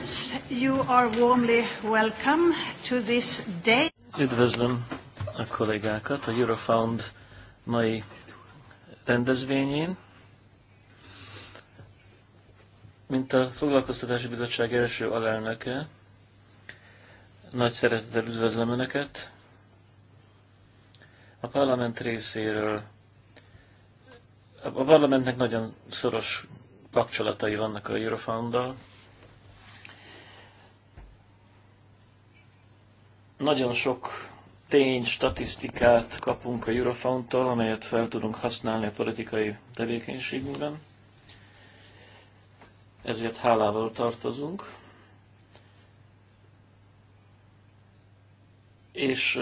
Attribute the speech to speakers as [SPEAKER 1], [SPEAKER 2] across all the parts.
[SPEAKER 1] friends, you are warmly welcome to this day.
[SPEAKER 2] Üdvözlöm a kollégákat a Eurofound mai rendezvényén. Mint a Foglalkoztatási Bizottság első alelnöke, nagy szeretettel üdvözlöm Önöket. A parlament részéről a parlamentnek nagyon szoros kapcsolatai vannak a Eurofound-dal, Nagyon sok tény, statisztikát kapunk a Eurofound-tól, amelyet fel tudunk használni a politikai tevékenységünkben. Ezért hálával tartozunk. És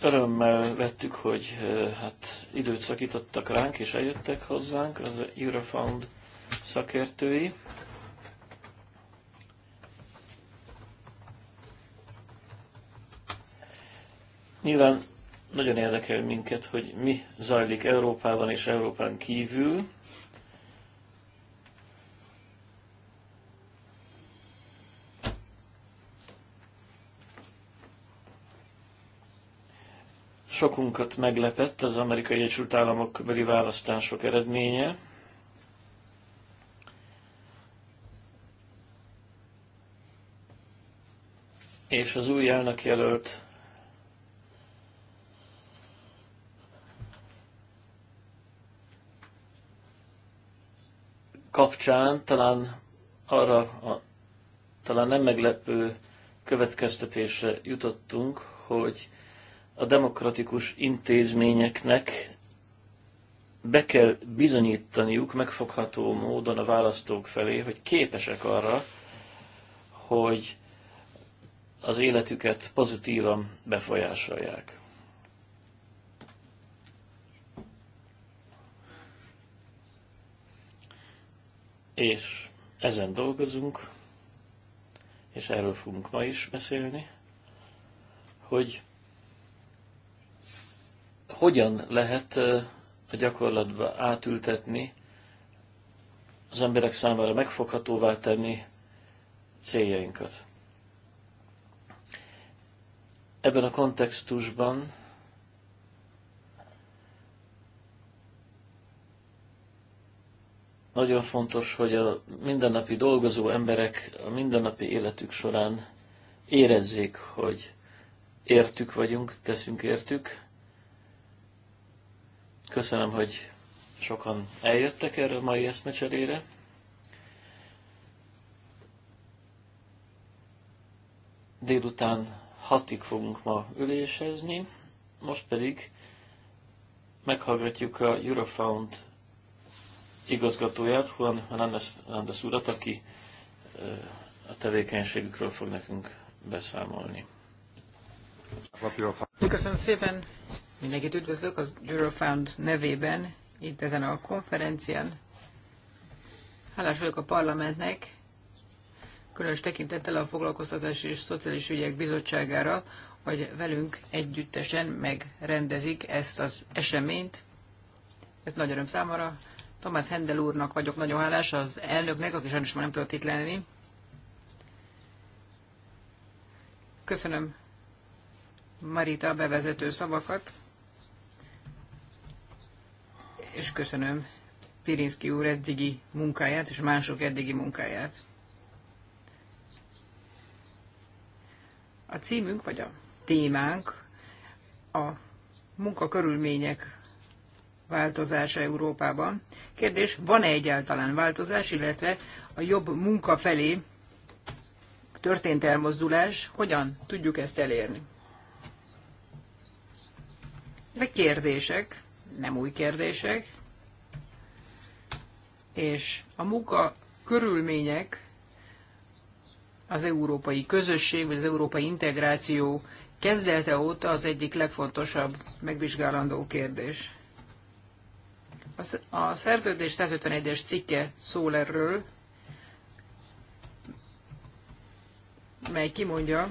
[SPEAKER 2] örömmel vettük, hogy hát időt szakítottak ránk, és eljöttek hozzánk az Eurofound szakértői. Nyilván nagyon érdekel minket, hogy mi zajlik Európában és Európán kívül. Sokunkat meglepett az Amerikai Egyesült Államok beli választások eredménye. És az új elnök jelölt kapcsán talán arra a talán nem meglepő következtetésre jutottunk, hogy a demokratikus intézményeknek be kell bizonyítaniuk megfogható módon a választók felé, hogy képesek arra, hogy az életüket pozitívan befolyásolják. és ezen dolgozunk, és erről fogunk ma is beszélni, hogy hogyan lehet a gyakorlatba átültetni, az emberek számára megfoghatóvá tenni céljainkat. Ebben a kontextusban Nagyon fontos, hogy a mindennapi dolgozó emberek a mindennapi életük során érezzék, hogy értük vagyunk, teszünk értük. Köszönöm, hogy sokan eljöttek erre a mai eszmecserére. Délután hatig fogunk ma ülésezni, most pedig meghallgatjuk a Eurofound igazgatóját, Juan Hernández urat, aki a tevékenységükről fog nekünk beszámolni.
[SPEAKER 3] Köszönöm szépen! Mindenkit üdvözlök az Eurofound nevében, itt ezen a konferencián. Hálás vagyok a parlamentnek, különös tekintettel a Foglalkoztatási és Szociális Ügyek Bizottságára, hogy velünk együttesen megrendezik ezt az eseményt. Ez nagy öröm számomra, Thomas Hendel úrnak vagyok nagyon hálás, az elnöknek, aki sajnos már nem tudott itt lenni. Köszönöm Marita a bevezető szavakat, és köszönöm Pirinszki úr eddigi munkáját, és mások eddigi munkáját. A címünk, vagy a témánk a munkakörülmények változás Európában. Kérdés, van-e egyáltalán változás, illetve a jobb munka felé történt elmozdulás, hogyan tudjuk ezt elérni? Ezek kérdések, nem új kérdések, és a munka körülmények az európai közösség, vagy az európai integráció kezdete óta az egyik legfontosabb megvizsgálandó kérdés. A szerződés 151-es cikke szól erről, mely kimondja,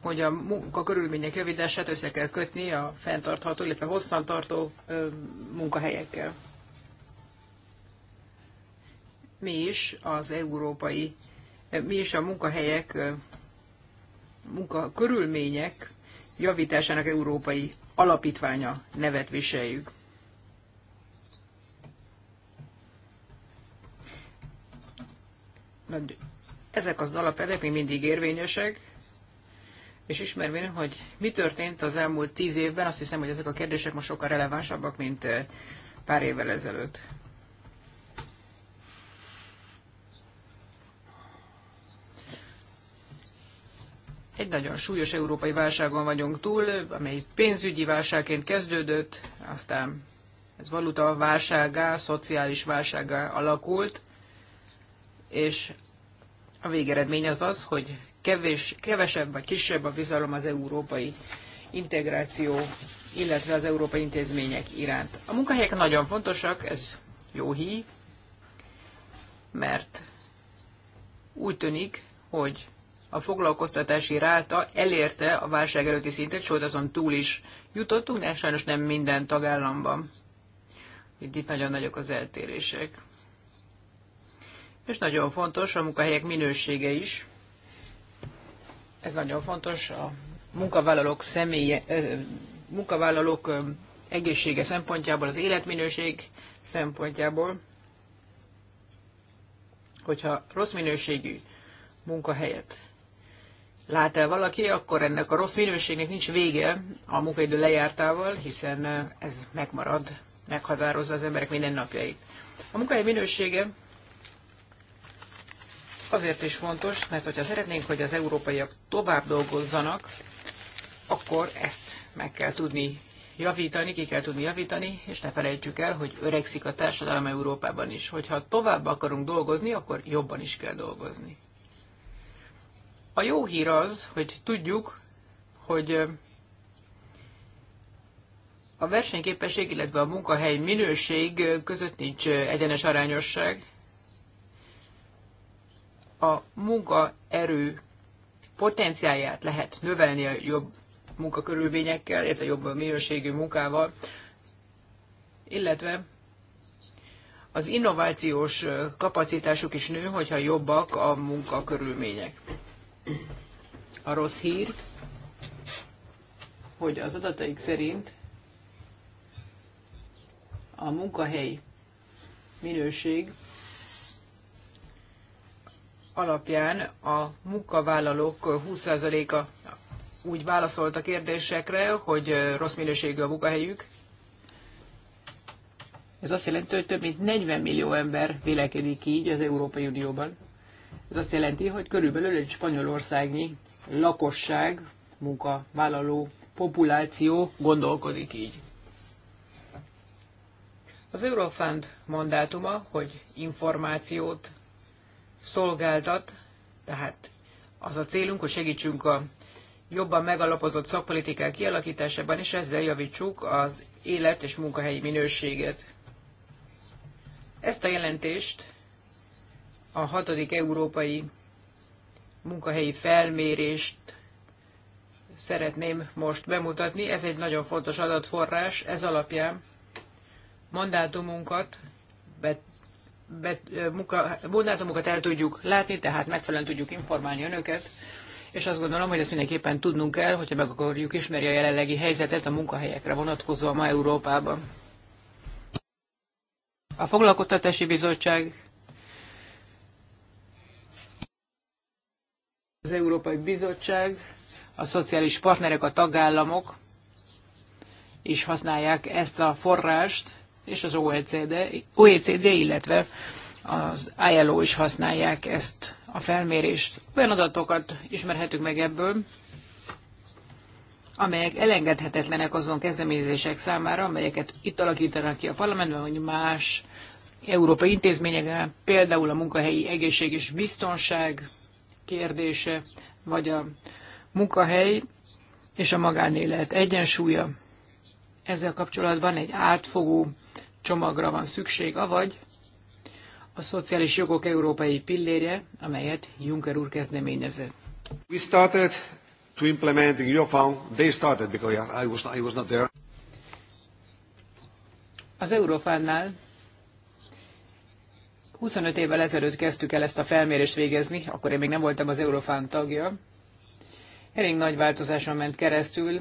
[SPEAKER 3] hogy a munkakörülmények javítását össze kell kötni a fenntartható, illetve hosszantartó munkahelyekkel. Mi is az európai, mi is a munkahelyek, munkakörülmények javításának európai alapítványa nevet viseljük. ezek az alapelvek még mindig érvényesek, és ismervén, hogy mi történt az elmúlt tíz évben, azt hiszem, hogy ezek a kérdések most sokkal relevánsabbak, mint eh, pár évvel ezelőtt. Egy nagyon súlyos európai válságon vagyunk túl, amely pénzügyi válságként kezdődött, aztán ez valuta válságá, szociális válságá alakult, és a végeredmény az az, hogy kevés, kevesebb vagy kisebb a bizalom az európai integráció, illetve az európai intézmények iránt. A munkahelyek nagyon fontosak, ez jó hí, mert úgy tűnik, hogy a foglalkoztatási ráta elérte a válság előtti szintet, sőt azon túl is jutottunk, de sajnos nem minden tagállamban. Itt, itt nagyon nagyok az eltérések és nagyon fontos a munkahelyek minősége is. Ez nagyon fontos a munkavállalók személye, munkavállalók egészsége szempontjából, az életminőség szempontjából, hogyha rossz minőségű munkahelyet lát el valaki, akkor ennek a rossz minőségnek nincs vége a munkaidő lejártával, hiszen ez megmarad, meghatározza az emberek mindennapjait. A munkahely minősége azért is fontos, mert hogyha szeretnénk, hogy az európaiak tovább dolgozzanak, akkor ezt meg kell tudni javítani, ki kell tudni javítani, és ne felejtsük el, hogy öregszik a társadalom Európában is. Hogyha tovább akarunk dolgozni, akkor jobban is kell dolgozni. A jó hír az, hogy tudjuk, hogy a versenyképesség, illetve a munkahely minőség között nincs egyenes arányosság a munkaerő potenciáját lehet növelni a jobb munkakörülményekkel, illetve jobb minőségű munkával, illetve az innovációs kapacitásuk is nő, hogyha jobbak a munkakörülmények. A rossz hír, hogy az adataik szerint a munkahely minőség alapján a munkavállalók 20%-a úgy válaszolt a kérdésekre, hogy rossz minőségű a munkahelyük. Ez azt jelenti, hogy több mint 40 millió ember vélekedik így az Európai Unióban. Ez azt jelenti, hogy körülbelül egy spanyolországnyi lakosság, munkavállaló populáció gondolkodik így. Az Eurofund mandátuma, hogy információt szolgáltat, tehát az a célunk, hogy segítsünk a jobban megalapozott szakpolitikák kialakításában, és ezzel javítsuk az élet és munkahelyi minőséget. Ezt a jelentést a hatodik európai munkahelyi felmérést szeretném most bemutatni. Ez egy nagyon fontos adatforrás, ez alapján mandátumunkat munka el tudjuk látni, tehát megfelelően tudjuk informálni önöket, és azt gondolom, hogy ezt mindenképpen tudnunk kell, hogyha meg akarjuk ismerni a jelenlegi helyzetet a munkahelyekre vonatkozóan ma Európában. A Foglalkoztatási Bizottság az Európai Bizottság, a szociális partnerek, a tagállamok is használják ezt a forrást, és az OECD, OECD illetve az ILO is használják ezt a felmérést. Olyan adatokat ismerhetünk meg ebből, amelyek elengedhetetlenek azon kezdeményezések számára, amelyeket itt alakítanak ki a parlamentben, vagy más európai intézményekben, például a munkahelyi egészség és biztonság kérdése, vagy a munkahely és a magánélet egyensúlya. Ezzel kapcsolatban egy átfogó csomagra van szükség, avagy a szociális jogok európai pillérje, amelyet Juncker úr kezdeményezett.
[SPEAKER 1] We started to implement in your fund. They started because I was not, I was not
[SPEAKER 4] there.
[SPEAKER 3] Az Eurofánnál 25 évvel ezelőtt kezdtük el ezt a felmérést végezni, akkor én még nem voltam az Eurofán tagja. Elég nagy változáson ment keresztül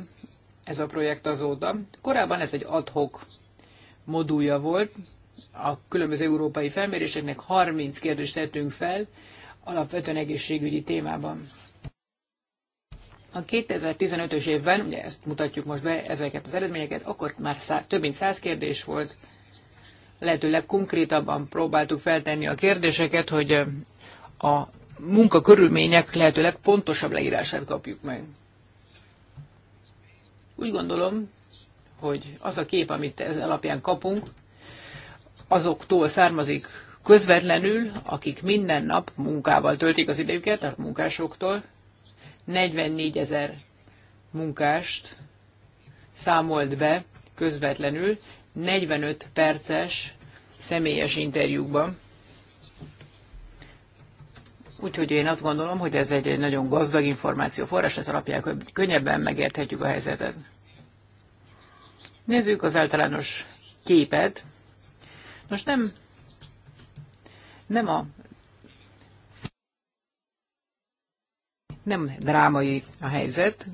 [SPEAKER 3] ez a projekt azóta. Korábban ez egy adhok modulja volt. A különböző európai felméréseknek 30 kérdést tettünk fel, alapvetően egészségügyi témában. A 2015-ös évben, ugye ezt mutatjuk most be, ezeket az eredményeket, akkor már szá, több mint 100 kérdés volt. Lehetőleg konkrétabban próbáltuk feltenni a kérdéseket, hogy a munkakörülmények lehetőleg pontosabb leírását kapjuk meg. Úgy gondolom, hogy az a kép, amit ez alapján kapunk, azoktól származik közvetlenül, akik minden nap munkával töltik az idejüket, a munkásoktól. 44 ezer munkást számolt be közvetlenül 45 perces személyes interjúkban. Úgyhogy én azt gondolom, hogy ez egy, egy nagyon gazdag információforrás, ez alapján könnyebben megérthetjük a helyzetet. Nézzük az általános képet. Most nem, nem a nem drámai a helyzet.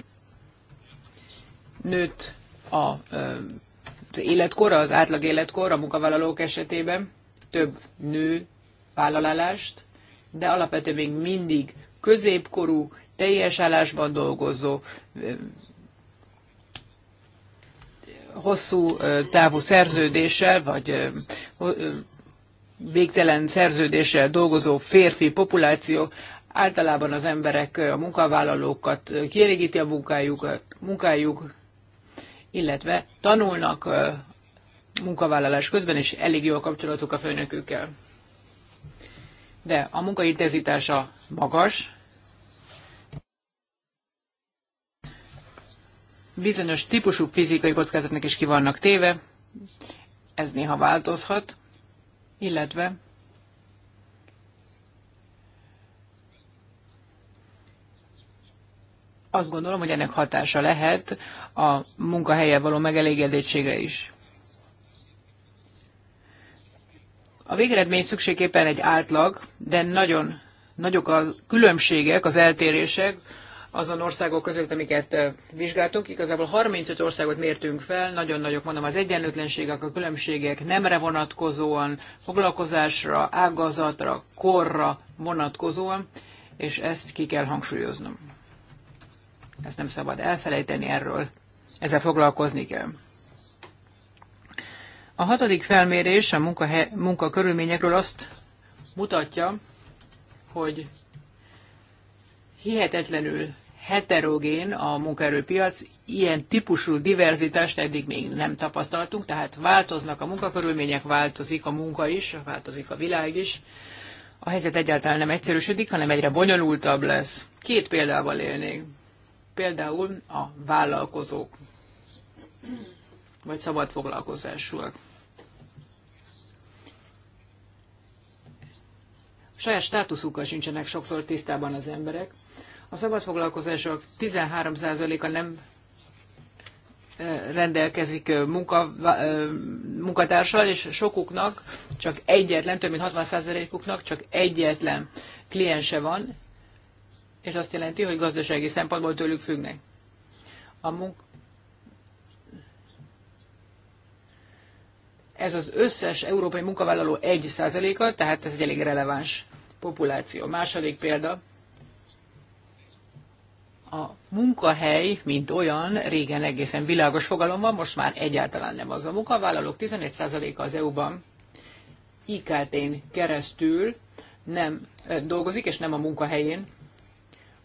[SPEAKER 3] Nőtt a, az életkor, az átlag életkor a munkavállalók esetében, több nő vállalást, de alapvetően még mindig középkorú, teljes állásban dolgozó hosszú távú szerződéssel, vagy végtelen szerződéssel dolgozó férfi populáció általában az emberek, a munkavállalókat kielégíti a munkájuk, a munkájuk illetve tanulnak munkavállalás közben, és elég jó a kapcsolatuk a főnökükkel. De a munkaintenzitása magas, bizonyos típusú fizikai kockázatnak is ki vannak téve, ez néha változhat, illetve azt gondolom, hogy ennek hatása lehet a munkahelyen való megelégedettségre is. A végeredmény szükségképpen egy átlag, de nagyon nagyok a különbségek, az eltérések azon országok között, amiket vizsgáltunk. Igazából 35 országot mértünk fel, nagyon nagyok mondom az egyenlőtlenségek, a különbségek nemre vonatkozóan, foglalkozásra, ágazatra, korra vonatkozóan, és ezt ki kell hangsúlyoznom. Ezt nem szabad elfelejteni erről, ezzel foglalkozni kell. A hatodik felmérés a munkakörülményekről munka azt mutatja, hogy hihetetlenül heterogén a munkaerőpiac, ilyen típusú diverzitást eddig még nem tapasztaltunk, tehát változnak a munkakörülmények, változik a munka is, változik a világ is. A helyzet egyáltalán nem egyszerűsödik, hanem egyre bonyolultabb lesz. Két példával élnék. Például a vállalkozók, vagy szabad foglalkozásúak. saját státuszukkal sincsenek sokszor tisztában az emberek, a foglalkozások 13%-a nem rendelkezik munka, munkatársal, és sokuknak csak egyetlen, több mint 60%-uknak csak egyetlen kliense van, és azt jelenti, hogy gazdasági szempontból tőlük függnek. A munk... Ez az összes európai munkavállaló 1%-a, tehát ez egy elég releváns populáció. Második példa, a munkahely, mint olyan, régen egészen világos fogalom van, most már egyáltalán nem az. A munkavállalók 11%-a az EU-ban IKT-n keresztül nem dolgozik, és nem a munkahelyén.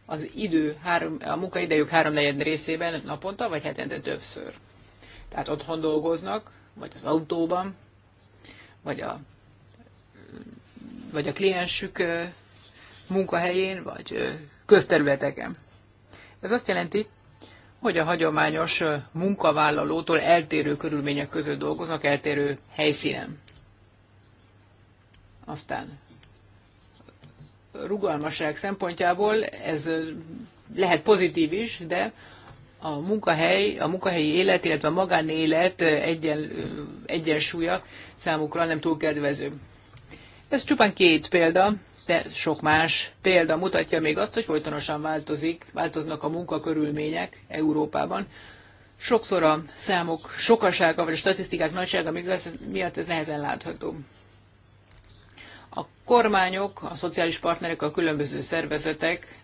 [SPEAKER 3] Az idő, három, a munkaidejük háromnegyed részében naponta, vagy hetente többször. Tehát otthon dolgoznak, vagy az autóban, vagy a, vagy a kliensük munkahelyén, vagy közterületeken. Ez azt jelenti, hogy a hagyományos munkavállalótól eltérő körülmények között dolgoznak, eltérő helyszínen. Aztán rugalmasság szempontjából ez lehet pozitív is, de a munkahely, a munkahelyi élet, illetve a magánélet egyen, egyensúlya számukra nem túl kedvező. Ez csupán két példa, de sok más példa mutatja még azt, hogy folytonosan változik, változnak a munkakörülmények Európában. Sokszor a számok sokasága vagy a statisztikák nagysága miatt ez nehezen látható. A kormányok, a szociális partnerek, a különböző szervezetek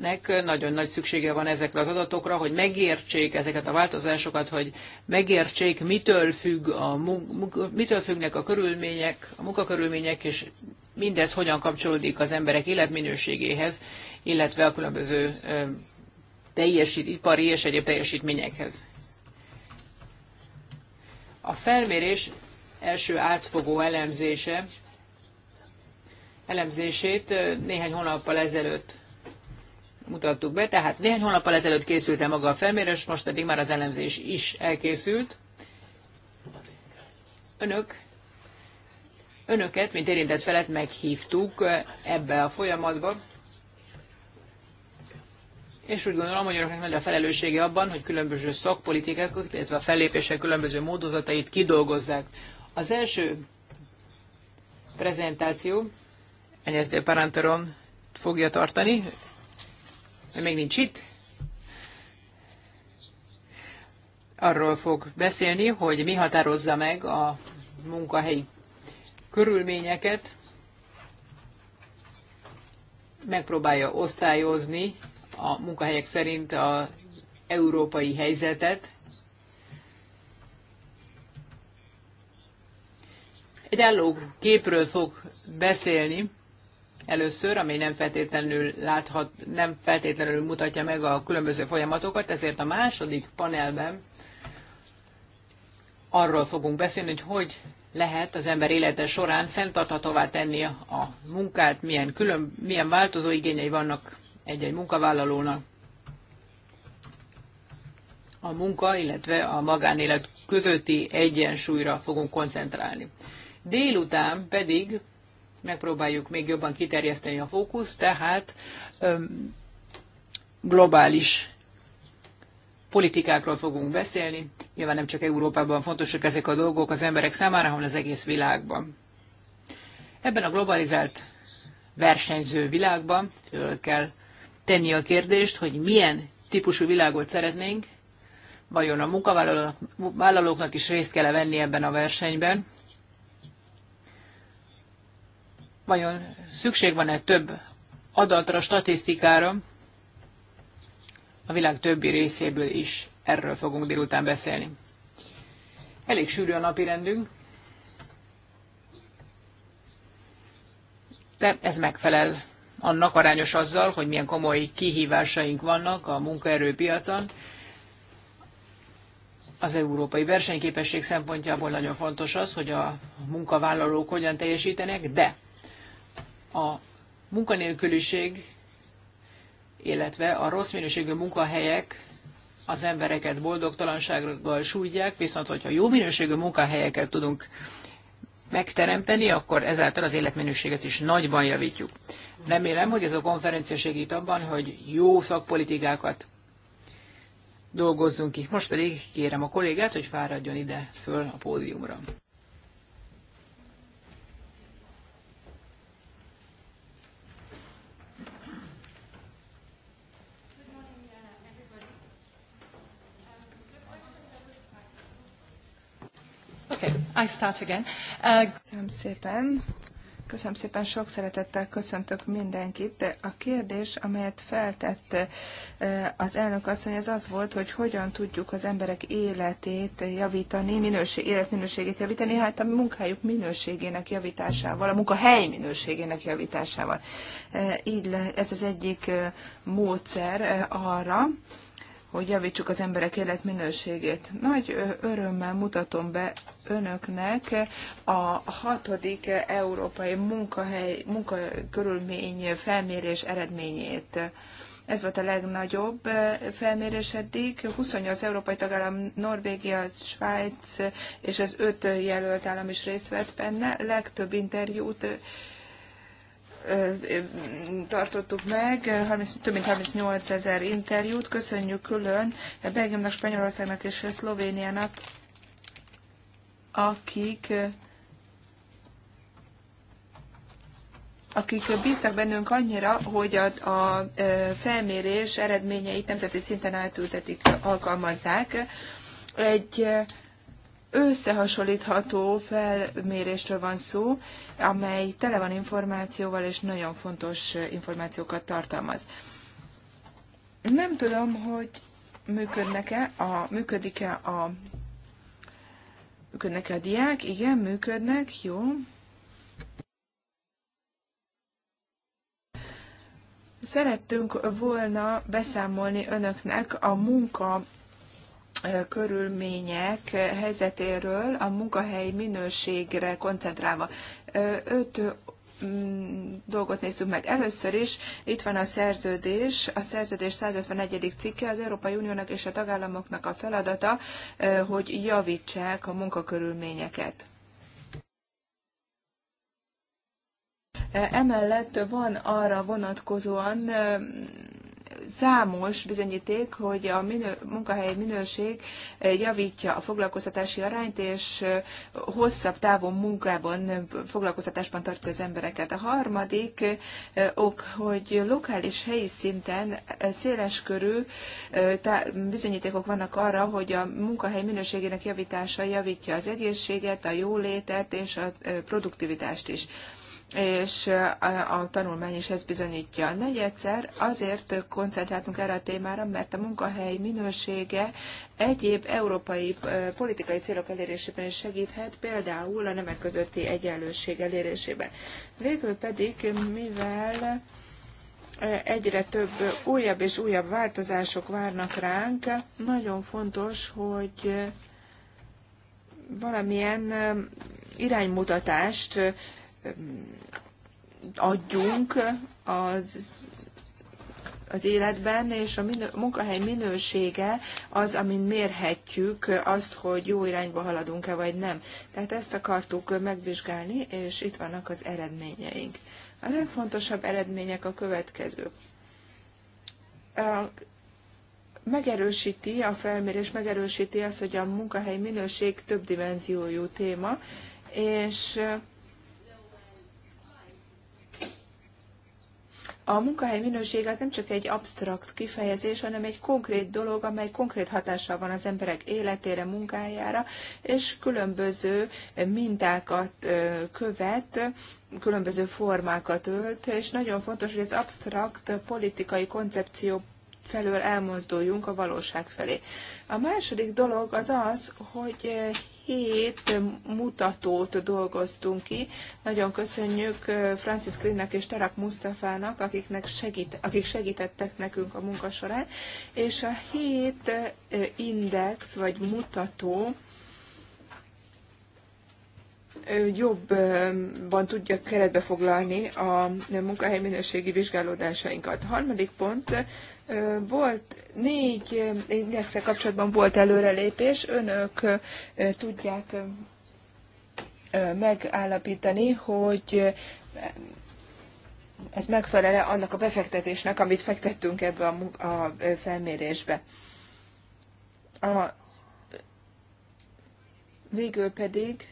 [SPEAKER 3] nek nagyon nagy szüksége van ezekre az adatokra, hogy megértsék ezeket a változásokat, hogy megértsék, mitől, függ a munka, mitől függnek a körülmények, a munkakörülmények, és mindez hogyan kapcsolódik az emberek életminőségéhez, illetve a különböző teljesít, ipari és egyéb teljesítményekhez. A felmérés első átfogó elemzése, elemzését néhány hónappal ezelőtt mutattuk be, tehát néhány hónappal ezelőtt készült el maga a felmérés, most pedig már az elemzés is elkészült. Önök, önöket, mint érintett felet meghívtuk ebbe a folyamatba, és úgy gondolom, hogy önöknek nagy a felelőssége abban, hogy különböző szakpolitikák, illetve a fellépések különböző módozatait kidolgozzák. Az első prezentáció Enyesztő Parantoron fogja tartani, mert még nincs itt, arról fog beszélni, hogy mi határozza meg a munkahelyi körülményeket, megpróbálja osztályozni a munkahelyek szerint az európai helyzetet. Egy álló képről fog beszélni, először, ami nem feltétlenül láthat, nem feltétlenül mutatja meg a különböző folyamatokat, ezért a második panelben arról fogunk beszélni, hogy hogy lehet az ember élete során fenntarthatóvá tenni a munkát, milyen, külön, milyen változó igényei vannak egy-egy munkavállalónak. A munka, illetve a magánélet közötti egyensúlyra fogunk koncentrálni. Délután pedig megpróbáljuk még jobban kiterjeszteni a fókusz, tehát globális politikákról fogunk beszélni. Nyilván nem csak Európában fontosak ezek a dolgok az emberek számára, hanem az egész világban. Ebben a globalizált versenyző világban föl kell tenni a kérdést, hogy milyen típusú világot szeretnénk, vajon a munkavállalóknak is részt kell -e venni ebben a versenyben, Vajon szükség van-e több adatra, statisztikára? A világ többi részéből is erről fogunk délután beszélni. Elég sűrű a napi rendünk, de ez megfelel annak arányos azzal, hogy milyen komoly kihívásaink vannak a munkaerőpiacon. Az európai versenyképesség szempontjából nagyon fontos az, hogy a munkavállalók hogyan teljesítenek, de a munkanélküliség, illetve a rossz minőségű munkahelyek az embereket boldogtalansággal sújtják, viszont hogyha jó minőségű munkahelyeket tudunk megteremteni, akkor ezáltal az életminőséget is nagyban javítjuk. Remélem, hogy ez a konferencia segít abban, hogy jó szakpolitikákat dolgozzunk ki. Most pedig kérem a kollégát, hogy fáradjon ide föl a pódiumra.
[SPEAKER 1] I start again. Uh... Köszönöm
[SPEAKER 5] szépen. Köszönöm szépen, sok szeretettel köszöntök mindenkit. De a kérdés, amelyet feltett eh, az elnök asszony, az az volt, hogy hogyan tudjuk az emberek életét javítani, minőség, életminőségét javítani, hát a munkájuk minőségének javításával, a munkahely minőségének javításával. Eh, így le, ez az egyik eh, módszer arra, hogy javítsuk az emberek életminőségét. Nagy örömmel mutatom be önöknek a hatodik európai munkahely, munkakörülmény felmérés eredményét. Ez volt a legnagyobb felmérés eddig. 28 európai tagállam, Norvégia, Svájc és az öt jelölt állam is részt vett benne. Legtöbb interjút tartottuk meg, 30, több mint 38 ezer interjút. Köszönjük külön Belgiumnak, Spanyolországnak és Szlovéniának, akik akik bíztak bennünk annyira, hogy a, a felmérés eredményeit nemzeti szinten átültetik, alkalmazzák. Egy összehasonlítható felmérésről van szó, amely tele van információval és nagyon fontos információkat tartalmaz. Nem tudom, hogy működnek-e a, működik-e a működnek -e a diák? Igen, működnek, jó. Szerettünk volna beszámolni önöknek a munka körülmények helyzetéről a munkahelyi minőségre koncentrálva. Öt mm, dolgot néztük meg. Először is itt van a szerződés. A szerződés 151. cikke az Európai Uniónak és a tagállamoknak a feladata, hogy javítsák a munkakörülményeket. Emellett van arra vonatkozóan számos bizonyíték, hogy a minő, munkahely minőség eh, javítja a foglalkoztatási arányt, és eh, hosszabb távon munkában, eh, foglalkoztatásban tartja az embereket. A harmadik ok, hogy lokális helyi szinten széleskörű bizonyítékok vannak arra, hogy a munkahely minőségének javítása javítja az egészséget, a jólétet és a produktivitást is és eh, a tanulmány is ezt bizonyítja. Negyedszer azért koncentráltunk erre a témára, mert a munkahely minősége egyéb európai eh, politikai célok elérésében is segíthet, például a nemek közötti egyenlőség elérésében. Végül pedig, mivel eh, egyre több újabb és újabb változások várnak ránk, nagyon fontos, hogy valamilyen iránymutatást adjunk az az életben, és a minő, munkahely minősége az, amin mérhetjük azt, hogy jó irányba haladunk-e, vagy nem. Tehát ezt akartuk megvizsgálni, és itt vannak az eredményeink. A legfontosabb eredmények a következők. Megerősíti, a felmérés megerősíti azt, hogy a munkahely minőség több dimenziójú téma, és A munkahely minőség az nem csak egy absztrakt kifejezés, hanem egy konkrét dolog, amely konkrét hatással van az emberek életére, munkájára, és különböző mintákat követ, különböző formákat ölt, és nagyon fontos, hogy az absztrakt politikai koncepció felől elmozduljunk a valóság felé. A második dolog az az, hogy hét mutatót dolgoztunk ki. Nagyon köszönjük eh, Francis Greennek és Tarak Mustafának, akiknek segít, akik segítettek nekünk a munka során, és a hét eh, index vagy mutató eh, jobban tudja keretbe foglalni a munkahely minőségi vizsgálódásainkat. A harmadik pont volt négy indexek kapcsolatban volt előrelépés, önök tudják megállapítani, hogy ez megfelele annak a befektetésnek, amit fektettünk ebbe a, a felmérésbe. A, végül pedig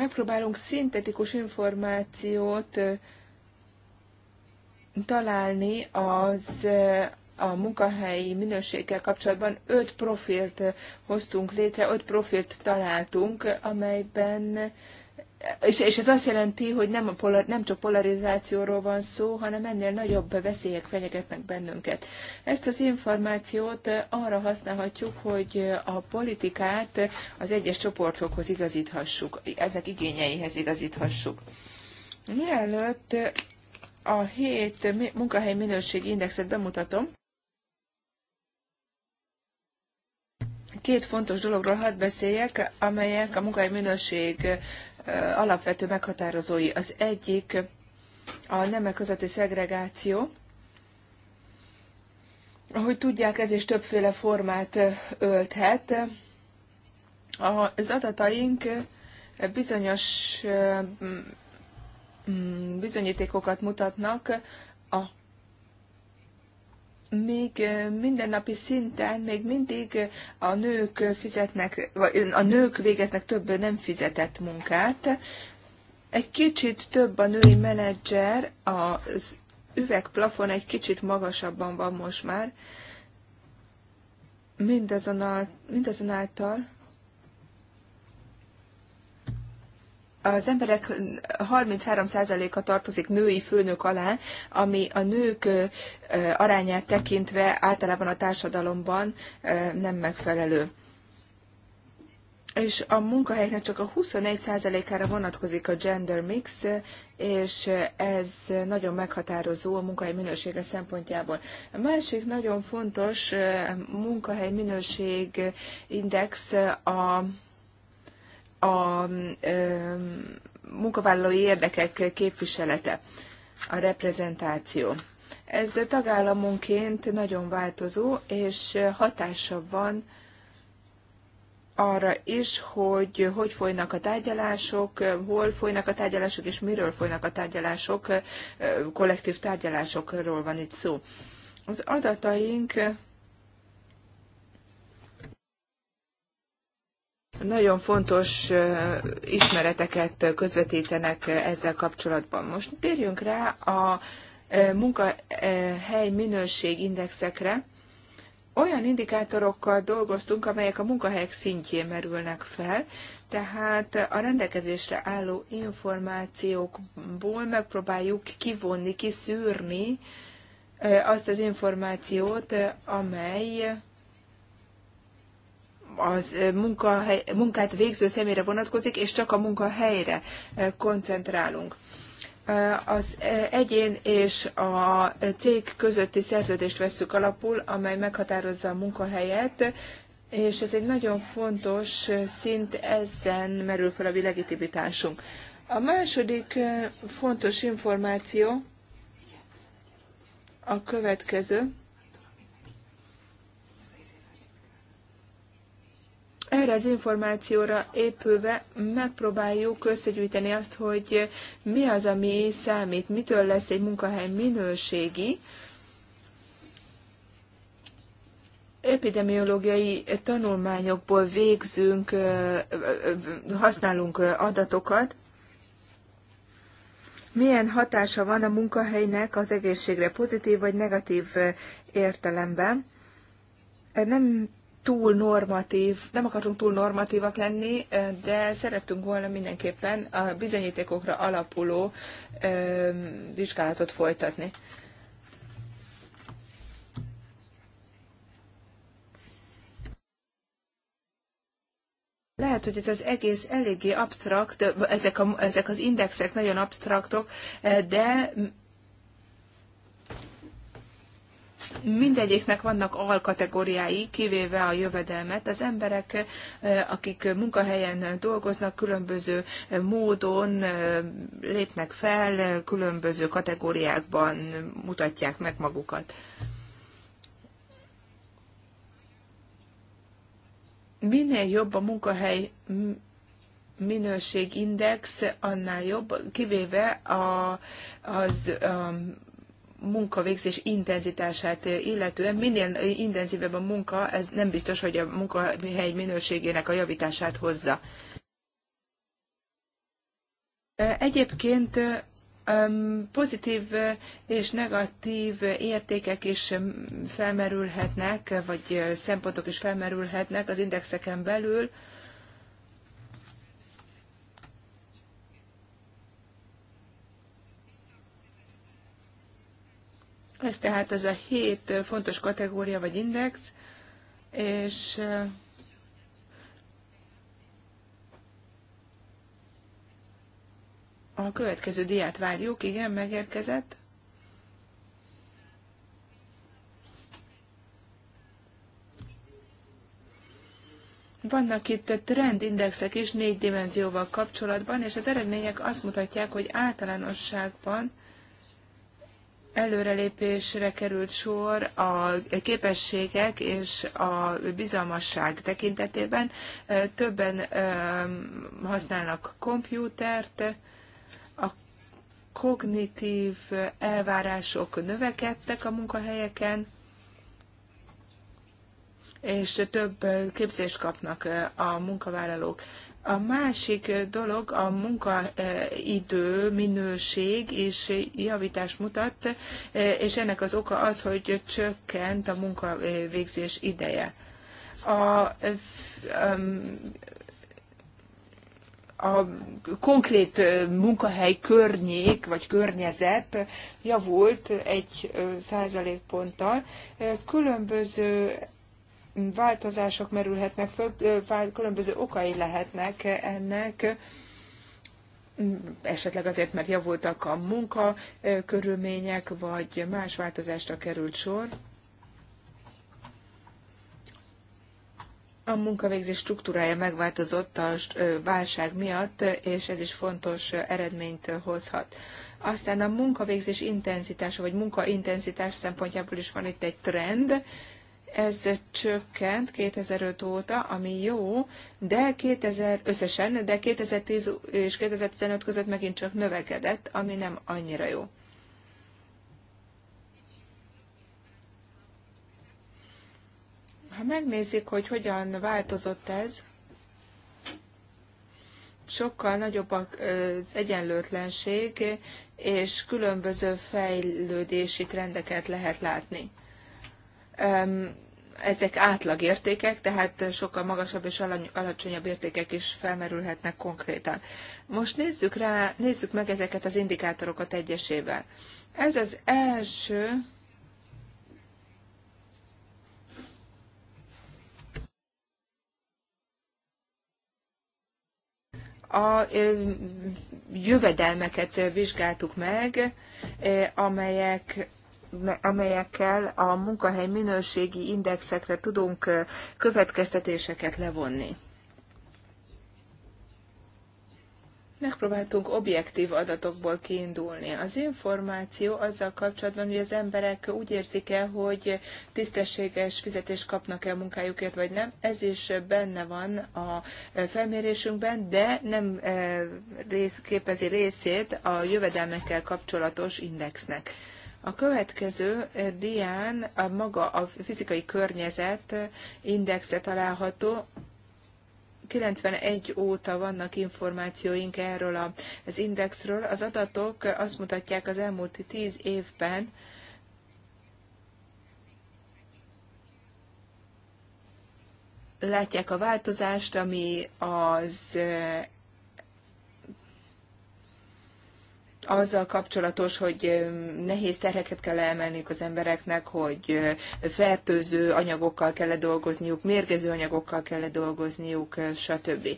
[SPEAKER 5] megpróbálunk szintetikus információt találni az a munkahelyi minőséggel kapcsolatban öt profilt hoztunk létre, öt profilt találtunk, amelyben és, és ez azt jelenti, hogy nem, a polar, nem csak polarizációról van szó, hanem ennél nagyobb veszélyek fenyegetnek bennünket. Ezt az információt eh, arra használhatjuk, hogy eh, a politikát eh, az egyes csoportokhoz igazíthassuk, ezek igényeihez igazíthassuk. Mielőtt a hét munkahely minőségi indexet bemutatom, két fontos dologról hadd beszéljek, amelyek a munkahely minőség alapvető meghatározói. Az egyik a nemek közötti szegregáció. Ahogy tudják, ez is többféle formát ölthet. Az adataink bizonyos bizonyítékokat mutatnak a még mindennapi szinten még mindig a nők fizetnek, vagy a nők végeznek több nem fizetett munkát. Egy kicsit több a női menedzser, az üvegplafon egy kicsit magasabban van most már. Mindazonáltal, mindazonáltal az emberek 33%-a tartozik női főnök alá, ami a nők arányát tekintve általában a társadalomban nem megfelelő. És a munkahelyeknek csak a 21%-ára vonatkozik a gender mix, és ez nagyon meghatározó a munkahely minősége szempontjából. A másik nagyon fontos munkahely minőség index a a um, um, munkavállalói érdekek képviselete, a reprezentáció. Ez tagállamonként nagyon változó, és hatása van arra is, hogy hogy folynak a tárgyalások, hol folynak a tárgyalások, és miről folynak a tárgyalások, kollektív tárgyalásokról van itt szó. Az adataink nagyon fontos ismereteket közvetítenek ezzel kapcsolatban. Most térjünk rá a munkahely minőségindexekre. Olyan indikátorokkal dolgoztunk, amelyek a munkahelyek szintjén merülnek fel, tehát a rendelkezésre álló információkból megpróbáljuk kivonni, kiszűrni azt az információt, amely az munkahely, munkát végző személyre vonatkozik, és csak a munkahelyre koncentrálunk. Az egyén és a cég közötti szerződést veszük alapul, amely meghatározza a munkahelyet, és ez egy nagyon fontos szint, ezen merül fel a legitimitásunk. A második fontos információ a következő. Erre az információra épülve megpróbáljuk összegyűjteni azt, hogy mi az, ami számít, mitől lesz egy munkahely minőségi, epidemiológiai tanulmányokból végzünk, használunk adatokat, milyen hatása van a munkahelynek az egészségre pozitív vagy negatív értelemben. Nem túl normatív, nem akartunk túl normatívak lenni, de szerettünk volna mindenképpen a bizonyítékokra alapuló vizsgálatot folytatni. Lehet, hogy ez az egész eléggé absztrakt, ezek, a, ezek az indexek nagyon absztraktok, de mindegyiknek vannak alkategóriái, kivéve a jövedelmet. Az emberek, akik munkahelyen dolgoznak, különböző módon lépnek fel, különböző kategóriákban mutatják meg magukat. Minél jobb a munkahely minőségindex, annál jobb, kivéve a, az a, munkavégzés intenzitását illetően minél intenzívebb a munka, ez nem biztos, hogy a munkahely minőségének a javítását hozza. Egyébként pozitív és negatív értékek is felmerülhetnek, vagy szempontok is felmerülhetnek az indexeken belül. Ez tehát ez a hét fontos kategória vagy index, és a következő diát várjuk, igen, megérkezett. Vannak itt trendindexek is négy dimenzióval kapcsolatban, és az eredmények azt mutatják, hogy általánosságban előrelépésre került sor a képességek és a bizalmasság tekintetében. Többen használnak kompjútert, a kognitív elvárások növekedtek a munkahelyeken, és több képzést kapnak a munkavállalók. A másik dolog a munkaidő minőség és javítás mutat, és ennek az oka az, hogy csökkent a munkavégzés ideje. A, um, a konkrét munkahely környék vagy környezet javult egy százalékponttal. Különböző változások merülhetnek föl, különböző okai lehetnek ennek, esetleg azért, mert javultak a munka vagy más változásra került sor. A munkavégzés struktúrája megváltozott a válság miatt, és ez is fontos eredményt hozhat. Aztán a munkavégzés intenzitása, vagy munkaintenzitás szempontjából is van itt egy trend, ez csökkent 2005 óta, ami jó, de 2000 összesen, de 2010 és 2015 között megint csak növekedett, ami nem annyira jó. Ha megnézik, hogy hogyan változott ez, sokkal nagyobb az egyenlőtlenség, és különböző fejlődési trendeket lehet látni ezek átlagértékek, tehát sokkal magasabb és alacsonyabb értékek is felmerülhetnek konkrétan. Most nézzük, rá, nézzük meg ezeket az indikátorokat egyesével. Ez az első a jövedelmeket vizsgáltuk meg, amelyek amelyekkel a munkahely minőségi indexekre tudunk következtetéseket levonni. Megpróbáltunk objektív adatokból kiindulni. Az információ azzal kapcsolatban, hogy az emberek úgy érzik-e, hogy tisztességes fizetést kapnak-e munkájukért, vagy nem, ez is benne van a felmérésünkben, de nem rész, képezi részét a jövedelmekkel kapcsolatos indexnek. A következő eh, dián a maga a fizikai környezet indexe található. 91 óta vannak információink erről az indexről. Az adatok azt mutatják az elmúlt 10 évben, látják a változást, ami az eh, azzal kapcsolatos, hogy nehéz terheket kell emelniük az embereknek, hogy fertőző anyagokkal kell dolgozniuk, mérgező anyagokkal kell dolgozniuk, stb.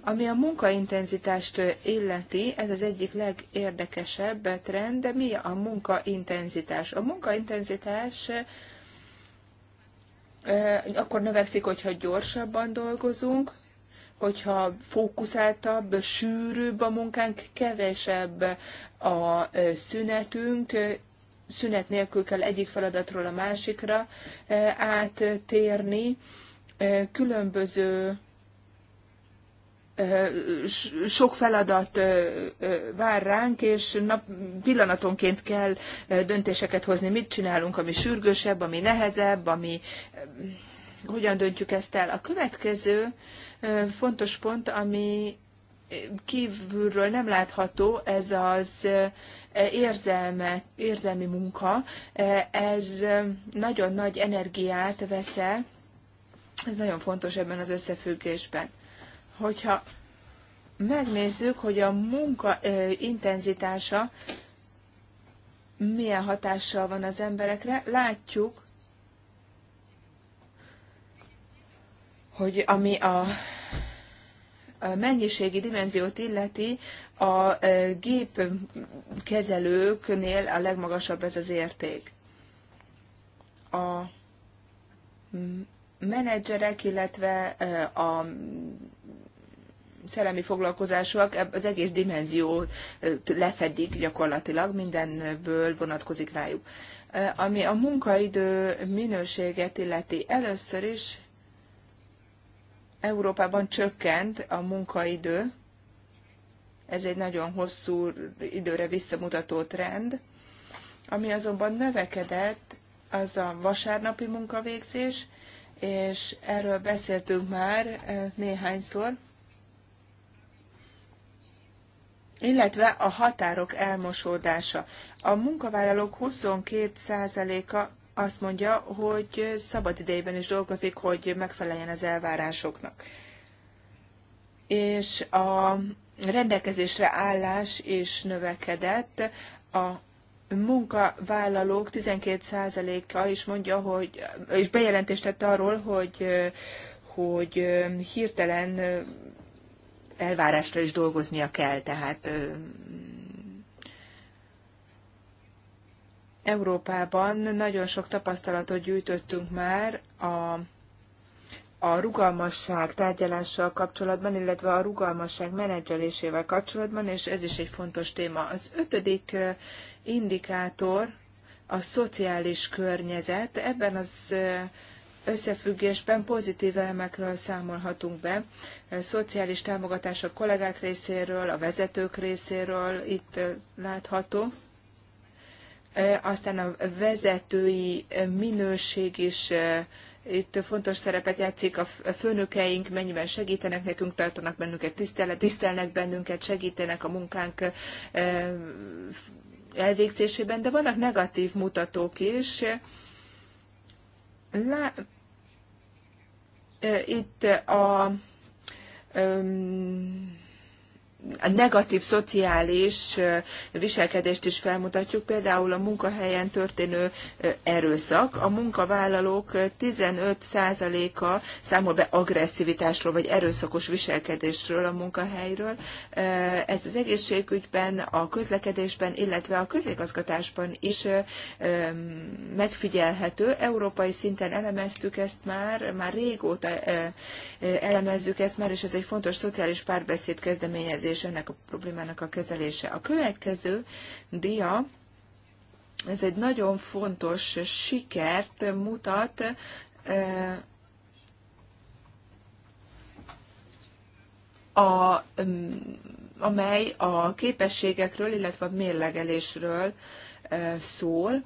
[SPEAKER 5] Ami a munkaintenzitást illeti, ez az egyik legérdekesebb trend, de mi a munkaintenzitás? A munkaintenzitás akkor növekszik, hogyha gyorsabban dolgozunk, hogyha fókuszáltabb, sűrűbb a munkánk, kevesebb a szünetünk, szünet nélkül kell egyik feladatról a másikra áttérni. Különböző sok feladat vár ránk, és nap, pillanatonként kell döntéseket hozni, mit csinálunk, ami sürgősebb, ami nehezebb, ami hogyan döntjük ezt el. A következő fontos pont, ami kívülről nem látható, ez az érzelme, érzelmi munka, ez nagyon nagy energiát vesz el ez nagyon fontos ebben az összefüggésben. Hogyha megnézzük, hogy a munka intenzitása milyen hatással van az emberekre, látjuk, hogy ami a a mennyiségi dimenziót illeti, a e, gépkezelőknél a legmagasabb ez az érték. A menedzserek, illetve e, a szellemi foglalkozásúak az egész dimenziót e, lefedik gyakorlatilag, mindenből vonatkozik rájuk. Ami a munkaidő minőséget illeti, először is Európában csökkent a munkaidő, ez egy nagyon hosszú időre visszamutató trend, ami azonban növekedett, az a vasárnapi munkavégzés, és erről beszéltünk már eh, néhányszor, illetve a határok elmosódása. A munkavállalók 22%-a azt mondja, hogy szabad idejében is dolgozik, hogy megfeleljen az elvárásoknak. És a rendelkezésre állás is növekedett. A munkavállalók 12%-a is mondja, hogy, és bejelentést tett arról, hogy, hogy hirtelen elvárásra is dolgoznia kell, tehát Európában nagyon sok tapasztalatot gyűjtöttünk már a, a rugalmasság tárgyalással kapcsolatban, illetve a rugalmasság menedzselésével kapcsolatban, és ez is egy fontos téma. Az ötödik indikátor a szociális környezet. Ebben az összefüggésben pozitív elemekről számolhatunk be. szociális támogatás a kollégák részéről, a vezetők részéről itt látható. E, aztán a vezetői minőség is e, itt fontos szerepet játszik a főnökeink, mennyiben segítenek nekünk, tartanak bennünket, tisztelet, tisztelnek bennünket, segítenek a munkánk e, elvégzésében, de vannak negatív mutatók is. Lá... Itt a a negatív szociális viselkedést is felmutatjuk, például a munkahelyen történő erőszak. A munkavállalók 15%-a számol be agresszivitásról vagy erőszakos viselkedésről a munkahelyről. Ez az egészségügyben, a közlekedésben, illetve a közigazgatásban is megfigyelhető. Európai szinten elemeztük ezt már, már régóta elemezzük ezt már, és ez egy fontos szociális párbeszéd kezdeményezés kezelése, ennek a problémának a kezelése. A következő dia, ez egy nagyon fontos sikert mutat, eh, a, mm, amely a képességekről, illetve a mérlegelésről eh, szól.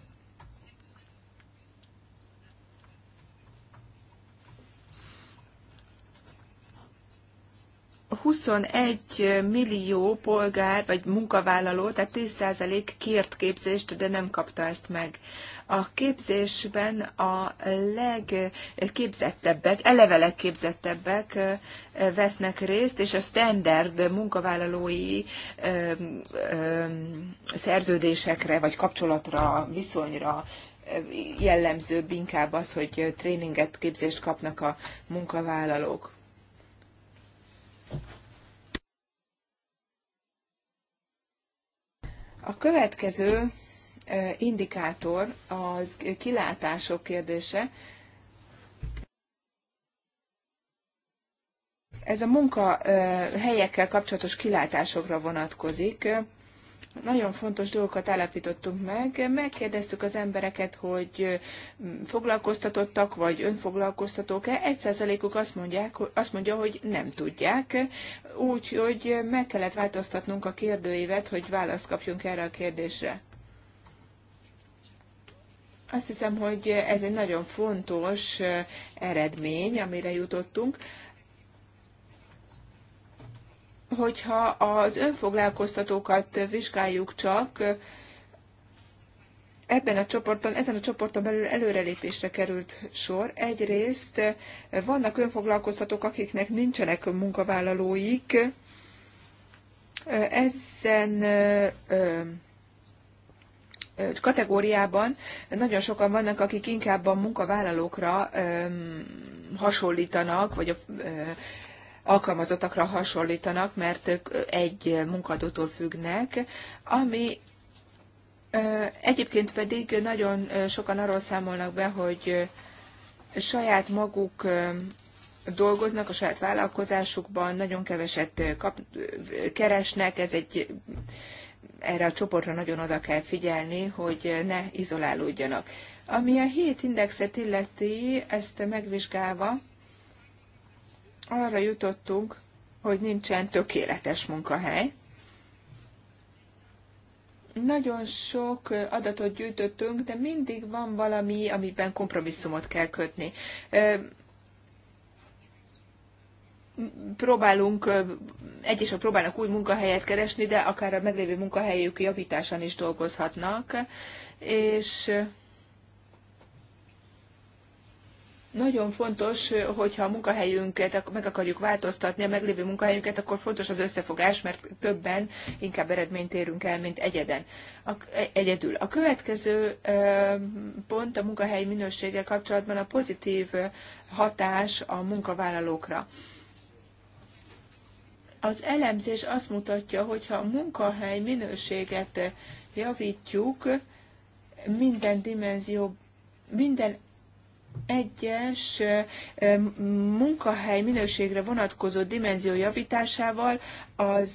[SPEAKER 5] 21 millió polgár vagy munkavállaló, tehát 10% kért képzést, de nem kapta ezt meg. A képzésben a legképzettebbek, eleve legképzettebbek vesznek részt, és a standard munkavállalói szerződésekre vagy kapcsolatra, viszonyra jellemzőbb inkább az, hogy tréninget, képzést kapnak a munkavállalók A következő indikátor az kilátások kérdése. Ez a munkahelyekkel kapcsolatos kilátásokra vonatkozik nagyon fontos dolgokat állapítottunk meg. Megkérdeztük az embereket, hogy mm, foglalkoztatottak vagy önfoglalkoztatók-e. Egy százalékuk azt, mondják, azt mondja, hogy nem tudják. Úgyhogy meg kellett változtatnunk a kérdőívet, hogy választ kapjunk erre a kérdésre. Azt hiszem, hogy ez egy nagyon fontos eh, eredmény, amire jutottunk hogyha az önfoglalkoztatókat vizsgáljuk csak, ebben a csoporton, ezen a csoporton belül előrelépésre került sor. Egyrészt vannak önfoglalkoztatók, akiknek nincsenek munkavállalóik. Ezen kategóriában nagyon sokan vannak, akik inkább a munkavállalókra hasonlítanak, vagy a alkalmazottakra hasonlítanak, mert ők egy munkadótól függnek, ami egyébként pedig nagyon sokan arról számolnak be, hogy saját maguk dolgoznak a saját vállalkozásukban, nagyon keveset kap, keresnek, ez egy erre a csoportra nagyon oda kell figyelni, hogy ne izolálódjanak. Ami a hét indexet illeti, ezt megvizsgálva, arra jutottunk, hogy nincsen tökéletes munkahely. Nagyon sok adatot gyűjtöttünk, de mindig van valami, amiben kompromisszumot kell kötni. Próbálunk, egyesek próbálnak új munkahelyet keresni, de akár a meglévő munkahelyük javításán is dolgozhatnak, és Nagyon fontos, hogyha a munkahelyünket meg akarjuk változtatni, a meglévő munkahelyünket, akkor fontos az összefogás, mert többen inkább eredményt érünk el, mint egyeden. A, e- egyedül. A következő pont a munkahely minősége kapcsolatban a pozitív hatás a munkavállalókra. Az elemzés azt mutatja, hogyha a munkahely minőséget javítjuk minden dimenzió, minden egyes munkahely minőségre vonatkozó dimenzió javításával az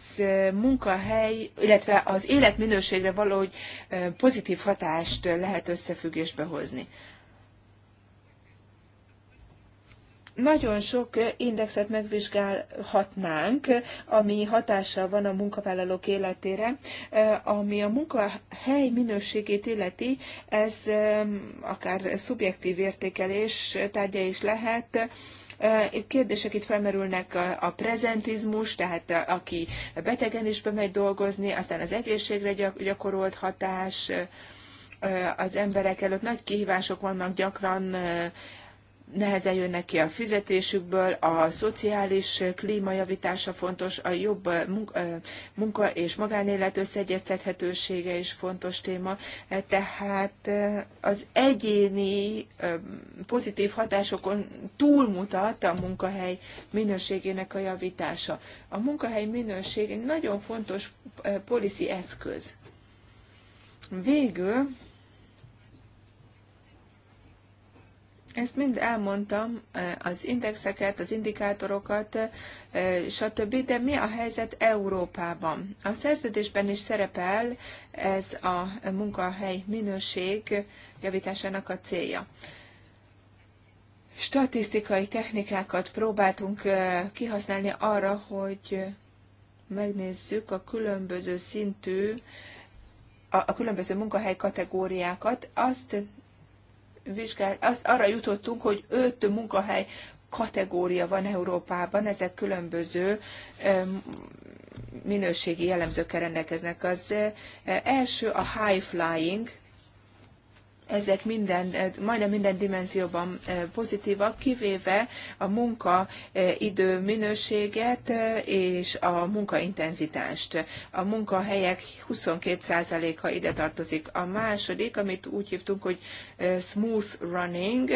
[SPEAKER 5] munkahely, illetve az életminőségre valahogy pozitív hatást lehet összefüggésbe hozni. Nagyon sok indexet megvizsgálhatnánk, ami hatással van a munkavállalók életére. Eh, ami a munkahely minőségét illeti, ez akár szubjektív értékelés tárgya is lehet, eh, Kérdések itt felmerülnek a prezentizmus, tehát eh, aki betegen is bemegy dolgozni, aztán az egészségre gyakorolt hatás, az emberek előtt nagy kihívások vannak gyakran nehezen jönnek ki a fizetésükből, a szociális klíma javítása fontos, a jobb eh, eh, munka és magánélet összeegyeztethetősége is fontos téma, eh, tehát az egyéni pozitív hatásokon túlmutat a munkahely minőségének a javítása. A munkahely minőség egy nagyon fontos policy eszköz. Végül Ezt mind elmondtam, e, az indexeket, az indikátorokat, e, stb., de mi a helyzet Európában? A szerződésben is szerepel ez a munkahely minőség javításának a célja. Statisztikai technikákat próbáltunk e, kihasználni arra, hogy megnézzük a különböző szintű a, különböző munkahely kategóriákat, azt vizsgál, azt, arra jutottunk, hogy öt munkahely kategória van Európában, ezek különböző minőségi jellemzőkkel rendelkeznek. Az eh, első a high flying, ezek minden, eh, majdnem minden dimenzióban eh, pozitívak, kivéve a munkaidő eh, minőséget és a munkaintenzitást. A munkahelyek 22%-a ide tartozik. A második, amit úgy hívtunk, hogy smooth running,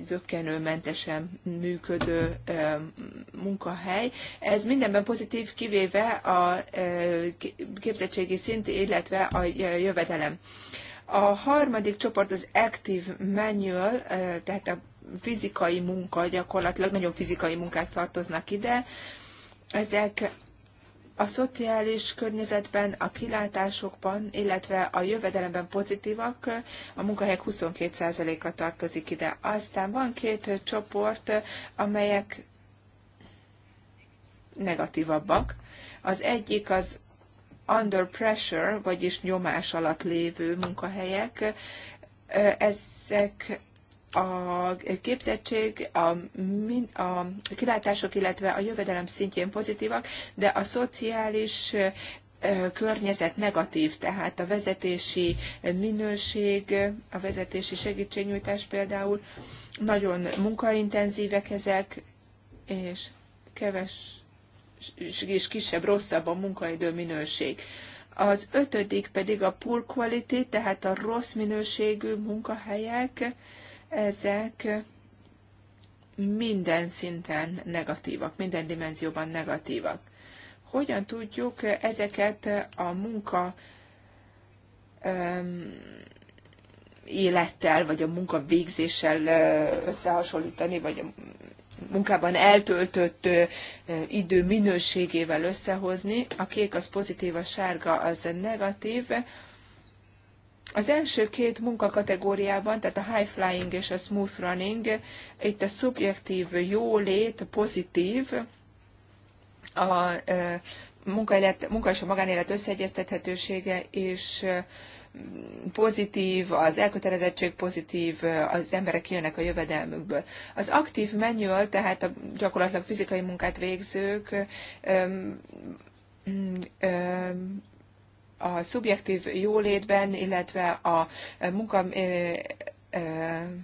[SPEAKER 5] zöggenőmentesen működő munkahely. Ez mindenben pozitív, kivéve a képzettségi szint, illetve a jövedelem. A harmadik csoport az active manual, tehát a fizikai munka, gyakorlatilag nagyon fizikai munkák tartoznak ide. Ezek a szociális környezetben, a kilátásokban, illetve a jövedelemben pozitívak, a munkahelyek 22%-a tartozik ide. Aztán van két csoport, amelyek negatívabbak. Az egyik az under pressure, vagyis nyomás alatt lévő munkahelyek, ezek a képzettség, a, a kilátások, illetve a jövedelem szintjén pozitívak, de a szociális környezet negatív, tehát a vezetési minőség, a vezetési segítségnyújtás például, nagyon munkaintenzívek ezek, és keves és kisebb, rosszabb a munkaidő minőség. Az ötödik pedig a poor quality, tehát a rossz minőségű munkahelyek, ezek minden szinten negatívak, minden dimenzióban negatívak. Hogyan tudjuk ezeket a munka élettel, vagy a munka végzéssel összehasonlítani, vagy munkában eltöltött idő minőségével összehozni. A kék az pozitív, a sárga az negatív. Az első két munkakategóriában, tehát a high flying és a smooth running, itt a szubjektív jólét pozitív, a munka és a magánélet összeegyeztethetősége és pozitív, az elkötelezettség pozitív, az emberek jönnek a jövedelmükből. Az aktív manual, tehát a gyakorlatilag fizikai munkát végzők, a szubjektív jólétben, illetve a munka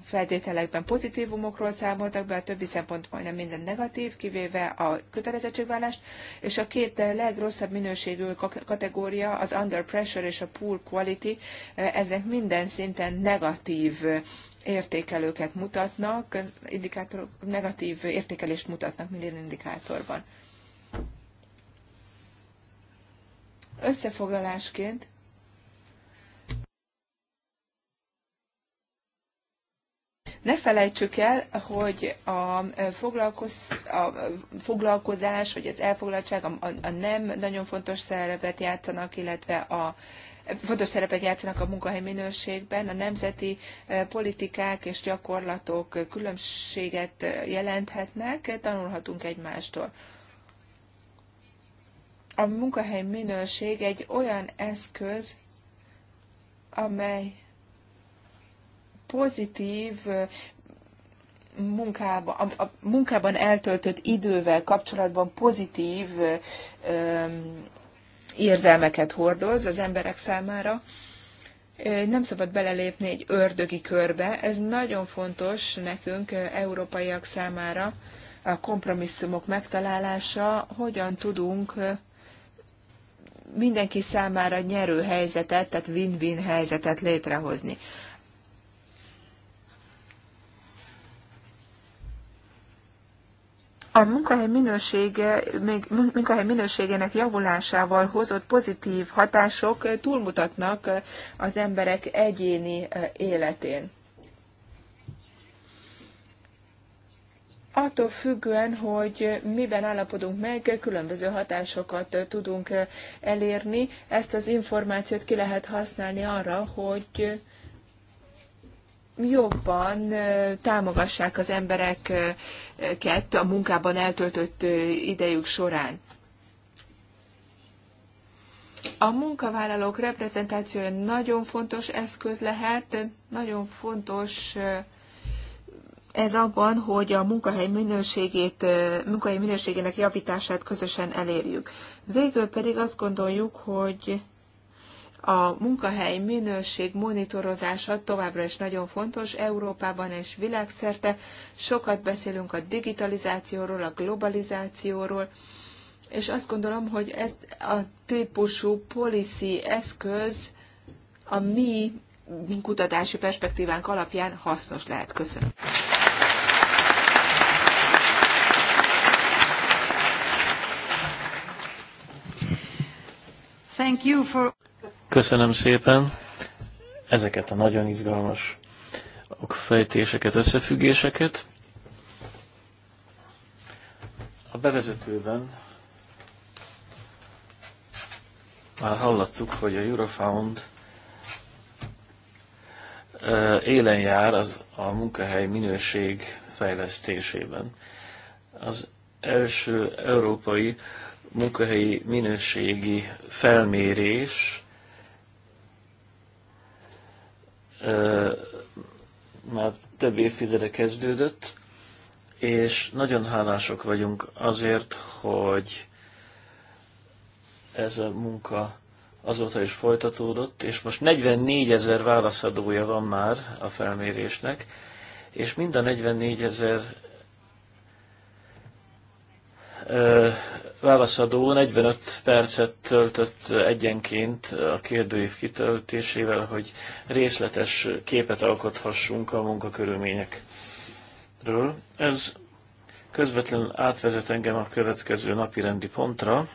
[SPEAKER 5] feltételekben pozitívumokról számoltak be, a többi szempont majdnem minden negatív, kivéve a kötelezettségvállást, és a két legrosszabb minőségű kategória, az under pressure és a poor quality, ezek minden szinten negatív értékelőket mutatnak, indikátorok, negatív értékelést mutatnak minden indikátorban. Összefoglalásként Ne felejtsük el, hogy a, foglalkoz, a foglalkozás, vagy az elfoglaltság a, a nem nagyon fontos szerepet játszanak, illetve a fontos szerepet játszanak a munkahely minőségben, a nemzeti politikák és gyakorlatok különbséget jelenthetnek, tanulhatunk egymástól. A munkahely minőség egy olyan eszköz, amely pozitív munkában a, a munkában eltöltött idővel kapcsolatban pozitív érzelmeket hordoz az emberek számára. Nem szabad belelépni egy ördögi körbe, ez nagyon fontos nekünk, európaiak számára, a kompromisszumok megtalálása, hogyan tudunk mindenki számára nyerő helyzetet, tehát win-win helyzetet létrehozni. A munkahely minősége, még munkahely minőségének javulásával hozott pozitív hatások túlmutatnak az emberek egyéni életén. Attól függően, hogy miben állapodunk meg, különböző hatásokat tudunk elérni. Ezt az információt ki lehet használni arra, hogy jobban támogassák az embereket a munkában eltöltött idejük során. A munkavállalók reprezentációja nagyon fontos eszköz lehet, nagyon fontos ez abban, hogy a munkahely minőségét, munkahely minőségének javítását közösen elérjük. Végül pedig azt gondoljuk, hogy a munkahely minőség monitorozása továbbra is nagyon fontos Európában és világszerte. Sokat beszélünk a digitalizációról, a globalizációról, és azt gondolom, hogy ez a típusú policy eszköz a mi kutatási perspektívánk alapján hasznos lehet. Köszönöm.
[SPEAKER 1] Thank you for...
[SPEAKER 2] Köszönöm szépen ezeket a nagyon izgalmas okfejtéseket, összefüggéseket. A bevezetőben már hallottuk, hogy a Eurofound élen jár az a munkahely minőség fejlesztésében. Az első európai munkahelyi minőségi felmérés már több évtizede kezdődött, és nagyon hálások vagyunk azért, hogy ez a munka azóta is folytatódott, és most 44 ezer válaszadója van már a felmérésnek, és mind a 44 ezer válaszadó 45 percet töltött egyenként a kérdőív kitöltésével, hogy részletes képet alkothassunk a munkakörülményekről. Ez közvetlenül átvezet engem a következő napi rendi pontra.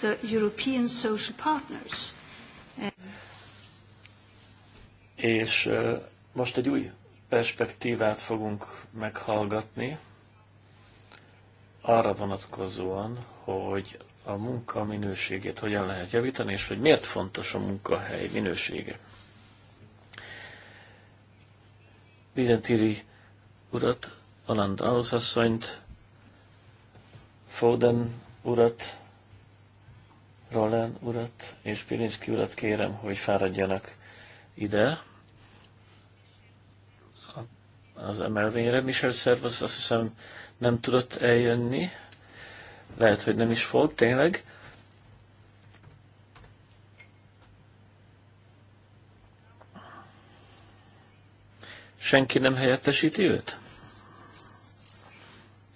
[SPEAKER 1] The European Social Partners
[SPEAKER 2] és most egy új perspektívát fogunk meghallgatni, arra vonatkozóan, hogy a munka minőségét hogyan lehet javítani, és hogy miért fontos a munkahely minősége. Vizentiri urat, Aland Alszasszonyt, Foden urat, Roland urat és Pirinszki urat kérem, hogy fáradjanak ide az emelvényre. Michel az azt hiszem nem tudott eljönni. Lehet, hogy nem is fog, tényleg. Senki nem helyettesíti őt?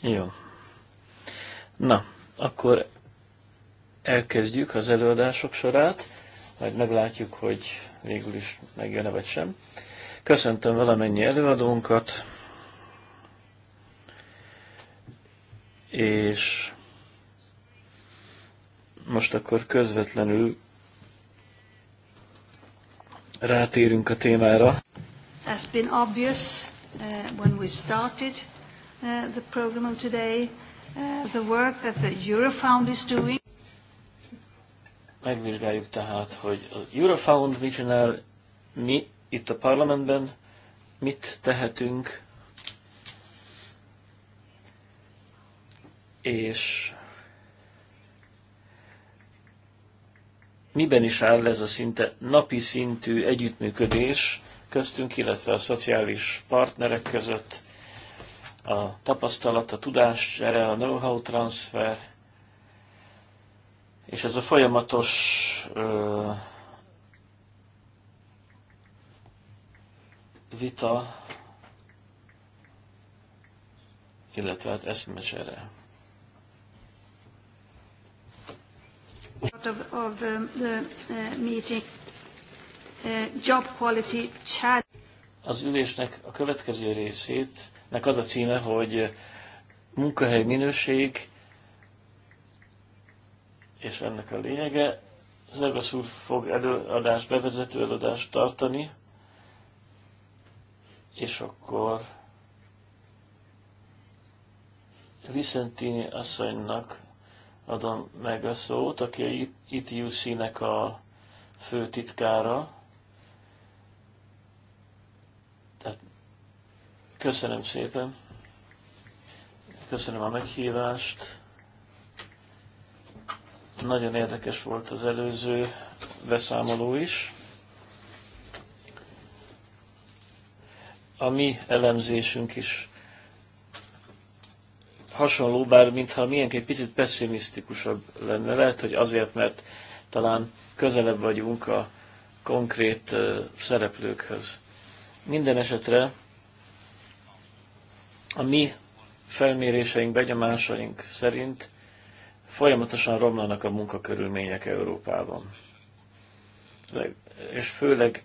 [SPEAKER 2] Jó. Na, akkor elkezdjük az előadások sorát, majd meglátjuk, hogy végül is megjön-e vagy sem. Köszöntöm valamennyi előadónkat, és most akkor közvetlenül rátérünk a témára.
[SPEAKER 1] As been obvious uh, when we started uh, the program of today, uh, the work that the Eurofound is doing
[SPEAKER 2] megvizsgáljuk tehát, hogy a Eurofound mit csinál, mi itt a parlamentben mit tehetünk, és miben is áll ez a szinte napi szintű együttműködés köztünk, illetve a szociális partnerek között, a tapasztalat, a tudás, erre a know-how transfer, és ez a folyamatos uh, vita, illetve hát eszmecsere.
[SPEAKER 4] of,
[SPEAKER 1] of um, the uh, meeting, uh, job quality chat.
[SPEAKER 2] Az ülésnek a következő részét, nek az a címe, hogy uh, munkahely minőség, és ennek a lényege, Zegasz úr fog előadást, bevezető előadást tartani, és akkor Vicentini asszonynak adom meg a szót, aki a ITUC-nek a főtitkára. Tehát köszönöm szépen, köszönöm a meghívást. Nagyon érdekes volt az előző beszámoló is. a mi elemzésünk is hasonló, bár mintha milyen egy picit pessimisztikusabb lenne. Lehet, hogy azért, mert talán közelebb vagyunk a konkrét szereplőkhöz. Minden esetre a mi felméréseink, begyomásaink szerint folyamatosan romlanak a munkakörülmények Európában. És főleg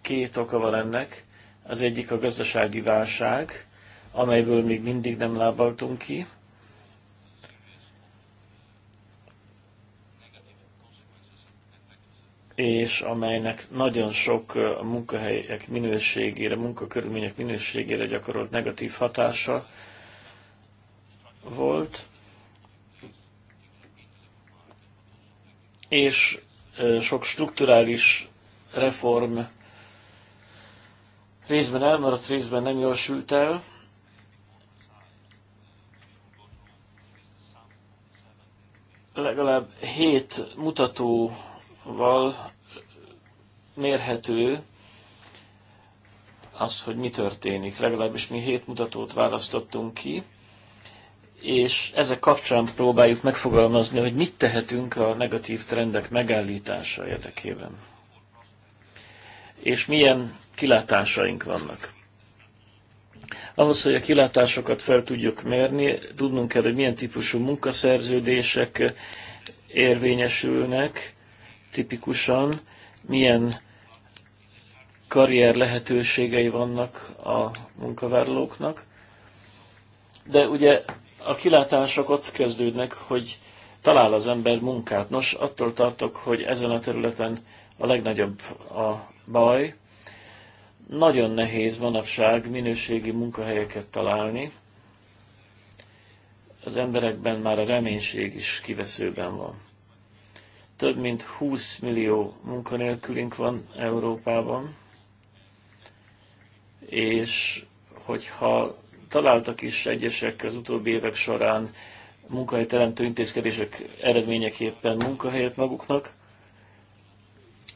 [SPEAKER 2] két oka van ennek. Az egyik a gazdasági válság, amelyből még mindig nem lábaltunk ki. és amelynek nagyon sok a munkahelyek minőségére, munkakörülmények minőségére gyakorolt negatív hatása volt. És sok strukturális reform részben elmaradt, részben nem jól sült el. Legalább hét mutatóval mérhető az, hogy mi történik. Legalábbis mi hét mutatót választottunk ki, és ezek kapcsán próbáljuk megfogalmazni, hogy mit tehetünk a negatív trendek megállítása érdekében és milyen kilátásaink vannak. Ahhoz, hogy a kilátásokat fel tudjuk mérni, tudnunk kell, hogy milyen típusú munkaszerződések érvényesülnek tipikusan, milyen karrier lehetőségei vannak a munkavállalóknak. De ugye a kilátások ott kezdődnek, hogy talál az ember munkát. Nos, attól tartok, hogy ezen a területen a legnagyobb a baj. Nagyon nehéz manapság minőségi munkahelyeket találni. Az emberekben már a reménység is kiveszőben van. Több mint 20 millió munkanélkülünk van Európában, és hogyha találtak is egyesek az utóbbi évek során munkahelyteremtő intézkedések eredményeképpen munkahelyet maguknak.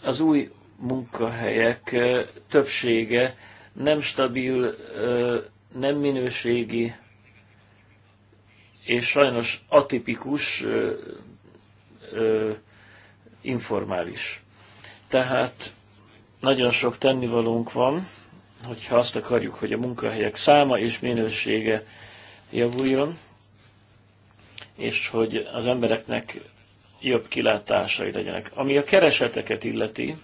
[SPEAKER 2] Az új munkahelyek többsége nem stabil, nem minőségi, és sajnos atipikus, informális. Tehát nagyon sok tennivalónk van, hogyha azt akarjuk, hogy a munkahelyek száma és minősége javuljon, és hogy az embereknek jobb kilátásai legyenek. Ami a kereseteket illeti,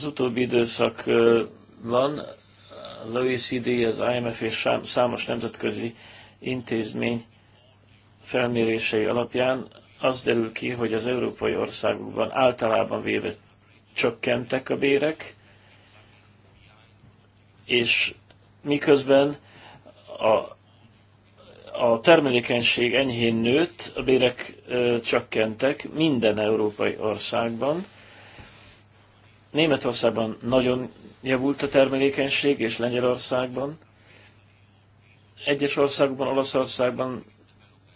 [SPEAKER 2] az utóbbi időszakban az OECD, az IMF és számos nemzetközi intézmény felmérései alapján az derül ki, hogy az európai országokban általában véve csökkentek a bérek, és miközben a, a termelékenység enyhén nőtt, a bérek ö, csökkentek minden európai országban, Németországban nagyon javult a termelékenység, és Lengyelországban. Egyes országokban, Olaszországban,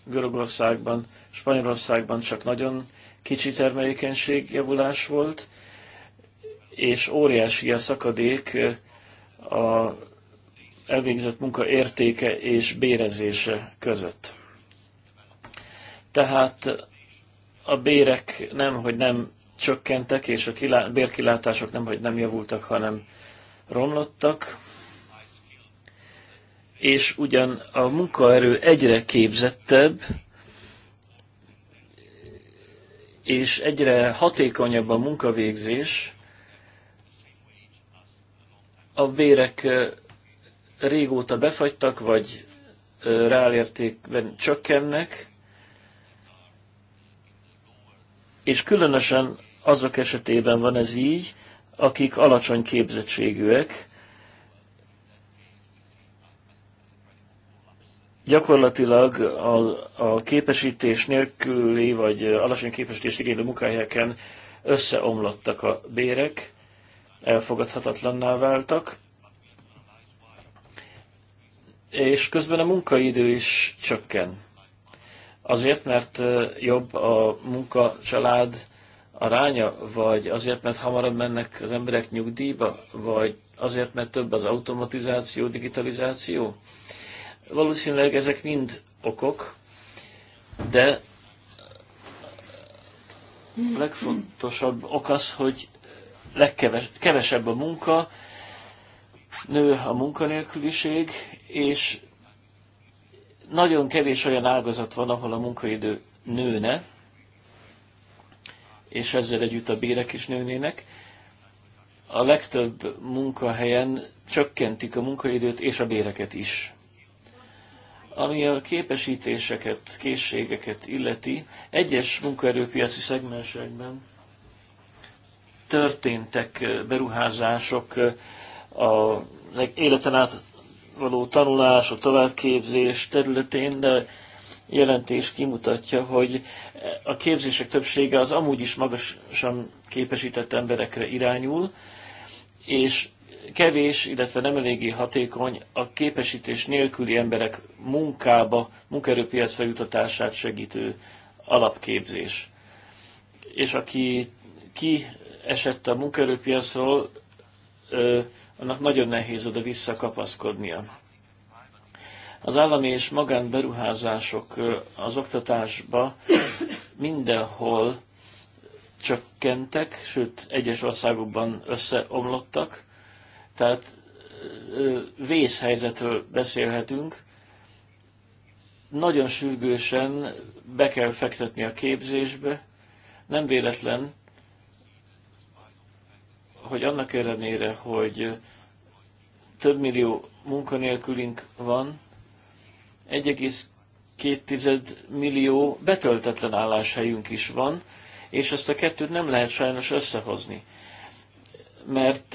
[SPEAKER 2] Görögországban, Spanyolországban csak nagyon kicsi termelékenység javulás volt, és óriási a szakadék a elvégzett munka értéke és bérezése között. Tehát a bérek nem, hogy nem csökkentek, és a bérkilátások nem, hogy nem javultak, hanem romlottak. És ugyan a munkaerő egyre képzettebb, és egyre hatékonyabb a munkavégzés, a bérek régóta befagytak, vagy ráértékben csökkennek, és különösen azok esetében van ez így, akik alacsony képzettségűek, gyakorlatilag a, a képesítés nélküli, vagy alacsony képesítést igénylő munkahelyeken összeomlottak a bérek, elfogadhatatlanná váltak, és közben a munkaidő is csökken. Azért, mert jobb a munka, család aránya, vagy azért, mert hamarabb mennek az emberek nyugdíjba, vagy azért, mert több az automatizáció, digitalizáció? Valószínűleg ezek mind okok, de legfontosabb ok az, hogy legkevesebb a munka, nő a munkanélküliség, és nagyon kevés olyan ágazat van, ahol a munkaidő nőne, és ezzel együtt a bérek is nőnének. A legtöbb munkahelyen csökkentik a munkaidőt és a béreket is. Ami a képesítéseket, készségeket illeti, egyes munkaerőpiaci szegmensekben történtek beruházások, a életen át való tanulás, a továbbképzés területén, de jelentés kimutatja, hogy a képzések többsége az amúgy is magasan képesített emberekre irányul, és kevés, illetve nem eléggé hatékony a képesítés nélküli emberek munkába, munkaerőpiacra jutatását segítő alapképzés. És aki ki esett a munkaerőpiacról, annak nagyon nehéz oda visszakapaszkodnia. Az állami és magánberuházások az oktatásba mindenhol csökkentek, sőt egyes országokban összeomlottak, tehát vészhelyzetről beszélhetünk. Nagyon sürgősen be kell fektetni a képzésbe. Nem véletlen, hogy annak ellenére, hogy több millió munkanélkülünk van, 1,2 millió betöltetlen álláshelyünk is van, és ezt a kettőt nem lehet sajnos összehozni. Mert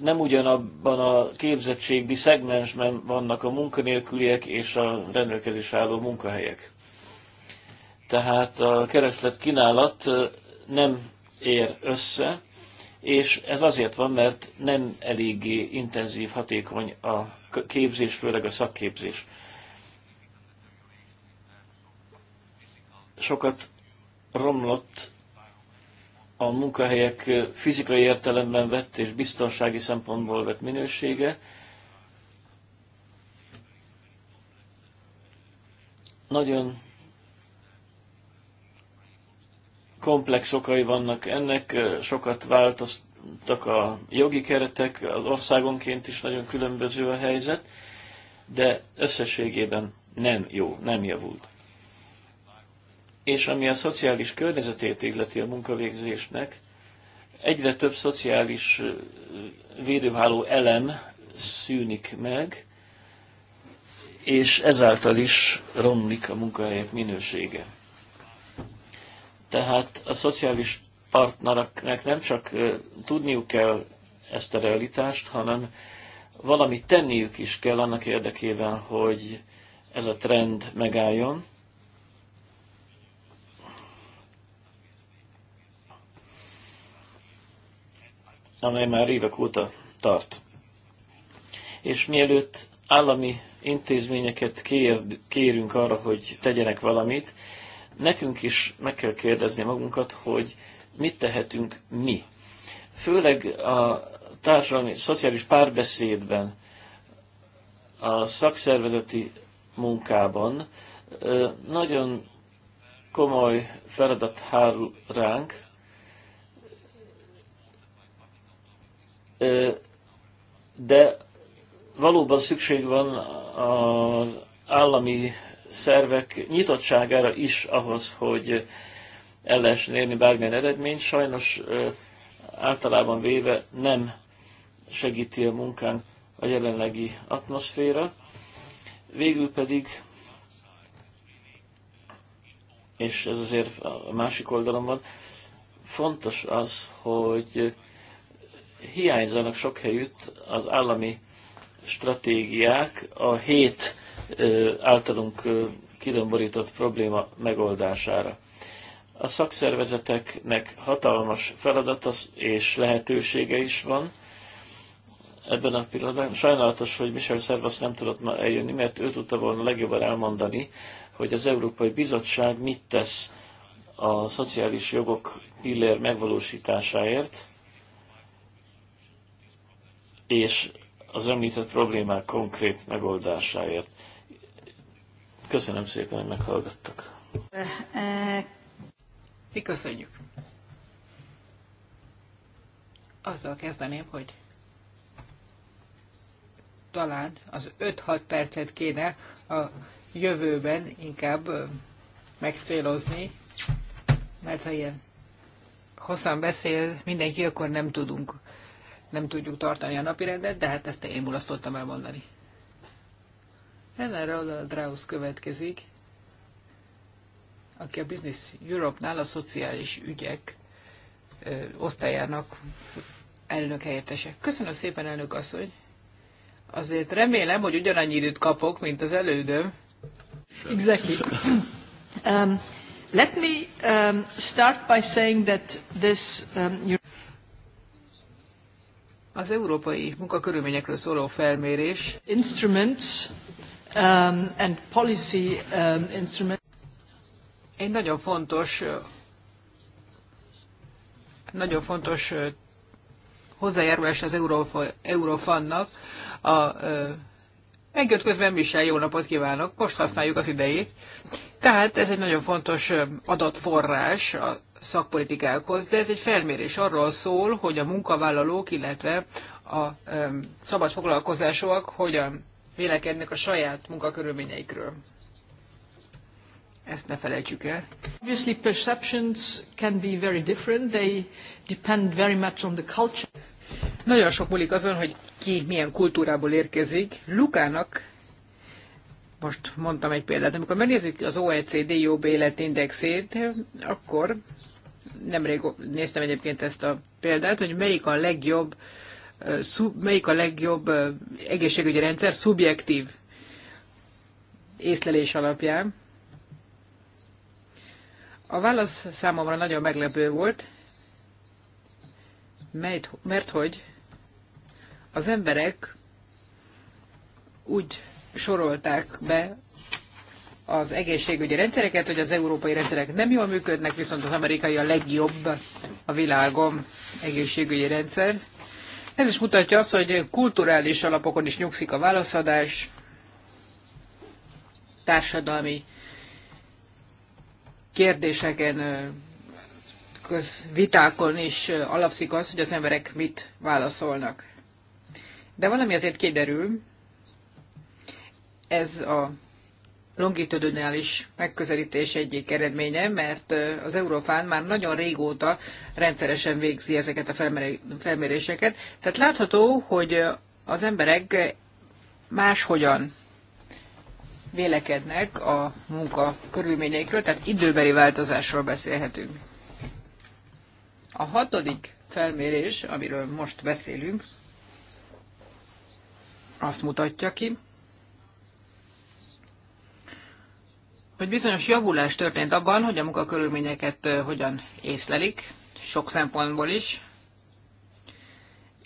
[SPEAKER 2] nem ugyanabban a képzettségi szegmensben vannak a munkanélküliek és a rendelkezés álló munkahelyek. Tehát a kereslet kínálat nem ér össze, és ez azért van, mert nem eléggé intenzív, hatékony a képzés, főleg a szakképzés. sokat romlott a munkahelyek fizikai értelemben vett és biztonsági szempontból vett minősége. Nagyon komplex okai vannak ennek, sokat változtak a jogi keretek, az országonként is nagyon különböző a helyzet, de összességében nem jó, nem javult és ami a szociális környezetét illeti a munkavégzésnek, egyre több szociális védőháló elem szűnik meg, és ezáltal is romlik a munkahelyek minősége. Tehát a szociális partnereknek nem csak tudniuk kell ezt a realitást, hanem valamit tenniük is kell annak érdekében, hogy ez a trend megálljon amely már évek óta tart. És mielőtt állami intézményeket kér, kérünk arra, hogy tegyenek valamit, nekünk is meg kell kérdezni magunkat, hogy mit tehetünk mi. Főleg a társadalmi, szociális párbeszédben, a szakszervezeti munkában nagyon komoly feladat hárul ránk, de valóban szükség van az állami szervek nyitottságára is ahhoz, hogy el lehessen érni bármilyen eredményt. Sajnos általában véve nem segíti a munkán a jelenlegi atmoszféra. Végül pedig, és ez azért a másik oldalon van, fontos az, hogy hiányzanak sok helyütt az állami stratégiák a hét általunk kidomborított probléma megoldására. A szakszervezeteknek hatalmas feladata és lehetősége is van ebben a pillanatban. Sajnálatos, hogy Michel Szervasz nem tudott ma eljönni, mert ő tudta volna legjobban elmondani, hogy az Európai Bizottság mit tesz a szociális jogok pillér megvalósításáért, és az említett problémák konkrét megoldásáért. Köszönöm szépen, hogy meghallgattak.
[SPEAKER 1] Mi
[SPEAKER 3] köszönjük. Azzal kezdeném, hogy talán az 5-6 percet kéne a jövőben inkább megcélozni, mert ha ilyen hosszan beszél mindenki, akkor nem tudunk nem tudjuk tartani a napirendet, de hát ezt én mulasztottam elmondani. Helen Raudraus következik, aki a Business Europe-nál a szociális ügyek ö, osztályának elnök helyettese. Köszönöm szépen, elnök asszony! Azért remélem, hogy ugyanannyi időt kapok, mint az elődöm. Exactly.
[SPEAKER 1] Um, let me um, start by saying that this... Um, az
[SPEAKER 3] európai munkakörülményekről szóló felmérés instruments um, and policy um, instrument. egy nagyon fontos nagyon fontos hozzájárulás az Eurofannak. A, megjött közben Michel, jó napot kívánok, most használjuk az idejét. Tehát ez egy nagyon fontos adatforrás szakpolitikákhoz, de ez egy felmérés arról szól, hogy a munkavállalók, illetve a szabad foglalkozásúak hogyan vélekednek a saját munkakörülményeikről. Ezt ne felejtsük el. Obviously perceptions can be very different. They depend very much on the culture. Nagyon sok múlik azon, hogy ki milyen kultúrából érkezik. Lukának most mondtam egy példát, amikor megnézzük az OECD jobb életindexét, akkor nemrég néztem egyébként ezt a példát, hogy melyik a legjobb, melyik a legjobb egészségügyi rendszer szubjektív észlelés alapján. A válasz számomra nagyon meglepő volt, mert, mert hogy az emberek úgy sorolták be az egészségügyi rendszereket, hogy az európai rendszerek nem jól működnek, viszont az amerikai a legjobb a világon egészségügyi rendszer. Ez is mutatja azt, hogy kulturális alapokon is nyugszik a válaszadás, társadalmi kérdéseken, közvitákon is alapszik az, hogy az emberek mit válaszolnak. De valami azért kiderül, ez a longitudinális megközelítés egyik eredménye, mert az Eurofán már nagyon régóta rendszeresen végzi ezeket a felméréseket. Tehát látható, hogy az emberek máshogyan vélekednek a munka körülményeikről, tehát időbeli változásról beszélhetünk. A hatodik felmérés, amiről most beszélünk, azt mutatja ki, hogy bizonyos javulás történt abban, hogy a munkakörülményeket hogyan észlelik, sok szempontból is.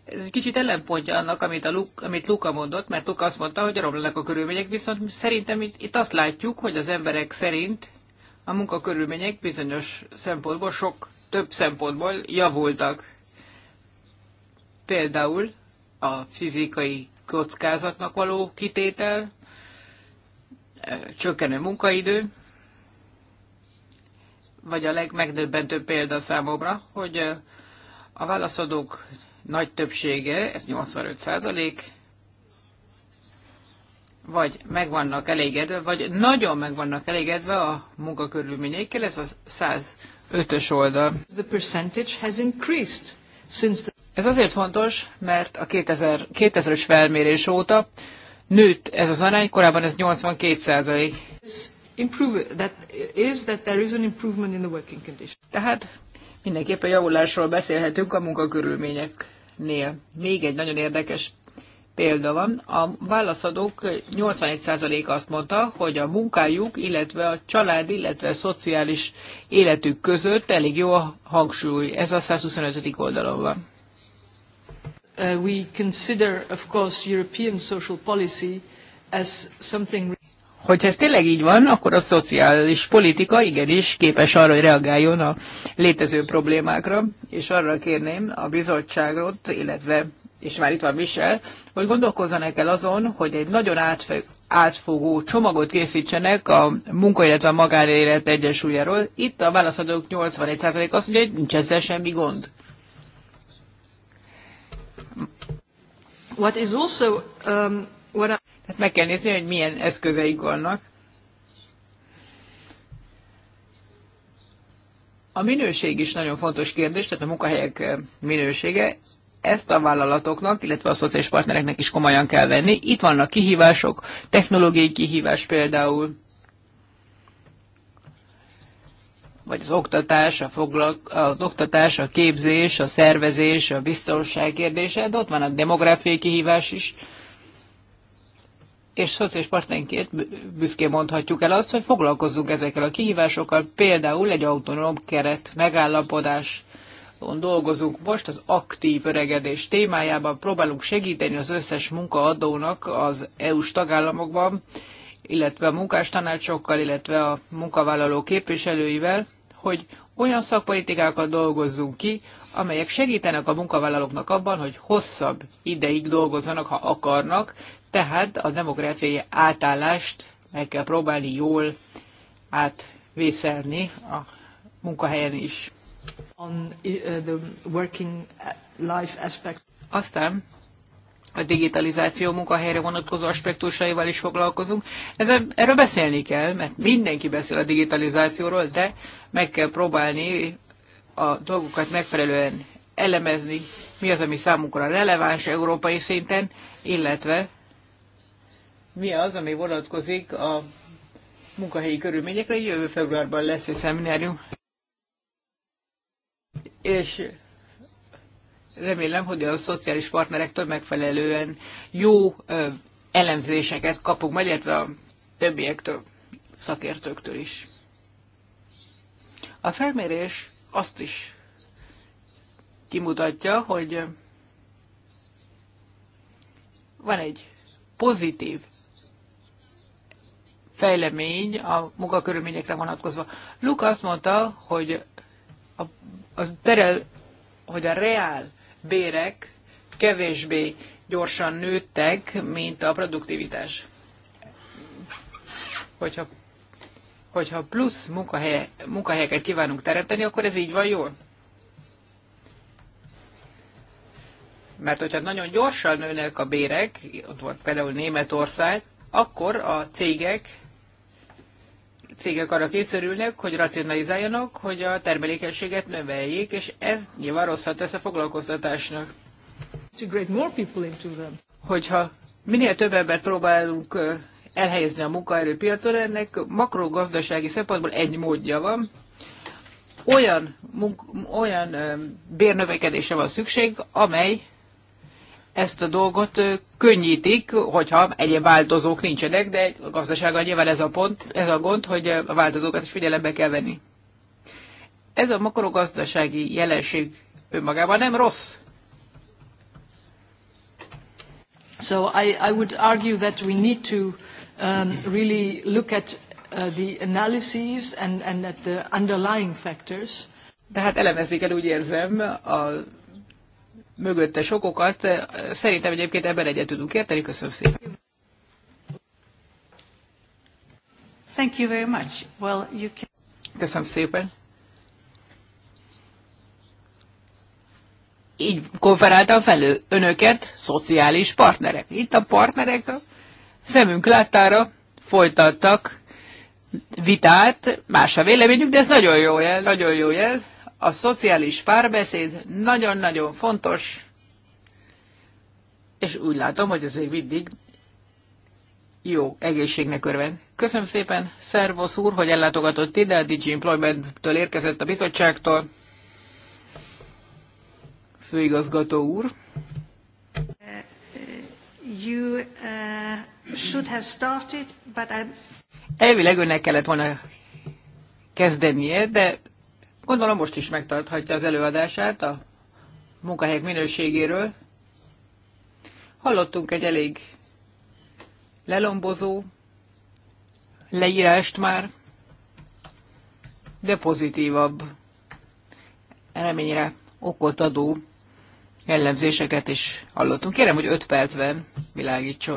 [SPEAKER 3] Ez egy kicsit ellenpontja annak, amit, a Luke, amit Luka mondott, mert Luka azt mondta, hogy romlanak a körülmények, viszont szerintem itt, itt azt látjuk, hogy az emberek szerint a munkakörülmények bizonyos szempontból, sok több szempontból javultak. Például a fizikai kockázatnak való kitétel, csökkenő munkaidő, vagy a legmegdöbbentőbb példa számomra, hogy a válaszadók nagy többsége, ez 85 százalék, vagy meg vannak elégedve, vagy nagyon meg vannak elégedve a munkakörülményeikkel, ez a 105-ös oldal. The percentage has increased since the... Ez azért fontos, mert a 2000, 2000 felmérés óta nőtt ez az arány, korábban ez 82 százalék. Tehát mindenképpen javulásról beszélhetünk a munkakörülményeknél. Még egy nagyon érdekes példa van. A válaszadók 81%-a azt mondta, hogy a munkájuk, illetve a család, illetve a szociális életük között elég jó a hangsúly. Ez a 125. oldalon van. Uh, we consider, of course, European social policy as something Hogyha ez tényleg így van, akkor a szociális politika igenis képes arra, hogy reagáljon a létező problémákra, és arra kérném a bizottságot, illetve, és már itt van Michel, hogy gondolkozzanak el azon, hogy egy nagyon átfogó csomagot készítsenek a munka, illetve a magánélet egyensúlyáról. Itt a válaszadók 81% azt mondja, hogy nincs ezzel semmi gond. What is also, um, what I... Tehát meg kell nézni, hogy milyen eszközeik vannak. A minőség is nagyon fontos kérdés, tehát a munkahelyek eh, minősége. Ezt a vállalatoknak, illetve a szociális partnereknek is komolyan kell venni. Itt vannak kihívások, technológiai kihívás például, vagy az oktatás, a foglalk, az oktatás, a képzés, a szervezés, a biztonság kérdése, de ott van a demográfiai kihívás is. És szociális partnerként büszkén mondhatjuk el azt, hogy foglalkozzunk ezekkel a kihívásokkal, például egy autonóm keret megállapodás dolgozunk most az aktív öregedés témájában, próbálunk segíteni az összes munkaadónak az EU-s tagállamokban, illetve a munkástanácsokkal, illetve a munkavállaló képviselőivel, hogy olyan szakpolitikákat dolgozzunk ki, amelyek segítenek a munkavállalóknak abban, hogy hosszabb ideig dolgozzanak, ha akarnak, tehát a demográfiai átállást meg kell próbálni jól átvészelni a munkahelyen is. On uh, the working life aspect. Aztán a digitalizáció munkahelyre vonatkozó aspektusaival is foglalkozunk. Ezen, erről beszélni kell, mert mindenki beszél a digitalizációról, de meg kell próbálni a dolgokat megfelelően elemezni, mi az, ami számunkra releváns európai szinten, illetve mi az, ami vonatkozik a munkahelyi körülményekre. Jövő februárban lesz egy szeminárium. És remélem, hogy a szociális partnerektől megfelelően jó elemzéseket kapunk, majd illetve a többiektől, szakértőktől is. A felmérés azt is kimutatja, hogy van egy pozitív fejlemény a munkakörülményekre vonatkozva. Luke azt mondta, hogy a, az terel, hogy a reál bérek kevésbé gyorsan nőttek, mint a produktivitás. Hogyha hogyha plusz munkahelye, munkahelyeket kívánunk teremteni, akkor ez így van jól? Mert hogyha nagyon gyorsan nőnek a bérek, ott volt például Németország, akkor a cégek cégek arra kényszerülnek, hogy racionalizáljanak, hogy a termelékenységet növeljék, és ez nyilván rosszat tesz a foglalkoztatásnak. Hogyha minél több embert próbálunk elhelyezni a munkaerőpiacon, ennek makrogazdasági szempontból egy módja van. Olyan, munk- olyan bérnövekedésre van szükség, amely ezt a dolgot könnyítik, hogyha egyéb változók nincsenek, de a gazdaságban nyilván ez a, pont, ez a gond, hogy a változókat is figyelembe kell venni. Ez a makrogazdasági jelenség önmagában nem rossz. So I, I would argue that we need to um, really look at uh, the analyses and, and at the underlying factors. Tehát elemezik el, úgy érzem, a mögötte sokokat. Szerintem egyébként ebben egyet tudunk érteni. Köszönöm szépen.
[SPEAKER 1] Thank you very much. Well, you can...
[SPEAKER 3] Köszönöm szépen. Így konferáltam felő önöket, szociális partnerek. Itt a partnerek a szemünk láttára folytattak vitát, más a véleményük, de ez nagyon jó jel, nagyon jó jel. A szociális párbeszéd nagyon-nagyon fontos, és úgy látom, hogy ez még mindig jó egészségnek örvend. Köszönöm szépen, Szervosz úr, hogy ellátogatott ide, a Digi Employment-től érkezett a bizottságtól. Főigazgató úr. You, uh... Elvileg önnek kellett volna kezdenie, de gondolom most is megtarthatja az előadását a munkahelyek minőségéről. Hallottunk egy elég lelombozó leírást már, de pozitívabb, reményre okot adó jellemzéseket is hallottunk. Kérem, hogy öt percben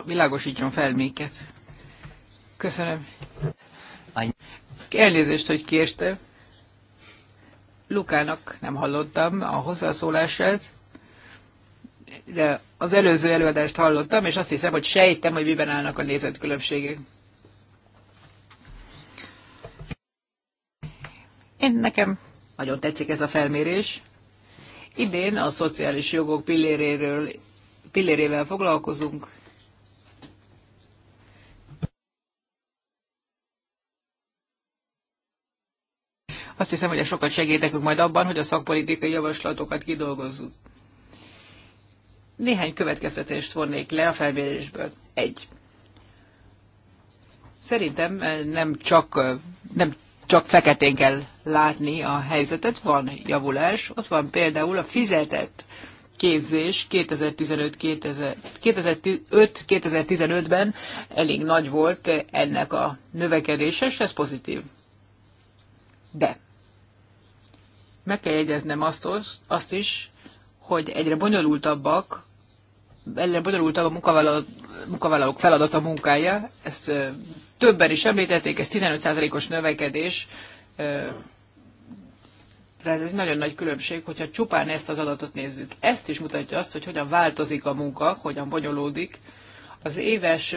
[SPEAKER 3] világosítson fel minket. Köszönöm. Elnézést, hogy kérte. Lukának nem hallottam a hozzászólását, de az előző előadást hallottam, és azt hiszem, hogy sejtem, hogy miben állnak a nézetkülönbségek. Én nekem nagyon tetszik ez a felmérés. Idén a szociális jogok pilléréről, pillérével foglalkozunk. Azt hiszem, hogy a sokat segítek majd abban, hogy a szakpolitikai javaslatokat kidolgozzuk. Néhány következtetést vonnék le a felmérésből. Egy. Szerintem eh, nem csak, eh, nem csak feketén kell látni a helyzetet, van javulás, ott van például a fizetett képzés 2015-2015-ben elég nagy volt ennek a növekedése, és ez pozitív. De meg kell jegyeznem azt, azt is, hogy egyre bonyolultabbak egyre bonyolultabb a munkavállalók, munkavállalók feladata munkája, ezt többen is említették, ez 15%-os növekedés, de ez egy nagyon nagy különbség, hogyha csupán ezt az adatot nézzük. Ezt is mutatja azt, hogy hogyan változik a munka, hogyan bonyolódik. Az éves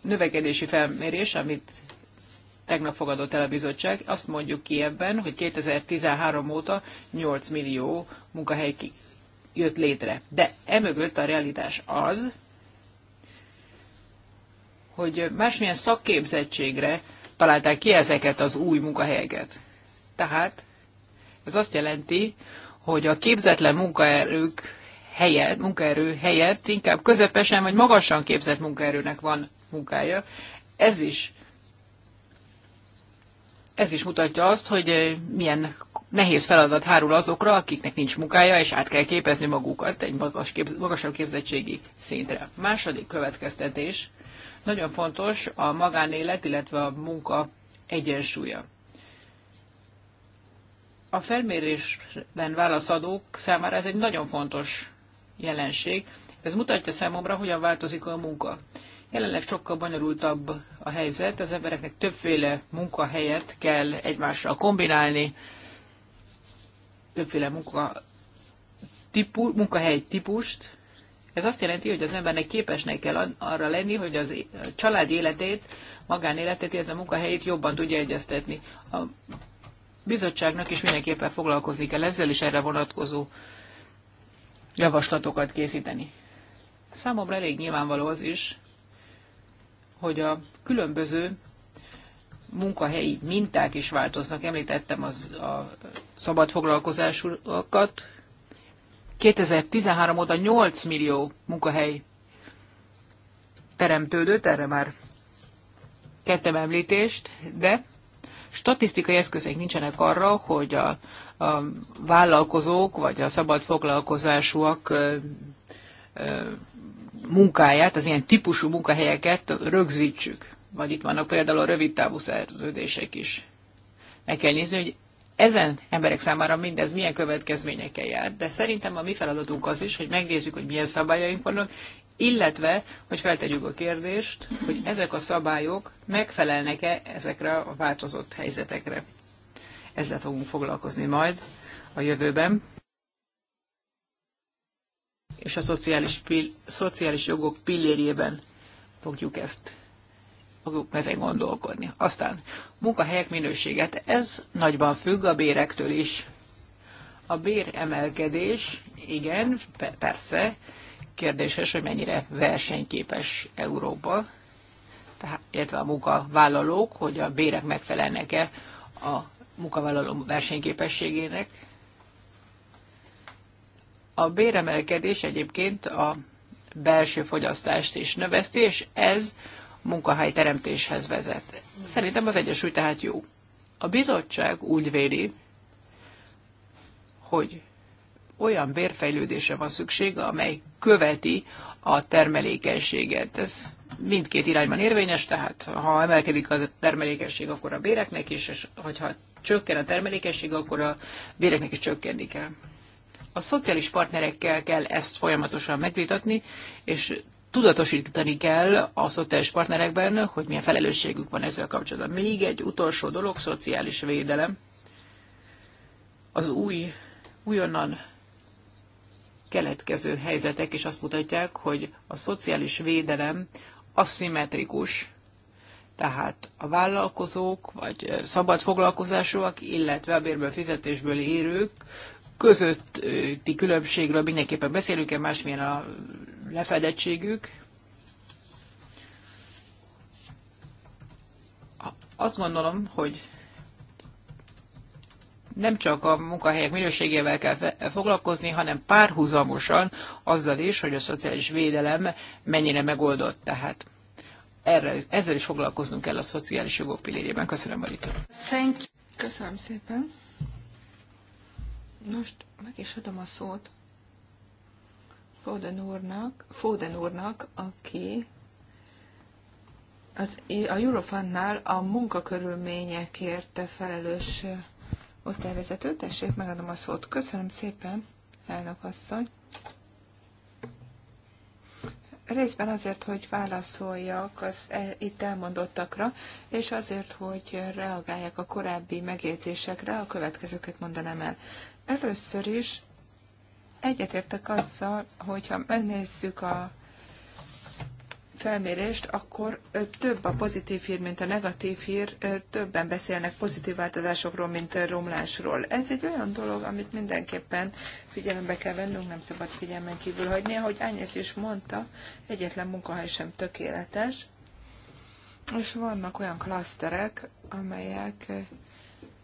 [SPEAKER 3] növekedési felmérés, amit tegnap fogadott el a bizottság, azt mondjuk ki ebben, hogy 2013 óta 8 millió munkahely jött létre. De emögött a realitás az, hogy másmilyen szakképzettségre találták ki ezeket az új munkahelyeket. Tehát ez azt jelenti, hogy a képzetlen munkaerők helyett, munkaerő helyett inkább közepesen vagy magasan képzett munkaerőnek van munkája. Ez is, ez is mutatja azt, hogy milyen nehéz feladat hárul azokra, akiknek nincs munkája, és át kell képezni magukat egy magas képz, magasabb képzettségi szintre. Második következtetés, nagyon fontos a magánélet, illetve a munka egyensúlya. A felmérésben válaszadók számára ez egy nagyon fontos jelenség. Ez mutatja számomra, hogyan változik a munka. Jelenleg sokkal bonyolultabb a helyzet, az embereknek többféle munkahelyet kell egymással kombinálni, többféle munka, típu, munkahely típust. Ez azt jelenti, hogy az embernek képesnek kell arra lenni, hogy az család életét, magánéletét, illetve a munkahelyét jobban tudja egyeztetni. A bizottságnak is mindenképpen foglalkozni kell ezzel, is erre vonatkozó javaslatokat készíteni. Számomra elég nyilvánvaló az is, hogy a különböző munkahelyi minták is változnak. Említettem az, a szabad foglalkozásokat. 2013 óta 8 millió munkahely teremtődött, erre már kettem említést, de statisztikai eszközeink nincsenek arra, hogy a, a vállalkozók vagy a szabad foglalkozásúak munkáját, az ilyen típusú munkahelyeket rögzítsük. Vagy itt vannak például a rövidtávú szerződések is. Meg kell nézni, hogy ezen emberek számára mindez milyen következményekkel jár, de szerintem a mi feladatunk az is, hogy megnézzük, hogy milyen szabályaink vannak, illetve, hogy feltegyük a kérdést, hogy ezek a szabályok megfelelnek-e ezekre a változott helyzetekre. Ezzel fogunk foglalkozni majd a jövőben. És a szociális, pil- szociális jogok pillérjében fogjuk ezt fogjuk ezen gondolkodni. Aztán munkahelyek minőséget, ez nagyban függ a bérektől is. A béremelkedés, igen, persze, kérdéses, hogy mennyire versenyképes Európa, tehát, illetve a munkavállalók, hogy a bérek megfelelnek-e a munkavállaló versenyképességének. A béremelkedés egyébként a belső fogyasztást is növeszti, és ez munkahelyteremtéshez vezet. Szerintem az Egyesült tehát jó. A bizottság úgy véli, hogy olyan bérfejlődése van szükség, amely követi a termelékenységet. Ez mindkét irányban érvényes, tehát ha emelkedik a termelékenység, akkor a béreknek is, és hogyha csökken a termelékenység, akkor a béreknek is csökkenni kell. A szociális partnerekkel kell ezt folyamatosan megvitatni, és tudatosítani kell a szociális partnerekben, hogy milyen felelősségük van ezzel kapcsolatban. Még egy utolsó dolog, szociális védelem. Az új, újonnan keletkező helyzetek is azt mutatják, hogy a szociális védelem aszimmetrikus, tehát a vállalkozók, vagy szabad foglalkozásúak, illetve a bérből fizetésből érők közötti különbségről mindenképpen beszélünk-e, másmilyen a lefedettségük. Azt gondolom, hogy nem csak a munkahelyek minőségével kell foglalkozni, hanem párhuzamosan azzal is, hogy a szociális védelem mennyire megoldott. Tehát erre, ezzel is foglalkoznunk kell a szociális jogok pillérében. Köszönöm, Marita.
[SPEAKER 1] Köszönöm szépen.
[SPEAKER 5] Most meg is adom a szót Foden úrnak, Foden úrnak aki az, a Eurofannál a munkakörülményekért felelős osztályvezető. Tessék, megadom a szót. Köszönöm szépen, elnök asszony. Részben azért, hogy válaszoljak az e, itt elmondottakra, és azért, hogy reagáljak a korábbi megjegyzésekre, a következőket mondanám el. Először is egyetértek azzal, hogyha megnézzük a felmérést, akkor több a pozitív hír, mint a negatív hír, többen beszélnek pozitív változásokról, mint romlásról. Ez egy olyan dolog, amit mindenképpen figyelembe kell vennünk, nem szabad figyelmen kívül hagyni. Ahogy Ányész is mondta, egyetlen munkahely sem tökéletes, és vannak olyan klaszterek, amelyek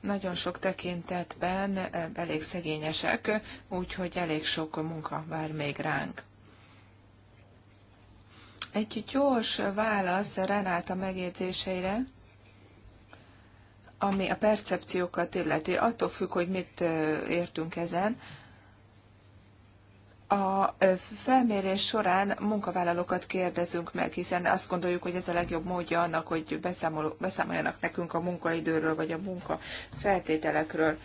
[SPEAKER 5] nagyon sok tekintetben eh, elég szegényesek, úgyhogy elég sok munka vár még ránk. Egy gyors válasz Renáta megjegyzéseire, ami a percepciókat illeti. Attól függ, hogy mit eh, értünk ezen. A felmérés során munkavállalókat kérdezünk meg, hiszen azt gondoljuk, hogy ez a legjobb módja annak, hogy beszámoljanak nekünk a munkaidőről vagy a munka feltételekről.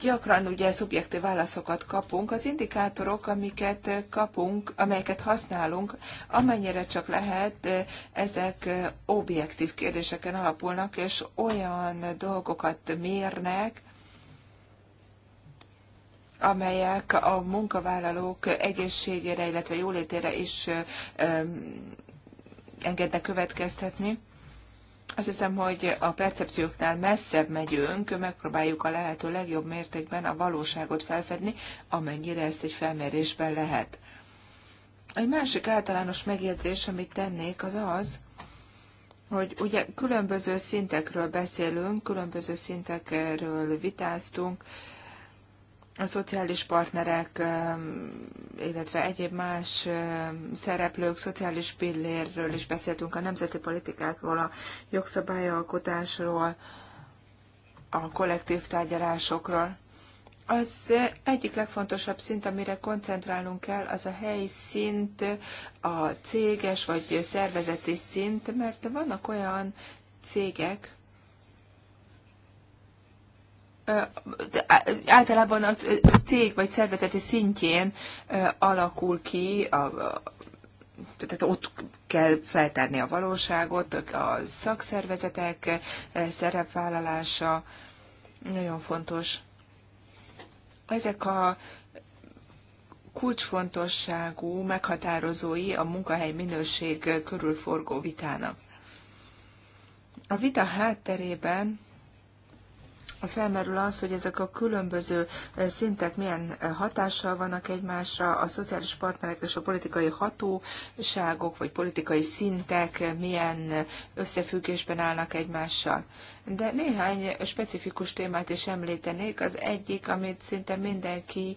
[SPEAKER 5] Gyakran ugye szubjektív válaszokat kapunk. Az indikátorok, amiket kapunk, amelyeket használunk, amennyire csak lehet, ezek objektív kérdéseken alapulnak, és olyan dolgokat mérnek, amelyek a munkavállalók egészségére, illetve jólétére is engednek következtetni. Azt hiszem, hogy a percepcióknál messzebb megyünk, megpróbáljuk a lehető legjobb mértékben a valóságot felfedni, amennyire ezt egy felmérésben lehet. Egy másik általános megjegyzés, amit tennék, az az, hogy ugye különböző szintekről beszélünk, különböző szintekről vitáztunk, a szociális partnerek, illetve egyéb más szereplők, szociális pillérről is beszéltünk, a nemzeti politikákról, a jogszabályalkotásról, a kollektív tárgyalásokról. Az egyik legfontosabb szint, amire koncentrálnunk kell, az a helyi szint, a céges vagy szervezeti szint, mert vannak olyan cégek, általában a cég vagy szervezeti szintjén alakul ki, a, a, tehát ott kell feltárni a valóságot, a szakszervezetek szerepvállalása nagyon fontos. Ezek a kulcsfontosságú meghatározói a munkahely minőség körülforgó vitának. A vita hátterében felmerül az, hogy ezek a különböző eh, szintek milyen eh, hatással vannak egymásra, a szociális partnerek és a politikai hatóságok vagy politikai szintek eh, milyen összefüggésben állnak egymással. De néhány specifikus témát is említenék. Az egyik, amit szinte mindenki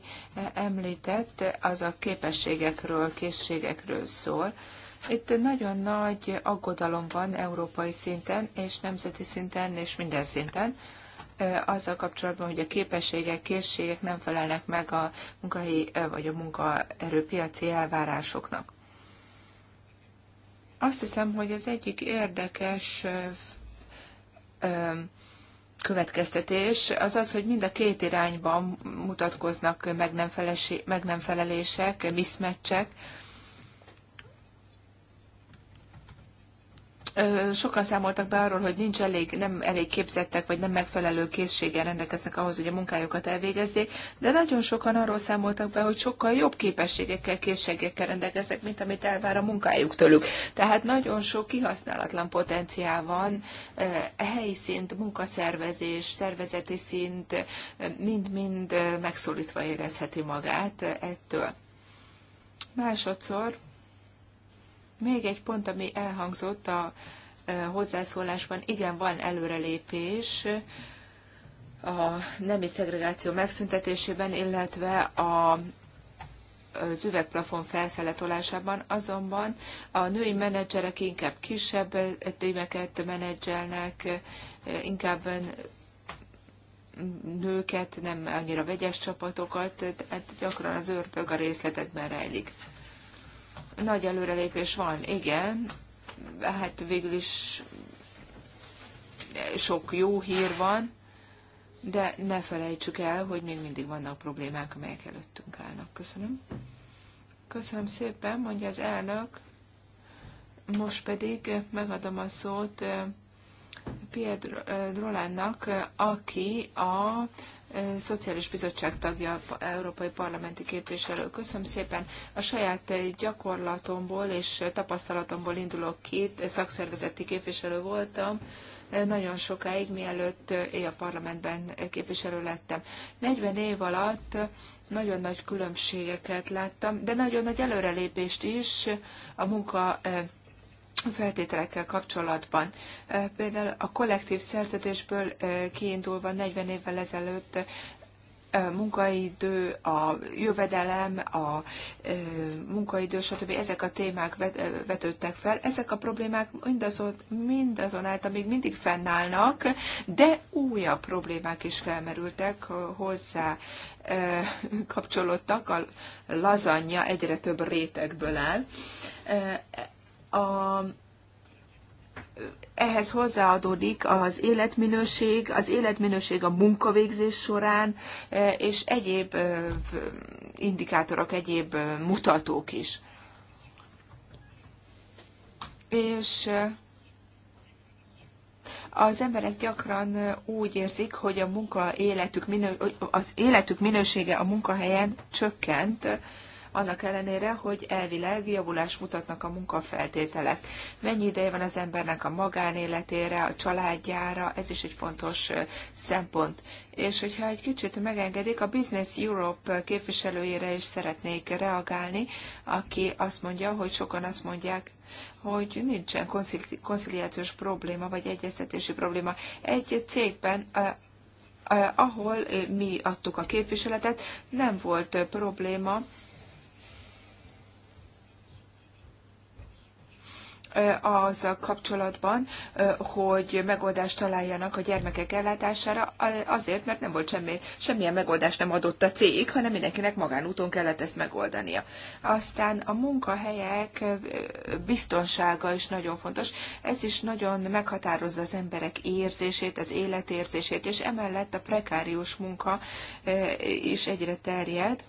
[SPEAKER 5] említett, az a képességekről, készségekről szól. Itt nagyon nagy aggodalom van európai szinten, és nemzeti szinten, és minden szinten azzal kapcsolatban, hogy a képességek, készségek nem felelnek meg a munkahelyi vagy a munkaerőpiaci elvárásoknak. Azt hiszem, hogy az egyik érdekes következtetés az az, hogy mind a két irányban mutatkoznak meg nem, felesi, meg nem felelések, miszmeccsek, sokan számoltak be arról, hogy nincs elég, nem elég képzettek, vagy nem megfelelő készséggel rendelkeznek ahhoz, hogy a munkájukat elvégezzék, de nagyon sokan arról számoltak be, hogy sokkal jobb képességekkel, készségekkel rendelkeznek, mint amit elvár a munkájuk tőlük. Tehát nagyon sok kihasználatlan potenciál van, e helyi szint, munkaszervezés, szervezeti szint, mind-mind megszólítva érezheti magát ettől. Másodszor, még egy pont, ami elhangzott a e, hozzászólásban, igen, van előrelépés a nemi szegregáció megszüntetésében, illetve a az üvegplafon felfele tolásában, azonban a női menedzserek inkább kisebb témeket menedzselnek, e, inkább nőket, nem annyira vegyes csapatokat, tehát gyakran az ördög a részletekben rejlik. Nagy előrelépés van, igen. Hát végül is sok jó hír van, de ne felejtsük el, hogy még mindig vannak problémák, amelyek előttünk állnak. Köszönöm. Köszönöm szépen, mondja az elnök. Most pedig megadom a szót eh, Pierre eh, Rolandnak, eh, aki a Szociális Bizottság tagja, Európai Parlamenti Képviselő. Köszönöm szépen. A saját gyakorlatomból és tapasztalatomból indulok ki, szakszervezeti képviselő voltam, nagyon sokáig, mielőtt én a parlamentben képviselő lettem. 40 év alatt nagyon nagy különbségeket láttam, de nagyon nagy előrelépést is a munka feltételekkel kapcsolatban. Például a kollektív szerződésből kiindulva 40 évvel ezelőtt munkaidő, a jövedelem, a munkaidő, stb. ezek a témák vetődtek fel. Ezek a problémák mindazon, mindazonáltal még mindig fennállnak, de újabb problémák is felmerültek hozzá kapcsolódtak, a lazanya egyre több rétegből áll a, ehhez hozzáadódik az életminőség, az életminőség a munkavégzés során, e, és egyéb e, indikátorok, egyéb e, mutatók is. És az emberek gyakran úgy érzik, hogy a munka életük minő, az életük minősége a munkahelyen csökkent, annak ellenére, hogy elvileg javulást mutatnak a munkafeltételek. Mennyi ideje van az embernek a magánéletére, a családjára, ez is egy fontos szempont. És hogyha egy kicsit megengedik, a Business Europe képviselőjére is szeretnék reagálni, aki azt mondja, hogy sokan azt mondják, hogy nincsen konciliációs probléma, vagy egyeztetési probléma. Egy cégben ahol mi adtuk a képviseletet, nem volt probléma azzal kapcsolatban, hogy megoldást találjanak a gyermekek ellátására, azért, mert nem volt semmi, semmilyen megoldást nem adott a cég, hanem mindenkinek magánúton kellett ezt megoldania. Aztán a munkahelyek biztonsága is nagyon fontos. Ez is nagyon meghatározza az emberek érzését, az életérzését, és emellett a prekárius munka is egyre terjed,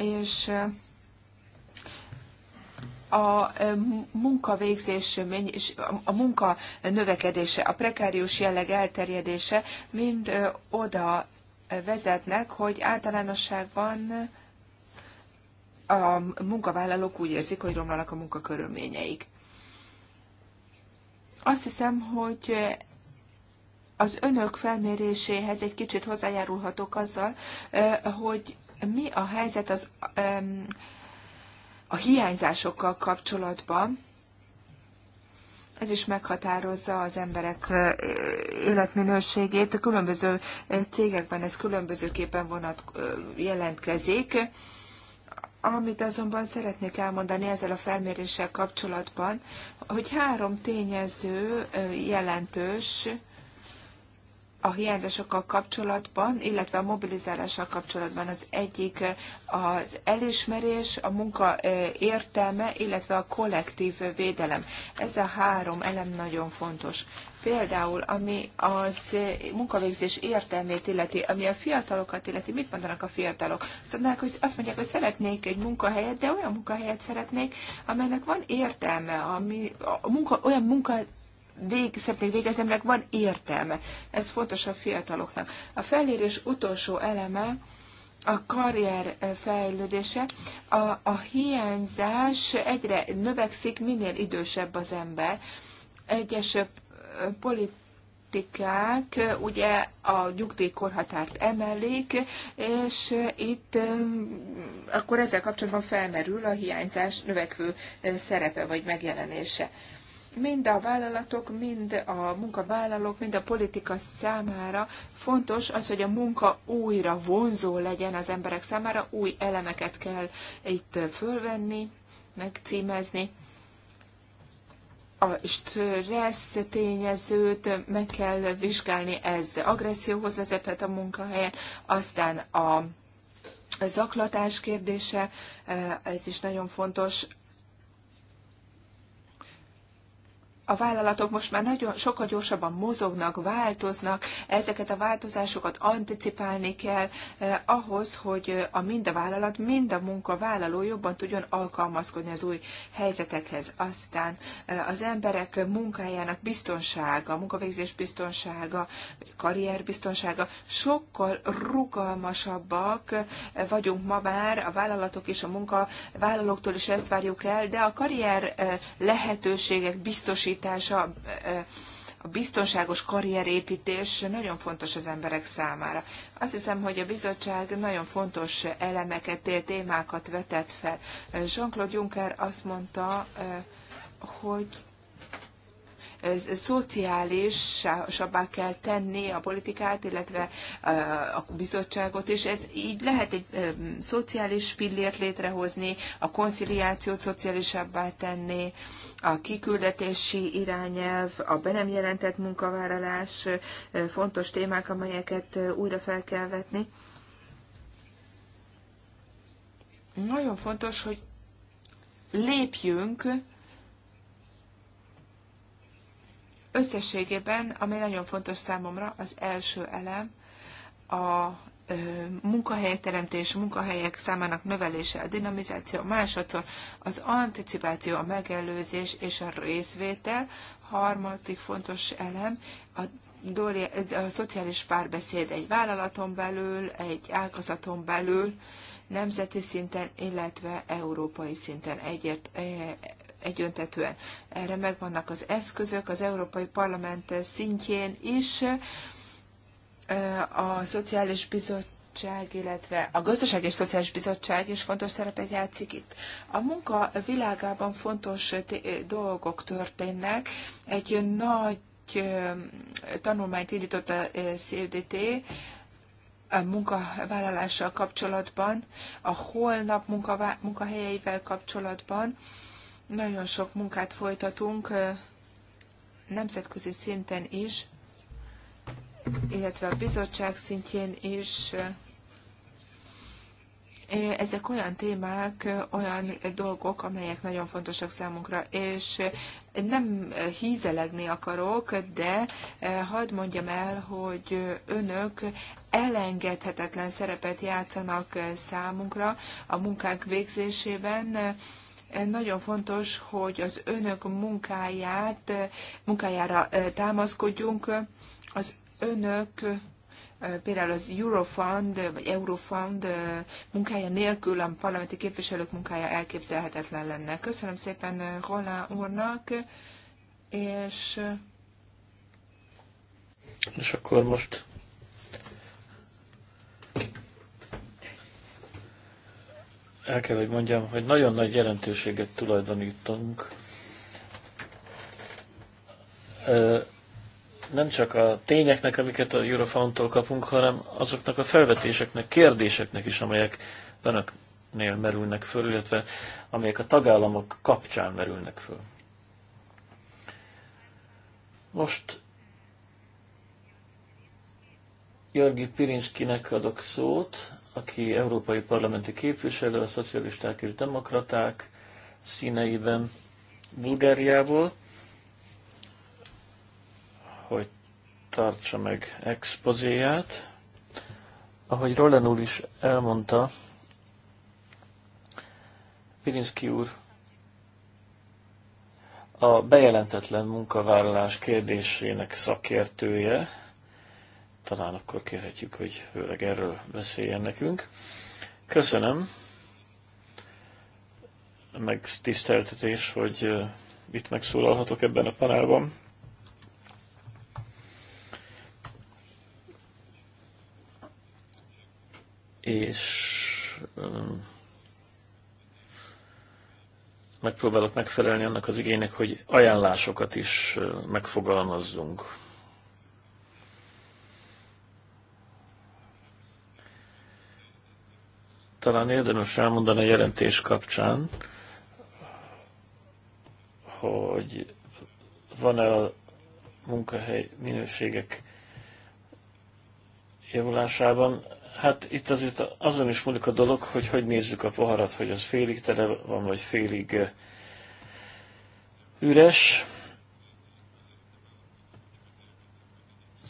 [SPEAKER 5] és a munkavégzés, a munka növekedése, a prekárius jelleg elterjedése mind oda vezetnek, hogy általánosságban a munkavállalók úgy érzik, hogy romlanak a munkakörülményeik. Azt hiszem, hogy az önök felméréséhez egy kicsit hozzájárulhatok azzal, hogy mi a helyzet az a hiányzásokkal kapcsolatban, ez is meghatározza az emberek életminőségét. A különböző cégekben ez különbözőképpen vonat jelentkezik. Amit azonban szeretnék elmondani ezzel a felméréssel kapcsolatban, hogy három tényező jelentős, a hiányzásokkal kapcsolatban, illetve a mobilizálással kapcsolatban az egyik eh, az elismerés, a munka eh, értelme, illetve a kollektív védelem. Ez a három elem nagyon fontos. Például, ami az eh, munkavégzés értelmét illeti, ami a fiatalokat illeti, mit mondanak a fiatalok? Szóval azt mondják, hogy szeretnék egy munkahelyet, de olyan munkahelyet szeretnék, amelynek van értelme, ami, a munka, olyan munka, vég, szeretnék végezni, aminek van értelme. Ez fontos a fiataloknak. A felérés utolsó eleme, a karrier fejlődése, a, a hiányzás egyre növekszik, minél idősebb az ember. Egyes politikák ugye a nyugdíjkorhatárt emelik, és itt akkor ezzel kapcsolatban felmerül a hiányzás növekvő szerepe vagy megjelenése mind a vállalatok, mind a munkavállalók, mind a politika számára fontos az, hogy a munka újra vonzó legyen az emberek számára, új elemeket kell itt fölvenni, megcímezni. A stressz tényezőt meg kell vizsgálni, ez agresszióhoz vezethet a munkahelyen, aztán a zaklatás kérdése, ez is nagyon fontos, a vállalatok most már nagyon sokkal gyorsabban mozognak, változnak, ezeket a változásokat anticipálni kell eh, ahhoz, hogy eh, a mind a vállalat, mind a munkavállaló jobban tudjon alkalmazkodni az új helyzetekhez. Aztán eh, az emberek munkájának biztonsága, munkavégzés biztonsága, karrier biztonsága sokkal rugalmasabbak eh, vagyunk ma már, a vállalatok és a munkavállalóktól is ezt várjuk el, de a karrier eh, lehetőségek biztosít kialakítása, e, a biztonságos karrierépítés nagyon fontos az emberek számára. Azt hiszem, hogy a bizottság nagyon fontos elemeket, témákat vetett fel. Jean-Claude Juncker azt mondta, e, hogy szociálisabbá kell tenni a politikát, illetve e, a bizottságot, és ez így lehet egy szociális pillért létrehozni, a konciliációt szociálisabbá tenni, a kiküldetési irányelv, a be nem jelentett munkavállalás fontos témák, amelyeket újra fel kell vetni. Nagyon fontos, hogy lépjünk összességében, ami nagyon fontos számomra, az első elem, a munkahelyteremtés, munkahelyek számának növelése, a dinamizáció, másodszor az anticipáció, a megelőzés és a részvétel, harmadik fontos elem, a a szociális párbeszéd egy vállalaton belül, egy ágazaton belül, nemzeti szinten, illetve európai szinten egyért, e, egyöntetően. Erre megvannak az eszközök az Európai Parlament szintjén is, a Szociális Bizottság, illetve a Gazdaság és Szociális Bizottság is fontos szerepet játszik itt. A munka világában fontos dolgok történnek. Egy nagy tanulmányt indított a CFDT, a munkavállalással kapcsolatban, a holnap munkahelyeivel kapcsolatban. Nagyon sok munkát folytatunk nemzetközi szinten is illetve a bizottság szintjén is ezek olyan témák, olyan dolgok, amelyek nagyon fontosak számunkra, és nem hízelegni akarok, de hadd mondjam el, hogy önök elengedhetetlen szerepet játszanak számunkra a munkák végzésében, nagyon fontos, hogy az önök munkáját, munkájára támaszkodjunk. Az önök például az Eurofund vagy Eurofund munkája nélkül a parlamenti képviselők munkája elképzelhetetlen lenne. Köszönöm szépen Rola úrnak, és...
[SPEAKER 2] És akkor most el kell, hogy mondjam, hogy nagyon nagy jelentőséget tulajdonítunk nem csak a tényeknek, amiket a Eurofound-tól kapunk, hanem azoknak a felvetéseknek, kérdéseknek is, amelyek önöknél merülnek föl, illetve amelyek a tagállamok kapcsán merülnek föl. Most Jörgi Pirinszkinek adok szót, aki európai parlamenti képviselő, a szocialisták és demokraták színeiben Bulgáriából hogy tartsa meg expozéját. Ahogy Roland úr is elmondta, Pirinszki úr a bejelentetlen munkavállalás kérdésének szakértője, talán akkor kérhetjük, hogy főleg erről beszéljen nekünk. Köszönöm. Megtiszteltetés, hogy eh, itt megszólalhatok ebben a panelban. és megpróbálok megfelelni annak az igénynek, hogy ajánlásokat is megfogalmazzunk. Talán érdemes elmondani a jelentés kapcsán, hogy van-e a munkahely minőségek javulásában Hát itt azért azon is múlik a dolog, hogy hogy nézzük a poharat, hogy az félig tele van, vagy félig eh, üres.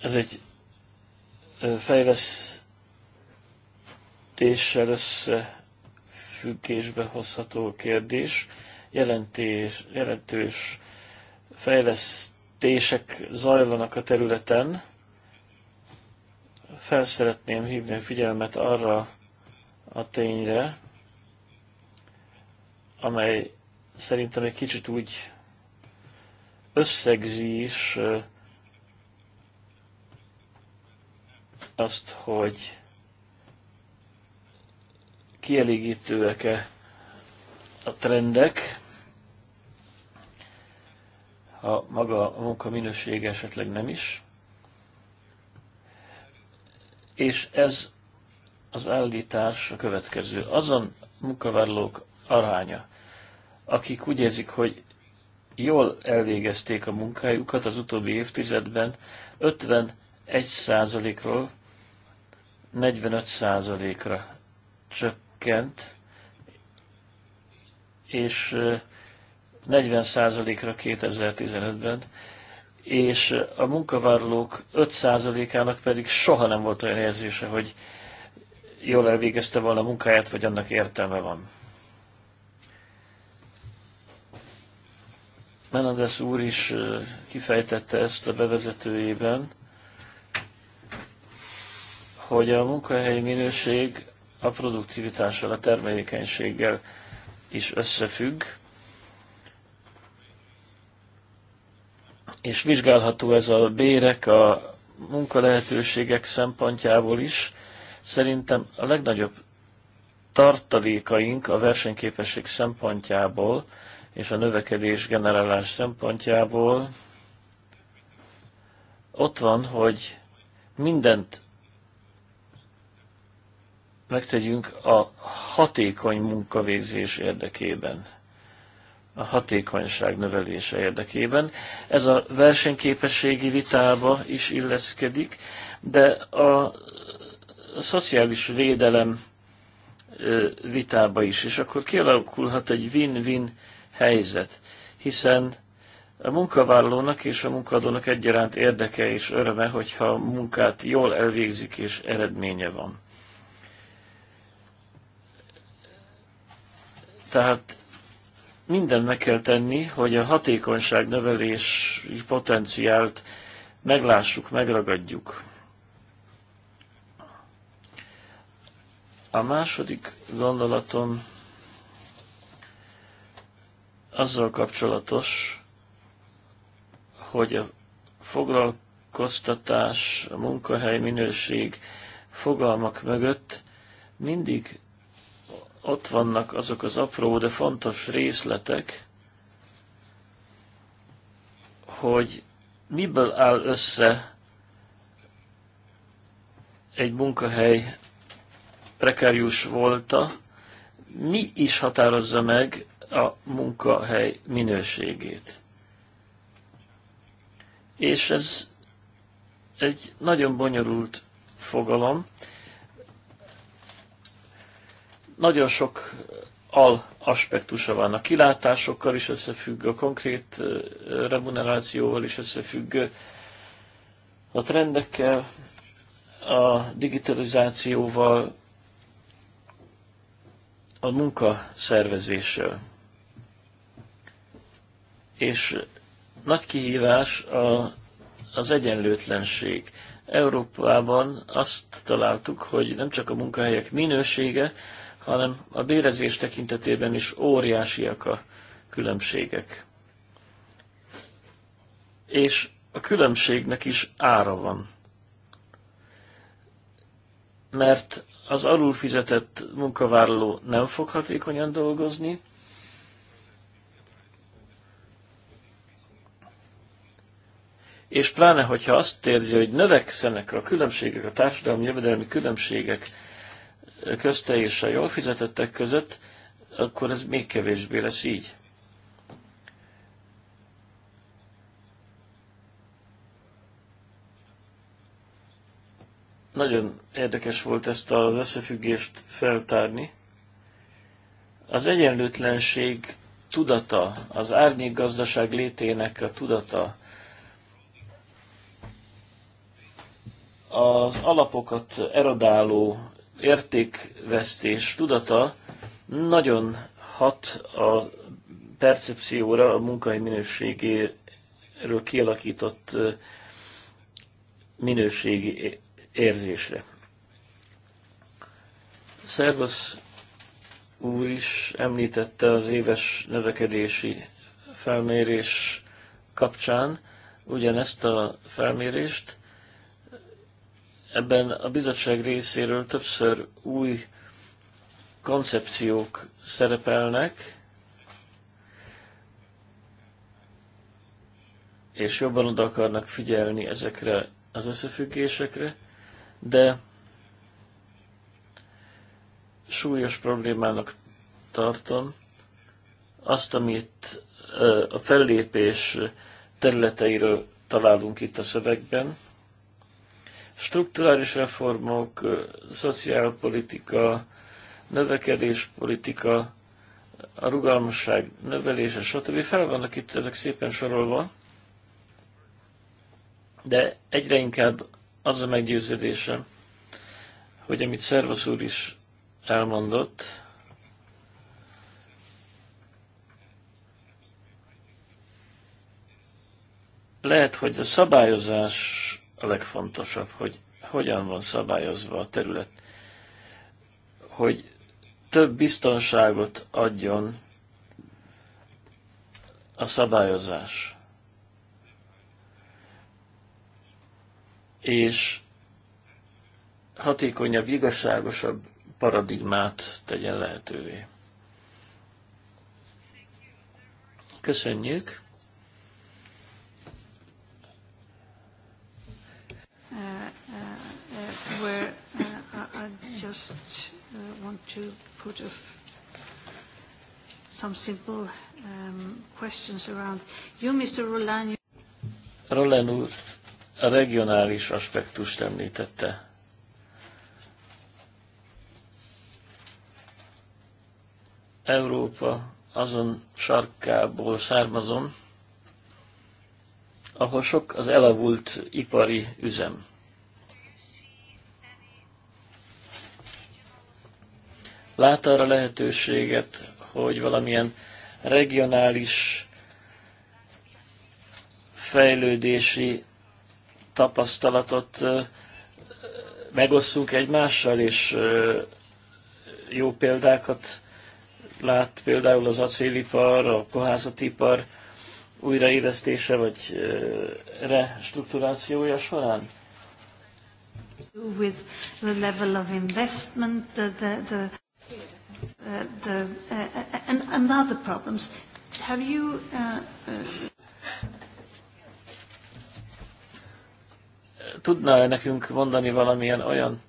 [SPEAKER 2] Ez egy eh, fejlesztéssel összefüggésbe hozható kérdés. Jelentés, jelentős fejlesztések zajlanak a területen, fel szeretném hívni a figyelmet arra a tényre, amely szerintem egy kicsit úgy összegzi is azt, hogy kielégítőek-e a trendek, ha maga a munka minősége esetleg nem is és ez az állítás a következő. Azon munkavállalók aránya, akik úgy érzik, hogy jól elvégezték a munkájukat az utóbbi évtizedben, 51%-ról 45%-ra csökkent, és 40%-ra 2015-ben, és a munkavállalók 5%-ának pedig soha nem volt olyan érzése, hogy jól elvégezte volna a munkáját, vagy annak értelme van. Menendez úr is kifejtette ezt a bevezetőjében, hogy a munkahelyi minőség a produktivitással, a termelékenységgel is összefügg, és vizsgálható ez a bérek, a munkalehetőségek szempontjából is. Szerintem a legnagyobb tartalékaink a versenyképesség szempontjából és a növekedés generálás szempontjából ott van, hogy mindent megtegyünk a hatékony munkavégzés érdekében a hatékonyság növelése érdekében. Ez a versenyképességi vitába is illeszkedik, de a szociális védelem vitába is, és akkor kialakulhat egy win-win helyzet, hiszen a munkavállalónak és a munkadónak egyaránt érdeke és öröme, hogyha a munkát jól elvégzik és eredménye van. Tehát mindent meg kell tenni, hogy a hatékonyság növelési potenciált meglássuk, megragadjuk. A második gondolatom azzal kapcsolatos, hogy a foglalkoztatás, a munkahely minőség fogalmak mögött mindig ott vannak azok az apró, de fontos részletek, hogy miből áll össze egy munkahely prekárius volta, mi is határozza meg a munkahely minőségét. És ez egy nagyon bonyolult fogalom, nagyon sok eh, al aspektusa van. A kilátásokkal is összefügg, a konkrét eh, remunerációval is összefügg, eh, a trendekkel, a digitalizációval, a munka szervezéssel. És nagy kihívás a, az egyenlőtlenség. Európában azt találtuk, hogy nem csak a munkahelyek minősége, hanem a bérezés tekintetében is óriásiak a különbségek. És a különbségnek is ára van. Mert az alulfizetett munkavállaló nem fog hatékonyan dolgozni, és pláne, hogyha azt érzi, hogy növekszenek a különbségek, a társadalmi jövedelmi különbségek közte és a jól fizetettek között, akkor ez még kevésbé lesz így. Nagyon érdekes volt ezt az összefüggést feltárni. Az egyenlőtlenség tudata, az árnyék gazdaság létének a tudata, az alapokat erodáló értékvesztés tudata nagyon hat a percepcióra, a munkai minőségéről kialakított minőségi érzésre. Szervos úr is említette az éves növekedési felmérés kapcsán ugyanezt a felmérést, Ebben a bizottság részéről többször új koncepciók szerepelnek, és jobban oda akarnak figyelni ezekre az összefüggésekre, de súlyos problémának tartom azt, amit a fellépés területeiről találunk itt a szövegben, Strukturális reformok, szociálpolitika, növekedéspolitika, a rugalmasság növelése, stb. fel vannak itt ezek szépen sorolva, de egyre inkább az a meggyőződésem, hogy amit Szervasz úr is elmondott, lehet, hogy a szabályozás a legfontosabb, hogy hogyan van szabályozva a terület, hogy több biztonságot adjon a szabályozás. És hatékonyabb, igazságosabb paradigmát tegyen lehetővé. Köszönjük!
[SPEAKER 1] Uh, uh, where uh, I, I just want to put a, some simple um, questions around. You, Mr. Roland,
[SPEAKER 2] Roland úr a regionális aspektust említette. Európa azon sarkából származom, ahol sok az elavult ipari üzem. lát arra lehetőséget, hogy valamilyen regionális fejlődési tapasztalatot megosszunk egymással, és jó példákat lát például az acélipar, a kohászatipar újraélesztése vagy restrukturációja során?
[SPEAKER 1] With the level of investment, the, the the, uh, and, and other problems. Have you... Uh,
[SPEAKER 2] uh... Tudna -e nekünk mondani valamilyen olyan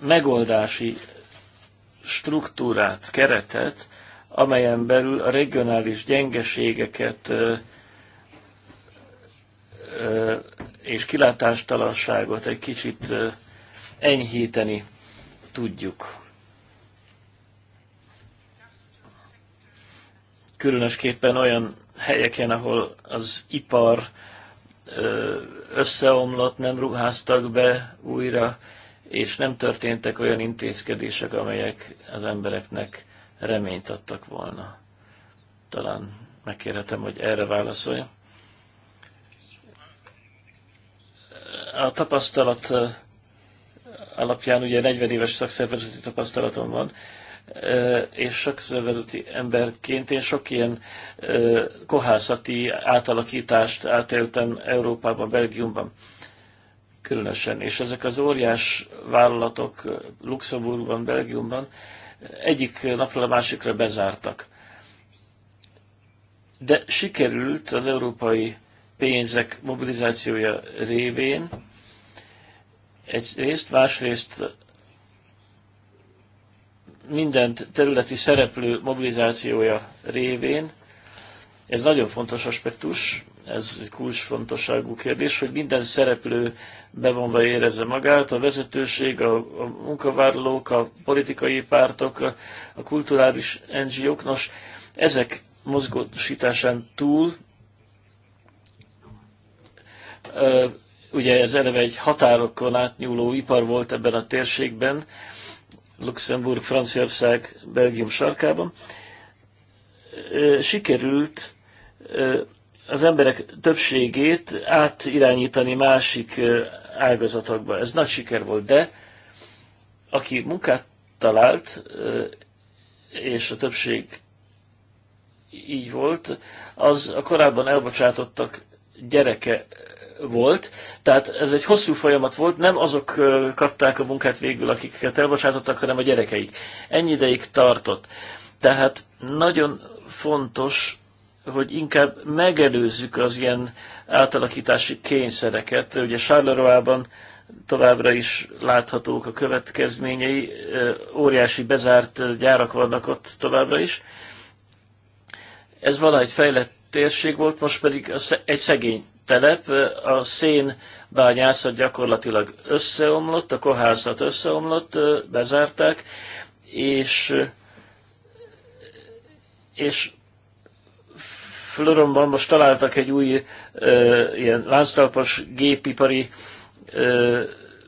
[SPEAKER 2] megoldási struktúrát, keretet, amelyen belül a regionális gyengeségeket és kilátástalanságot egy kicsit enyhíteni tudjuk. különösképpen olyan helyeken, ahol az ipar összeomlott, nem ruháztak be újra, és nem történtek olyan intézkedések, amelyek az embereknek reményt adtak volna. Talán megkérhetem, hogy erre válaszolja. A tapasztalat alapján ugye 40 éves szakszervezeti tapasztalatom van, és sok szervezeti emberként én sok ilyen kohászati átalakítást átéltem Európában, Belgiumban különösen. És ezek az óriás vállalatok Luxemburgban, Belgiumban egyik napról a másikra bezártak. De sikerült az európai pénzek mobilizációja révén részt, másrészt minden területi szereplő mobilizációja révén, ez nagyon fontos aspektus, ez egy kulcsfontosságú kérdés, hogy minden szereplő bevonva érezze magát, a vezetőség, a, a munkavállalók, a politikai pártok, a, a kulturális NGO-k, nos, ezek mozgósításán túl, ugye ez eleve egy határokon átnyúló ipar volt ebben a térségben, Luxemburg, Franciaország, Belgium sarkában, sikerült az emberek többségét átirányítani másik ágazatokba. Ez nagy siker volt, de aki munkát talált, és a többség így volt, az a korábban elbocsátottak gyereke volt, tehát ez egy hosszú folyamat volt, nem azok kapták a munkát végül, akiket elbocsátottak, hanem a gyerekeik. Ennyi ideig tartott. Tehát nagyon fontos, hogy inkább megelőzzük az ilyen átalakítási kényszereket. Ugye charleroi továbbra is láthatók a következményei, óriási bezárt gyárak vannak ott továbbra is. Ez valahogy fejlett térség volt, most pedig egy szegény telep, a szén bányászat gyakorlatilag összeomlott, a kohászat összeomlott, bezárták, és, és Floromban most találtak egy új ö, ilyen lánctalpas gépipari ö,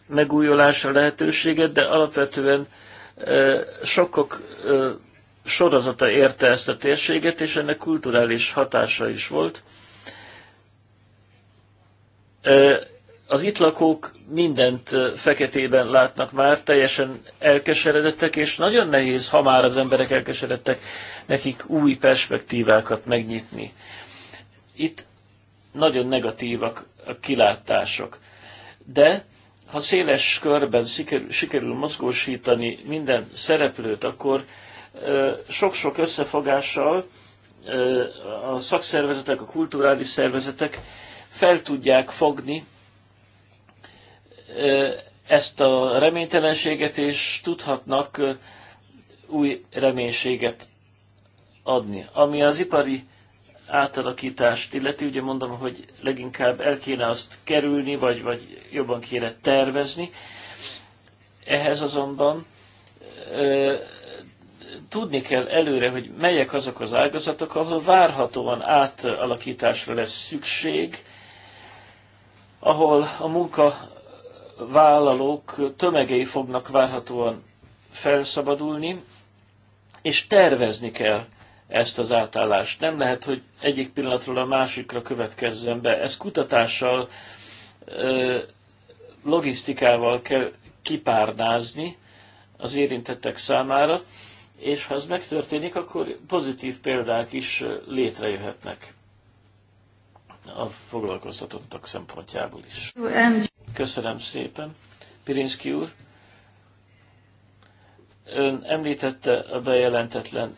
[SPEAKER 2] megújulásra lehetőséget, de alapvetően ö, sokkok ö, sorozata érte ezt a térséget, és ennek kulturális hatása is volt az itt lakók mindent feketében látnak már, teljesen elkeseredettek, és nagyon nehéz, ha már az emberek elkeseredtek, nekik új perspektívákat megnyitni. Itt nagyon negatívak a kilátások. De ha széles körben sikerül, sikerül mozgósítani minden szereplőt, akkor sok-sok összefogással a szakszervezetek, a kulturális szervezetek fel tudják fogni ezt a reménytelenséget, és tudhatnak új reménységet adni. Ami az ipari átalakítást illeti, ugye mondom, hogy leginkább el kéne azt kerülni, vagy, vagy jobban kéne tervezni. Ehhez azonban e, tudni kell előre, hogy melyek azok az ágazatok, ahol várhatóan átalakításra lesz szükség, ahol a munkavállalók tömegei fognak várhatóan felszabadulni, és tervezni kell ezt az átállást. Nem lehet, hogy egyik pillanatról a másikra következzen be. Ez kutatással, logisztikával kell kipárnázni az érintettek számára, és ha ez megtörténik, akkor pozitív példák is létrejöhetnek a foglalkoztatottak szempontjából is. Köszönöm szépen, Pirinszki úr. Ön említette a bejelentetlen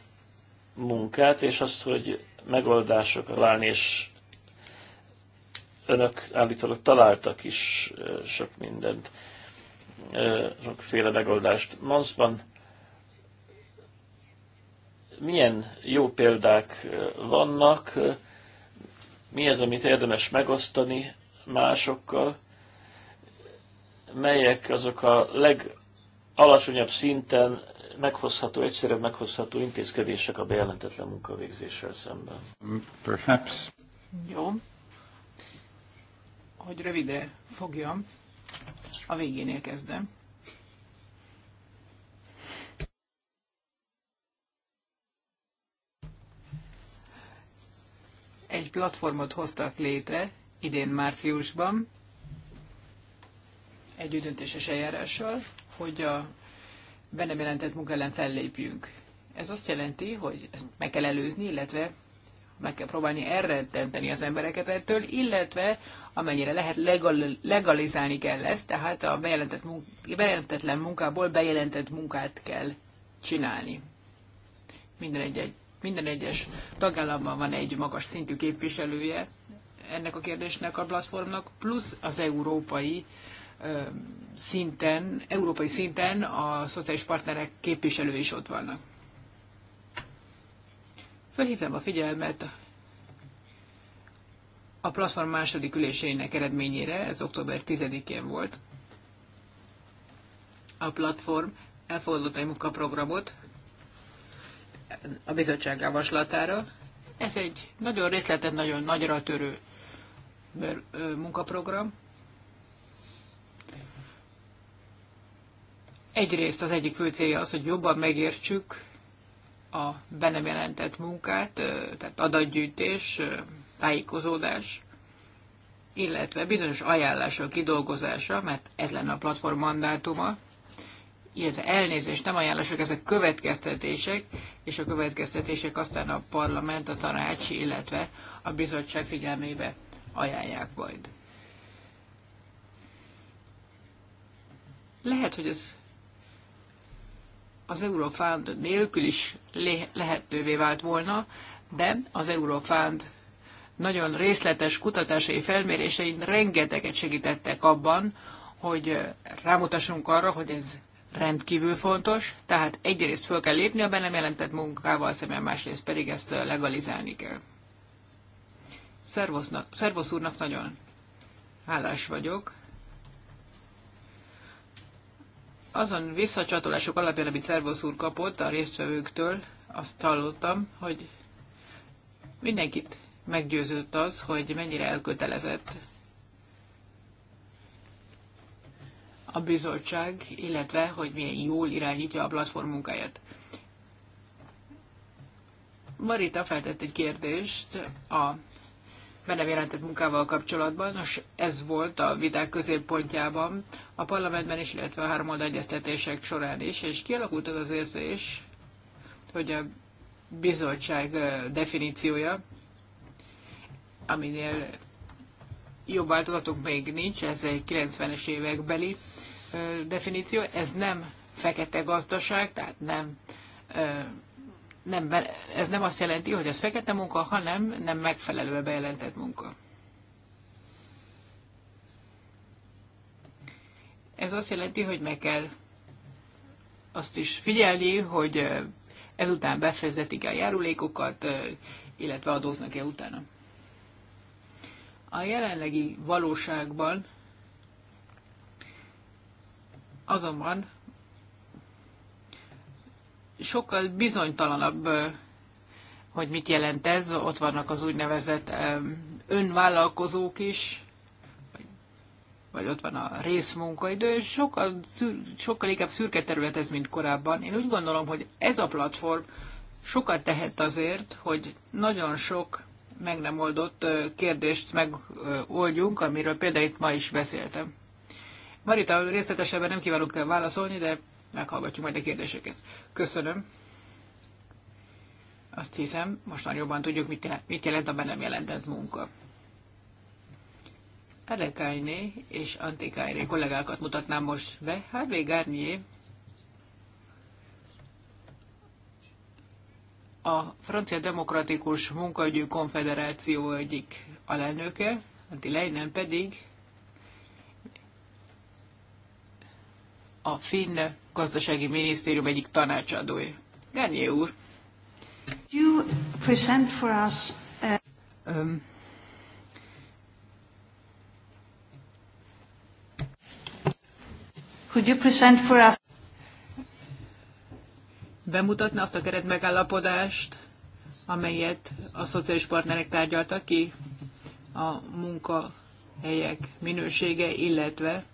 [SPEAKER 2] munkát, és azt, hogy megoldásokra válni, és önök állítólag találtak is sok mindent, sokféle megoldást. Manszban milyen jó példák vannak, mi az, amit érdemes megosztani másokkal, melyek azok a legalacsonyabb szinten meghozható, egyszerűbb meghozható intézkedések a bejelentetlen munkavégzéssel szemben. Um,
[SPEAKER 1] perhaps.
[SPEAKER 3] Jó. Hogy rövide fogjam, a végénél kezdem. egy platformot hoztak létre idén márciusban, egy döntéses eljárással, hogy a be nem jelentett munka ellen fellépjünk. Ez azt jelenti, hogy ezt meg kell előzni, illetve meg kell próbálni elrettenteni az embereket ettől, illetve amennyire lehet legal, legalizálni kell ezt, tehát a bejelentett munk, bejelentetlen munkából bejelentett munkát kell csinálni. Minden egy, egy minden egyes tagállamban van egy magas szintű képviselője ennek a kérdésnek a platformnak, plusz az európai szinten, európai szinten a szociális partnerek képviselői is ott vannak. Fölhívtam a figyelmet a platform második ülésének eredményére, ez október 10-én volt. A platform elfogadott egy munkaprogramot a bizottság javaslatára. Ez egy nagyon részletes, nagyon nagyra törő munkaprogram. Egyrészt az egyik fő célja az, hogy jobban megértsük a be nem jelentett munkát, tehát adatgyűjtés, tájékozódás, illetve bizonyos ajánlások kidolgozása, mert ez lenne a platform mandátuma, illetve elnézést, nem ajánlások, ezek következtetések, és a következtetések aztán a parlament, a tanács, illetve a bizottság figyelmébe ajánlják majd. Lehet, hogy ez az Eurofund nélkül is lehetővé vált volna, de az Eurofund nagyon részletes kutatásai felmérésein rengeteget segítettek abban, hogy eh, rámutassunk arra, hogy ez rendkívül fontos, tehát egyrészt fel kell lépni a be nem jelentett munkával szemben, másrészt pedig ezt eh, legalizálni kell. szervusz úrnak nagyon hálás vagyok. Azon visszacsatolások alapján, amit Szervusz úr kapott a résztvevőktől, azt hallottam, hogy mindenkit meggyőzött az, hogy mennyire elkötelezett a bizottság, illetve hogy milyen jól irányítja a platform munkáját. Marita feltett egy kérdést a be jelentett munkával kapcsolatban, és ez volt a viták középpontjában a parlamentben is, illetve a három egyeztetések során is, és kialakult az az érzés, hogy a bizottság definíciója, aminél jobb változatok még nincs, ez egy 90-es évekbeli definíció, ez nem fekete gazdaság, tehát nem, nem, ez nem azt jelenti, hogy ez fekete munka, hanem nem megfelelő bejelentett munka. Ez azt jelenti, hogy meg kell azt is figyelni, hogy ezután befejezetik a járulékokat, illetve adóznak-e utána. A jelenlegi valóságban azonban sokkal bizonytalanabb, hogy mit jelent ez. Ott vannak az úgynevezett önvállalkozók is, vagy ott van a részmunkaidő, sokkal, sokkal inkább szürke terület ez, mint korábban. Én úgy gondolom, hogy ez a platform sokat tehet azért, hogy nagyon sok meg nem oldott kérdést megoldjunk, amiről például itt ma is beszéltem. Marita, részletesebben nem kívánok válaszolni, de meghallgatjuk majd a kérdéseket. Köszönöm. Azt hiszem, most már jobban tudjuk, mit, jel- mit jelent a be nem jelentett munka. Adekájné és Antikájné kollégákat mutatnám most be. Hát még Gárnyé a Francia Demokratikus Munkaügyi Konfederáció egyik alelnöke, Anti Leinen pedig a finn gazdasági minisztérium egyik tanácsadója. Gányé úr!
[SPEAKER 1] You present for us a... Uh, um, Could you present for us
[SPEAKER 3] bemutatni azt a keretmegállapodást, amelyet a szociális partnerek tárgyaltak ki, a munkahelyek minősége, illetve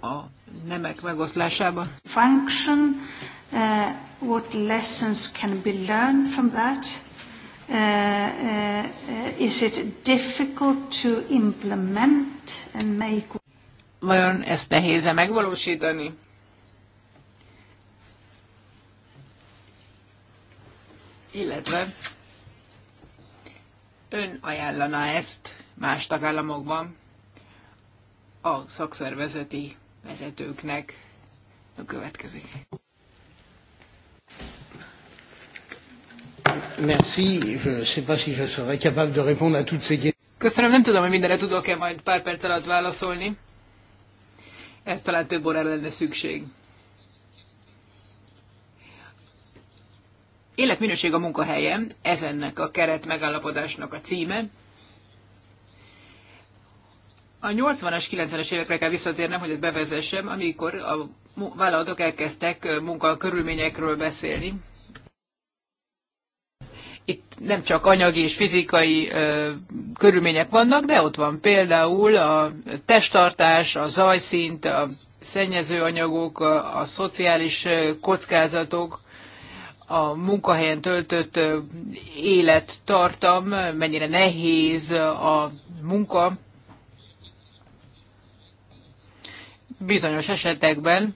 [SPEAKER 3] a nemek megoszlásába.
[SPEAKER 1] Function, uh, what lessons can be learned from that? Uh, uh, is it difficult to implement and make...
[SPEAKER 3] Vajon ezt nehéz-e megvalósítani? Illetve ön ajánlana ezt más tagállamokban? a szakszervezeti vezetőknek a következik. Merci, je sais pas si je
[SPEAKER 4] serai capable de répondre à toutes ces questions.
[SPEAKER 3] Köszönöm, nem tudom, hogy mindenre tudok-e majd pár perc alatt válaszolni. Ez talán több órára lenne szükség. Életminőség a munkahelyem, ez ennek a keret megállapodásnak a címe a 80-as, 90-es évekre kell visszatérnem, hogy ezt bevezessem, amikor a vállalatok elkezdtek munkakörülményekről beszélni. Itt nem csak anyagi és fizikai ö, körülmények vannak, de ott van például a testtartás, a zajszint, a szennyezőanyagok, a, a szociális kockázatok, a munkahelyen töltött élettartam, mennyire nehéz a munka, bizonyos esetekben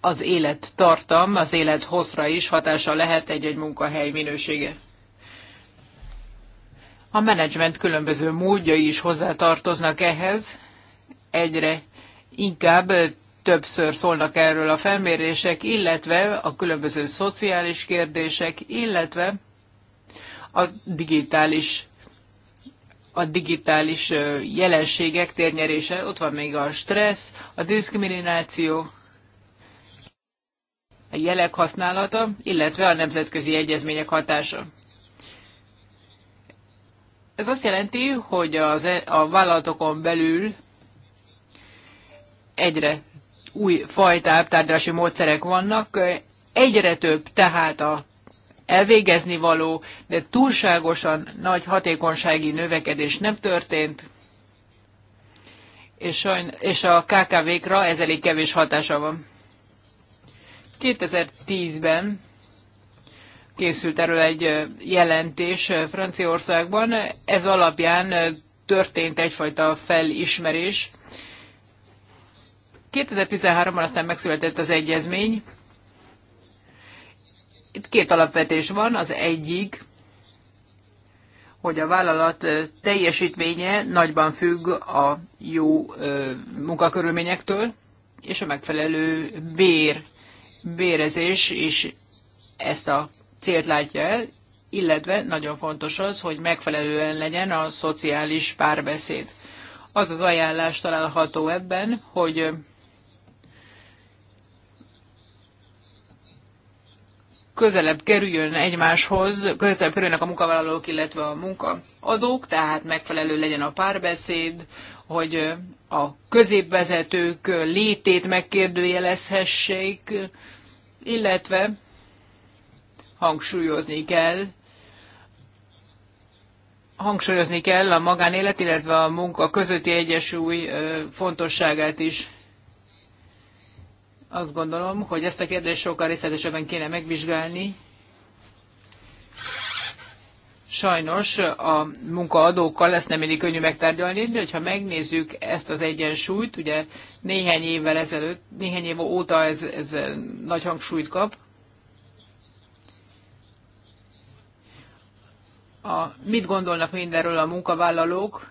[SPEAKER 3] az élet tartam, az élet hosszra is hatása lehet egy-egy munkahely minősége. A menedzsment különböző módjai is hozzátartoznak ehhez, egyre inkább többször szólnak erről a felmérések, illetve a különböző szociális kérdések, illetve a digitális a digitális jelenségek térnyerése, ott van még a stressz, a diszkrimináció, a jelek használata, illetve a nemzetközi egyezmények hatása. Ez azt jelenti, hogy az, e- a vállalatokon belül egyre új fajta tárgyalási módszerek vannak, egyre több tehát a elvégezni való, de túlságosan nagy hatékonysági növekedés nem történt, és, sajn- és a KKV-kra ez elég kevés hatása van. 2010-ben készült erről egy jelentés Franciaországban. Ez alapján történt egyfajta felismerés. 2013-ban aztán megszületett az egyezmény, itt két alapvetés van, az egyik, hogy a vállalat teljesítménye nagyban függ a jó munkakörülményektől, és a megfelelő bér, bérezés is ezt a célt látja el, illetve nagyon fontos az, hogy megfelelően legyen a szociális párbeszéd. Az az ajánlás található ebben, hogy közelebb kerüljön egymáshoz, közelebb kerüljenek a munkavállalók, illetve a munkaadók, tehát megfelelő legyen a párbeszéd, hogy a középvezetők létét megkérdőjelezhessék, illetve hangsúlyozni kell, hangsúlyozni kell a magánélet, illetve a munka közötti egyesúly fontosságát is. Azt gondolom, hogy ezt a kérdést sokkal részletesebben kéne megvizsgálni. Sajnos a munkaadókkal ezt nem mindig könnyű megtárgyalni, de hogyha megnézzük ezt az egyensúlyt, ugye néhány évvel ezelőtt, néhány év óta ez, ez nagy hangsúlyt kap, a, mit gondolnak mindenről a munkavállalók,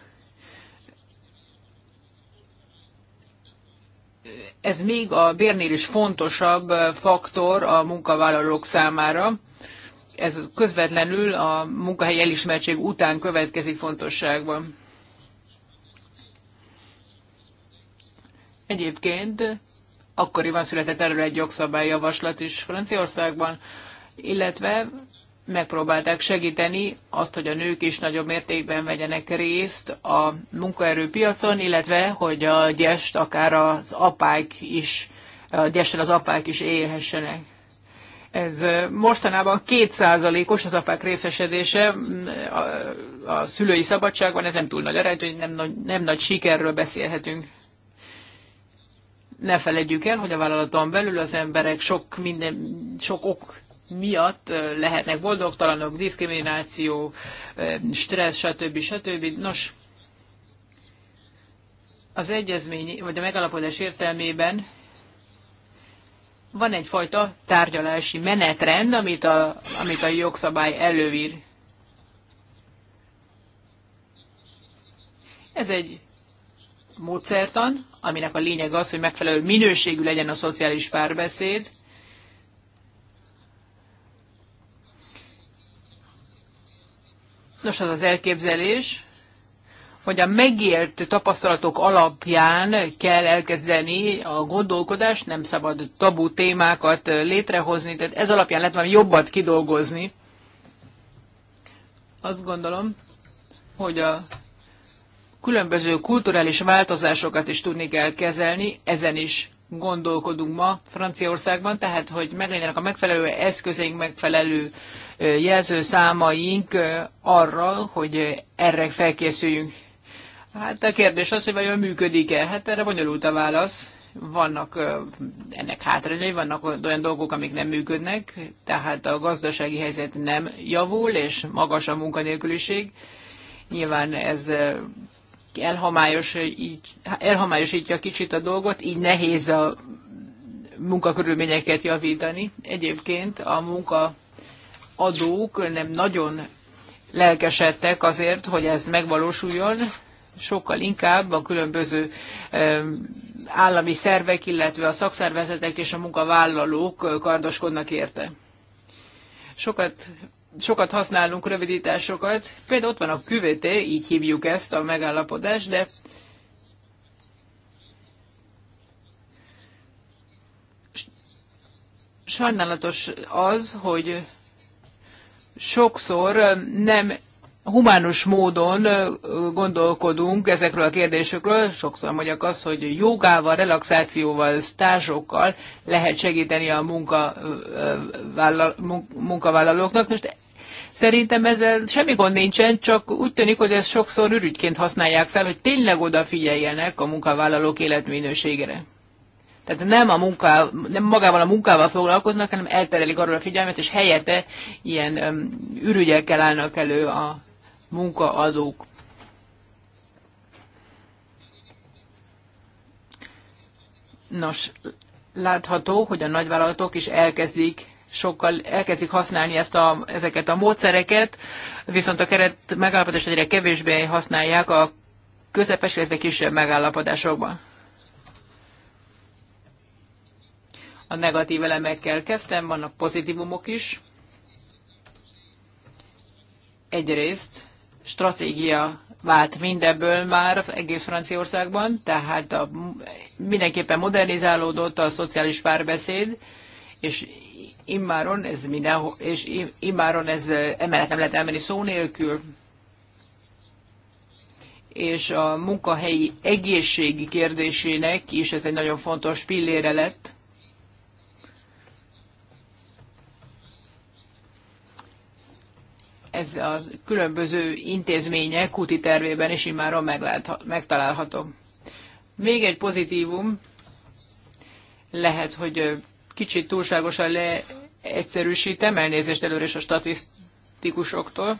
[SPEAKER 3] ez még a bérnél is fontosabb faktor a munkavállalók számára. Ez közvetlenül a munkahely elismertség után következik fontosságban. Egyébként akkoriban született erről egy jogszabályjavaslat is Franciaországban, illetve megpróbálták segíteni azt, hogy a nők is nagyobb mértékben vegyenek részt a munkaerőpiacon, illetve hogy a gyest akár az apák is, a gyessen az apák is élhessenek. Ez mostanában kétszázalékos az apák részesedése a, a szülői szabadságban, ez nem túl nagy eredmény, hogy nem, nagy, nem nagy sikerről beszélhetünk. Ne felejtjük el, hogy a vállalaton belül az emberek sok, minden, sok ok miatt lehetnek boldogtalanok, diszkrimináció, stressz, stb. stb. Nos, az egyezmény, vagy a megalapodás értelmében van egyfajta tárgyalási menetrend, amit a, amit a jogszabály előír. Ez egy módszertan, aminek a lényeg az, hogy megfelelő minőségű legyen a szociális párbeszéd, Nos, az az elképzelés, hogy a megélt tapasztalatok alapján kell elkezdeni a gondolkodást, nem szabad tabu témákat létrehozni, tehát ez alapján lehet már jobbat kidolgozni. Azt gondolom, hogy a különböző kulturális változásokat is tudni kell kezelni, ezen is gondolkodunk ma Franciaországban, tehát hogy meglegyenek a megfelelő eszközeink, megfelelő jelzőszámaink arra, hogy erre felkészüljünk. Hát a kérdés az, hogy vajon működik-e? Hát erre bonyolult a válasz. Vannak ennek hátrányai, vannak olyan dolgok, amik nem működnek, tehát a gazdasági helyzet nem javul, és magas a munkanélküliség. Nyilván ez elhamályosítja elhomályosítja kicsit a dolgot, így nehéz a munkakörülményeket javítani. Egyébként a munkaadók nem nagyon lelkesedtek azért, hogy ez megvalósuljon, sokkal inkább a különböző állami szervek, illetve a szakszervezetek és a munkavállalók kardoskodnak érte. Sokat sokat használunk rövidításokat. Például ott van a QVT, így hívjuk ezt a megállapodást, de sajnálatos az, hogy sokszor nem humánus módon gondolkodunk ezekről a kérdésekről. Sokszor mondják azt, hogy jogával, relaxációval, stázsokkal lehet segíteni a munkavállalóknak. Most szerintem ezzel semmi gond nincsen, csak úgy tűnik, hogy ezt sokszor ürügyként használják fel, hogy tényleg odafigyeljenek a munkavállalók életminőségére. Tehát nem, a munká, nem magával a munkával foglalkoznak, hanem elterelik arról a figyelmet, és helyette ilyen ürügyekkel állnak elő a munkaadók. Nos, látható, hogy a nagyvállalatok is elkezdik sokkal elkezdik használni ezt a, ezeket a módszereket, viszont a keret megállapodást egyre kevésbé használják a közepes, illetve kisebb megállapodásokban. A negatív elemekkel kezdtem, vannak pozitívumok is. Egyrészt stratégia vált mindebből már egész Franciaországban, tehát a, mindenképpen modernizálódott a szociális párbeszéd, és immáron ez minden, és immáron ez emellett nem lehet elmenni szó nélkül. És a munkahelyi egészségi kérdésének is ez egy nagyon fontos pillére lett. ez a különböző intézmények kuti tervében is immáron megtalálható. Még egy pozitívum, lehet, hogy kicsit túlságosan leegyszerűsítem, elnézést előre is a statisztikusoktól.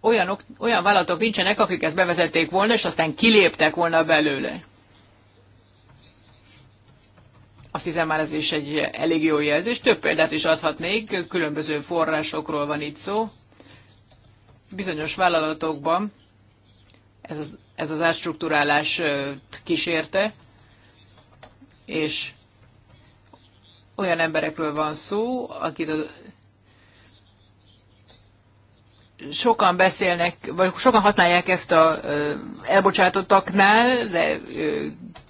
[SPEAKER 3] olyan olyan vállalatok nincsenek, akik ezt bevezették volna, és aztán kiléptek volna belőle. Azt hiszem már ez is egy elég jó jelzés. Több példát is adhatnék, különböző forrásokról van itt szó. Bizonyos vállalatokban ez az, ez az átstruktúrálás kísérte, és olyan emberekről van szó, akit az sokan beszélnek, vagy sokan használják ezt a elbocsátottaknál, de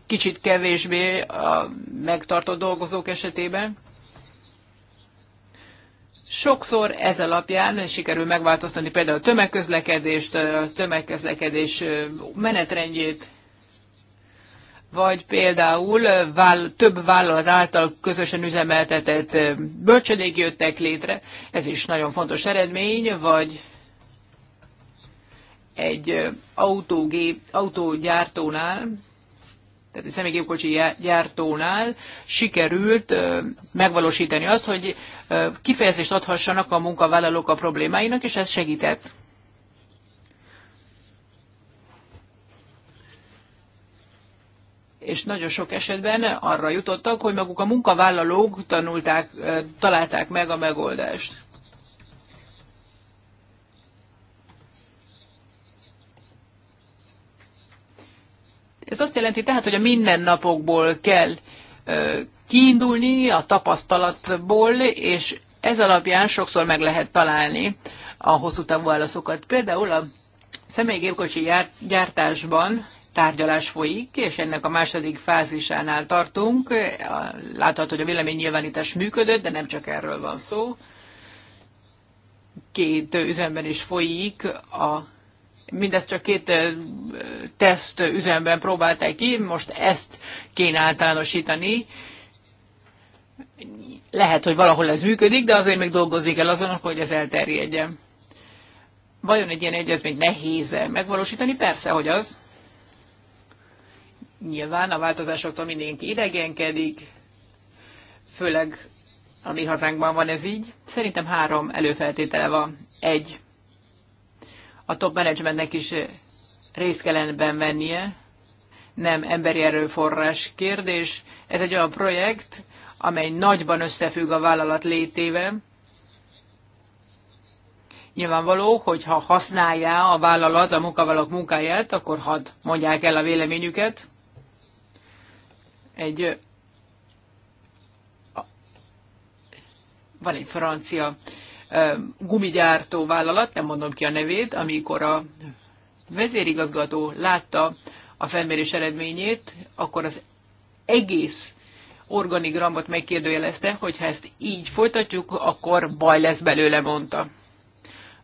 [SPEAKER 3] kicsit kevésbé a megtartott dolgozók esetében. Sokszor ez alapján sikerül megváltoztatni például a tömegközlekedést, a tömegközlekedés menetrendjét, vagy például váll, több vállalat által közösen üzemeltetett bölcsödék jöttek létre, ez is nagyon fontos eredmény, vagy egy autógép, autógyártónál tehát egy személygépkocsi gyártónál sikerült megvalósítani azt, hogy kifejezést adhassanak a munkavállalók a problémáinak, és ez segített. és nagyon sok esetben arra jutottak, hogy maguk a munkavállalók tanulták, találták meg a megoldást. Ez azt jelenti tehát, hogy a mindennapokból kell kiindulni, a tapasztalatból, és ez alapján sokszor meg lehet találni a hosszú távú válaszokat. Például a személygépkocsi gyártásban tárgyalás folyik, és ennek a második fázisánál tartunk. Látható, hogy a véleménynyilvánítás működött, de nem csak erről van szó. Két üzemben is folyik a mindezt csak két teszt üzemben próbálták ki, most ezt kéne általánosítani. Lehet, hogy valahol ez működik, de azért még dolgozik el azon, hogy ez elterjedjen. Vajon egy ilyen egyezményt nehéz -e megvalósítani? Persze, hogy az. Nyilván a változásoktól mindenki idegenkedik, főleg a mi hazánkban van ez így. Szerintem három előfeltétele van. Egy, a top managementnek is részt kellene vennie, nem emberi erőforrás kérdés. Ez egy olyan projekt, amely nagyban összefügg a vállalat létével. Nyilvánvaló, hogy ha használja a vállalat a munkavállalók munkáját, akkor hadd mondják el a véleményüket. Egy van egy francia gumigyártó vállalat, nem mondom ki a nevét, amikor a vezérigazgató látta a felmérés eredményét, akkor az egész organigramot megkérdőjelezte, hogy ha ezt így folytatjuk, akkor baj lesz belőle, mondta.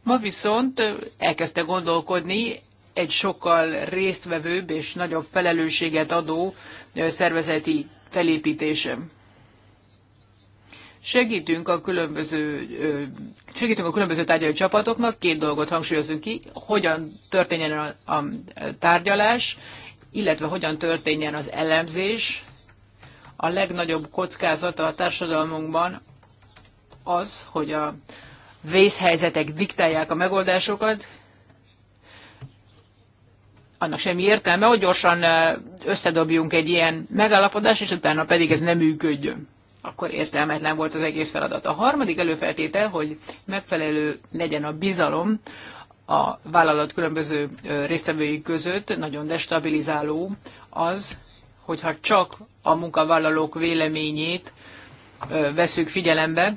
[SPEAKER 3] Ma viszont elkezdte gondolkodni egy sokkal résztvevőbb és nagyobb felelősséget adó szervezeti felépítésem. Segítünk a különböző, segítünk a különböző tárgyalói csapatoknak, két dolgot hangsúlyozunk ki, hogyan történjen a, a tárgyalás, illetve hogyan történjen az elemzés. A legnagyobb kockázata a társadalmunkban az, hogy a vészhelyzetek diktálják a megoldásokat, annak semmi értelme, hogy gyorsan összedobjunk egy ilyen megállapodást, és utána pedig ez nem működjön akkor értelmetlen volt az egész feladat. A harmadik előfeltétel, hogy megfelelő legyen a bizalom a vállalat különböző résztvevői között, nagyon destabilizáló az, hogyha csak a munkavállalók véleményét veszük figyelembe,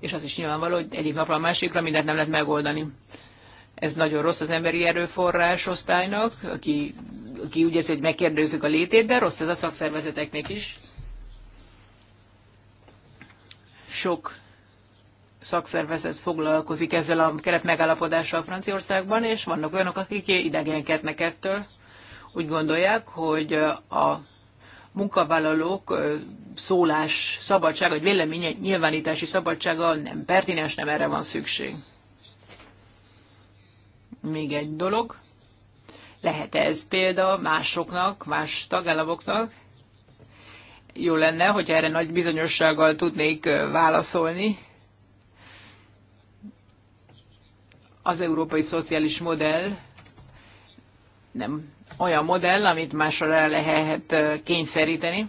[SPEAKER 3] és az is nyilvánvaló, hogy egyik napra a másikra mindent nem lehet megoldani. Ez nagyon rossz az emberi erőforrás osztálynak, aki ki úgy érzi, hogy megkérdőzzük a létét, de rossz ez a szakszervezeteknek is. Sok szakszervezet foglalkozik ezzel a keret megállapodással Franciaországban, és vannak olyanok, akik idegenkednek ettől. Úgy gondolják, hogy a munkavállalók szólás szabadsága, vagy vélemény nyilvánítási szabadsága nem pertinens, nem erre van szükség. Még egy dolog. Lehet ez példa másoknak, más tagállamoknak? Jó lenne, hogyha erre nagy bizonyossággal tudnék válaszolni. Az európai szociális modell nem olyan modell, amit másra le lehet kényszeríteni.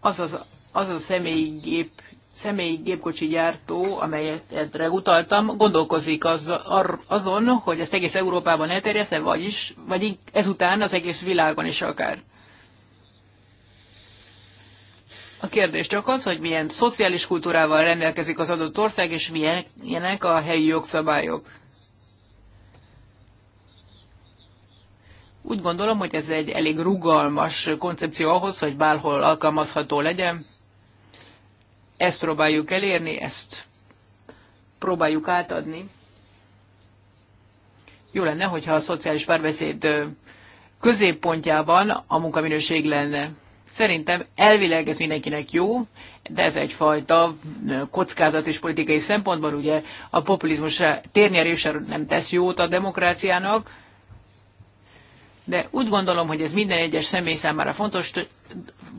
[SPEAKER 3] Az az, az a gép személyi gépkocsi gyártó, amelyet utaltam, gondolkozik az, ar, azon, hogy ezt egész Európában elterjeszte, vagyis, vagy ezután az egész világon is akár. A kérdés csak az, hogy milyen szociális kultúrával rendelkezik az adott ország, és milyenek a helyi jogszabályok. Úgy gondolom, hogy ez egy elég rugalmas koncepció ahhoz, hogy bárhol alkalmazható legyen. Ezt próbáljuk elérni, ezt próbáljuk átadni. Jó lenne, hogyha a szociális párbeszéd középpontjában a munkaminőség lenne. Szerintem elvileg ez mindenkinek jó, de ez egyfajta kockázat és politikai szempontból ugye a populizmus térnyerése nem tesz jót a demokráciának, de úgy gondolom, hogy ez minden egyes személy számára fontos,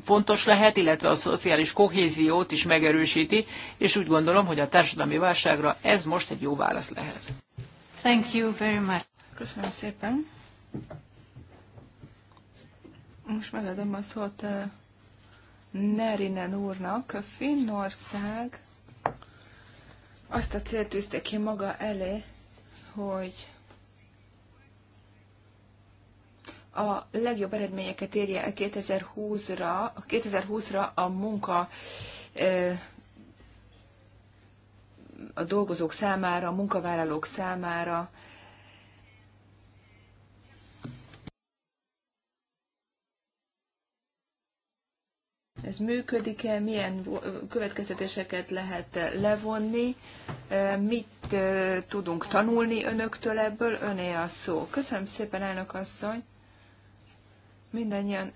[SPEAKER 3] fontos lehet, illetve a szociális kohéziót is megerősíti, és úgy gondolom, hogy a társadalmi válságra ez most egy jó válasz lehet.
[SPEAKER 1] Thank you very much. Köszönöm szépen.
[SPEAKER 5] Most megadom a szót uh, Nerinen úrnak. Finnország azt a célt tűzte ki maga elé, hogy a legjobb eredményeket érje el 2020-ra, 2020-ra a munka a dolgozók számára, a munkavállalók számára. Ez működik-e, milyen következtetéseket lehet levonni, mit tudunk tanulni önöktől ebből, öné a szó. Köszönöm szépen, elnök asszony! Mindannyian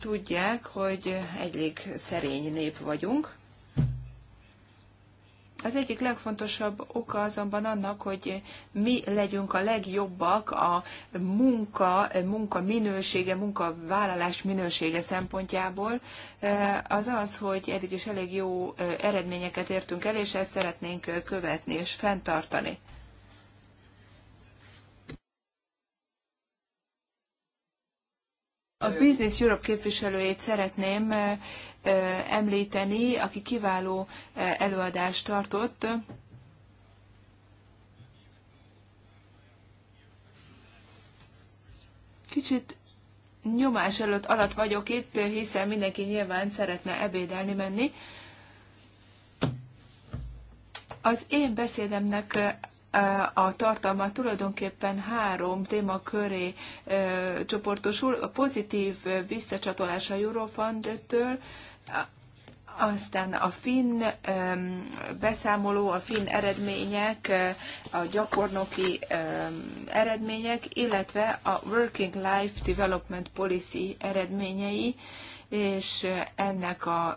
[SPEAKER 5] tudják, hogy egyik szerény nép vagyunk. Az egyik legfontosabb oka azonban annak, hogy mi legyünk a legjobbak a munka, munka minősége, munkavállalás minősége szempontjából, e, az az, hogy eddig is elég jó e, eredményeket értünk el, és ezt szeretnénk e, követni és fenntartani. A Business Europe képviselőjét szeretném említeni, aki kiváló előadást tartott. Kicsit nyomás előtt alatt vagyok itt, hiszen mindenki nyilván szeretne ebédelni menni. Az én beszédemnek a tartalma tulajdonképpen három téma köré csoportosul. A pozitív visszacsatolás a Eurofund-től, aztán a finn beszámoló, a finn eredmények, a gyakornoki eredmények, illetve a Working Life Development Policy eredményei, és ennek a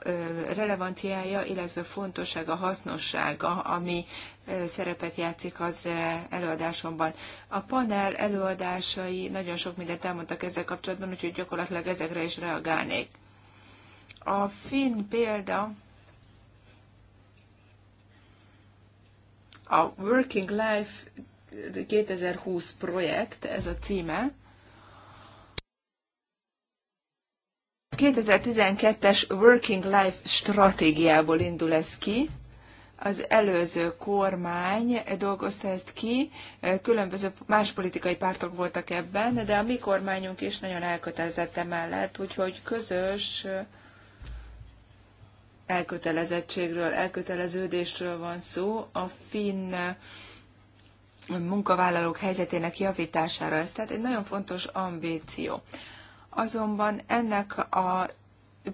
[SPEAKER 5] relevanciája, illetve fontossága, hasznossága, ami szerepet játszik az előadásomban. A panel előadásai nagyon sok mindent elmondtak ezzel kapcsolatban, úgyhogy gyakorlatilag ezekre is reagálnék. A finn példa a Working Life 2020 projekt, ez a címe. 2012-es Working Life stratégiából indul ez ki. Az előző kormány dolgozta ezt ki, különböző más politikai pártok voltak ebben, de a mi kormányunk is nagyon elkötelezett emellett, úgyhogy közös elkötelezettségről, elköteleződésről van szó. A finn munkavállalók helyzetének javítására. Ez tehát egy nagyon fontos ambíció azonban ennek a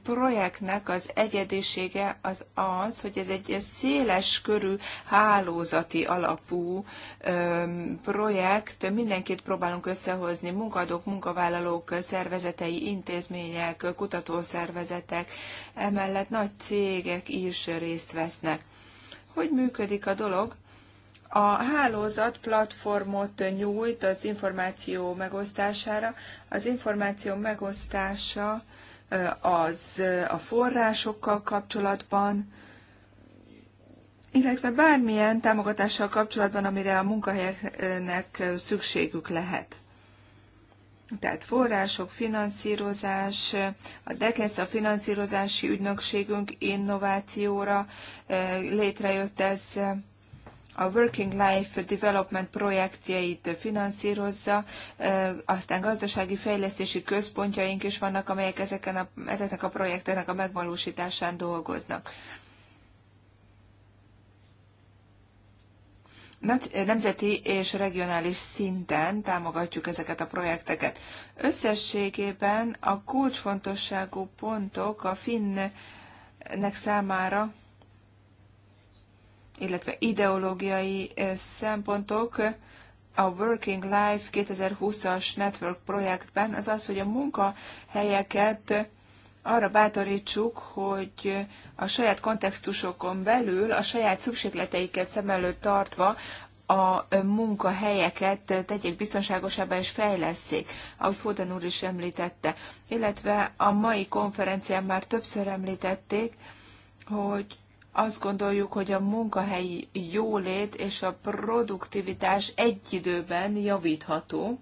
[SPEAKER 5] projektnek az egyedisége az az, hogy ez egy széles körű, hálózati alapú projekt. Mindenkit próbálunk összehozni, munkadók, munkavállalók, szervezetei, intézmények, kutatószervezetek, emellett nagy cégek is részt vesznek. Hogy működik a dolog? A hálózat platformot nyújt az információ megosztására. Az információ megosztása az a forrásokkal kapcsolatban, illetve bármilyen támogatással kapcsolatban, amire a munkahelyeknek szükségük lehet. Tehát források, finanszírozás, a DECES, a finanszírozási ügynökségünk innovációra létrejött ez a Working Life Development projektjeit finanszírozza, aztán gazdasági fejlesztési központjaink is vannak, amelyek ezeken a, ezeknek a projekteknek a megvalósításán dolgoznak. nemzeti és regionális szinten támogatjuk ezeket a projekteket. Összességében a kulcsfontosságú pontok a finnek számára illetve ideológiai szempontok a Working Life 2020-as Network projektben, az az, hogy a munkahelyeket arra bátorítsuk, hogy a saját kontextusokon belül, a saját szükségleteiket szem előtt tartva a munkahelyeket tegyék biztonságosabbá és fejleszék, ahogy Fóden úr is említette. Illetve a mai konferencián már többször említették, hogy azt gondoljuk, hogy a munkahelyi jólét és a produktivitás egy időben javítható.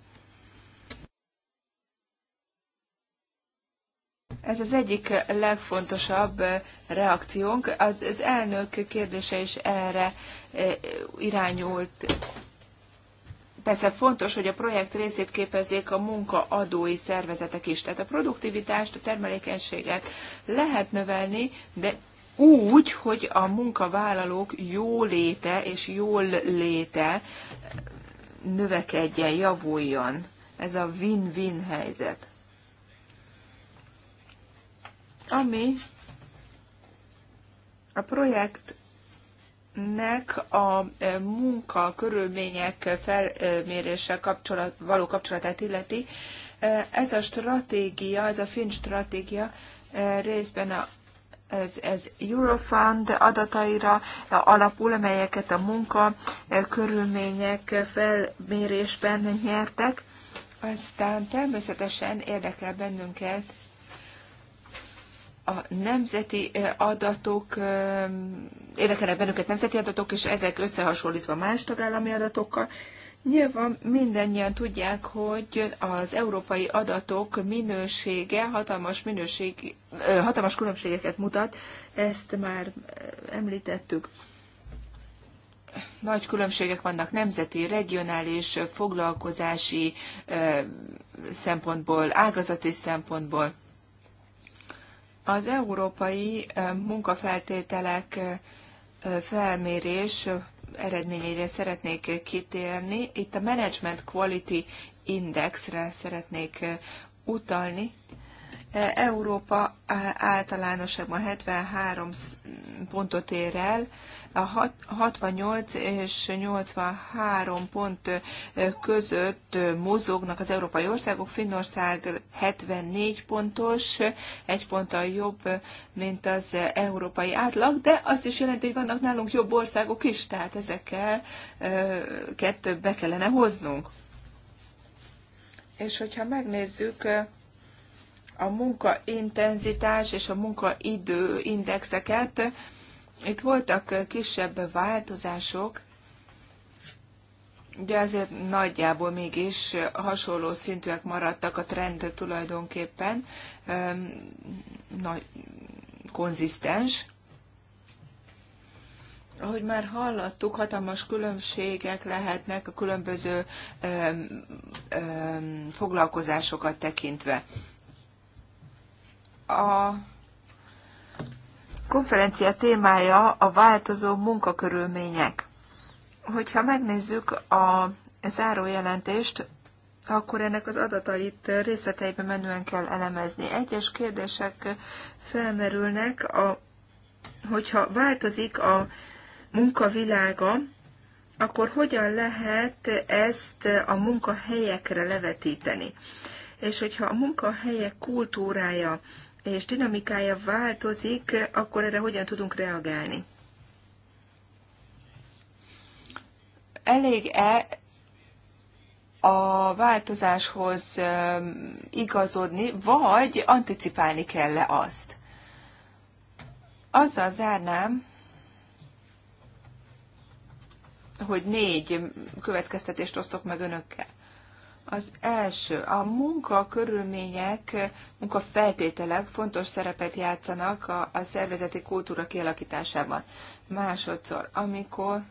[SPEAKER 5] Ez az egyik legfontosabb reakciónk. Az elnök kérdése is erre e, irányult. Persze fontos, hogy a projekt részét képezzék a munkaadói szervezetek is. Tehát a produktivitást, a termelékenységet lehet növelni, de úgy, hogy a munkavállalók jóléte és jól léte növekedjen, javuljon. Ez a win-win helyzet. Ami a projektnek a e, munka körülmények felmérése kapcsolat, való kapcsolatát illeti, e, ez a stratégia, ez a finn stratégia e, részben a ez, ez Eurofund adataira alapul, amelyeket a munka eh, körülmények eh, felmérésben nyertek. Aztán természetesen érdekel bennünket a nemzeti eh, adatok, érdekelnek bennünket nemzeti adatok, és ezek összehasonlítva más tagállami adatokkal, Nyilván mindannyian tudják, hogy az európai adatok minősége hatalmas, minőség, hatalmas különbségeket mutat, ezt már említettük. Nagy különbségek vannak nemzeti, regionális, foglalkozási szempontból, ágazati szempontból. Az európai munkafeltételek felmérés eredményeire szeretnék kitérni. Itt a Management Quality Indexre szeretnék eh, utalni. Eh, Európa általánosabban 73 pontot ér el, a 68 és 83 pont között mozognak az európai országok. Finnország 74 pontos, egy ponttal jobb, mint az európai átlag, de azt is jelenti, hogy vannak nálunk jobb országok is, tehát ezekkel kettőbb be kellene hoznunk. És hogyha megnézzük, a munkaintenzitás és a munkaidő indexeket, itt voltak kisebb változások, de azért nagyjából mégis hasonló szintűek maradtak a trend tulajdonképpen, nagy, konzisztens. Ahogy már hallottuk, hatalmas különbségek lehetnek a különböző öm, öm, foglalkozásokat tekintve. A konferencia témája a változó munkakörülmények. Hogyha megnézzük a zárójelentést, akkor ennek az adatait részleteibe menően kell elemezni. Egyes kérdések felmerülnek, a, hogyha változik a munkavilága, akkor hogyan lehet ezt a munkahelyekre levetíteni. És hogyha a munkahelyek kultúrája és dinamikája változik, akkor erre hogyan tudunk reagálni? Elég-e a változáshoz igazodni, vagy anticipálni kell-e azt? Azzal zárnám, hogy négy következtetést osztok meg önökkel. Az első, a munka munka feltételek fontos szerepet játszanak a, a szervezeti kultúra kialakításában. Másodszor, amikor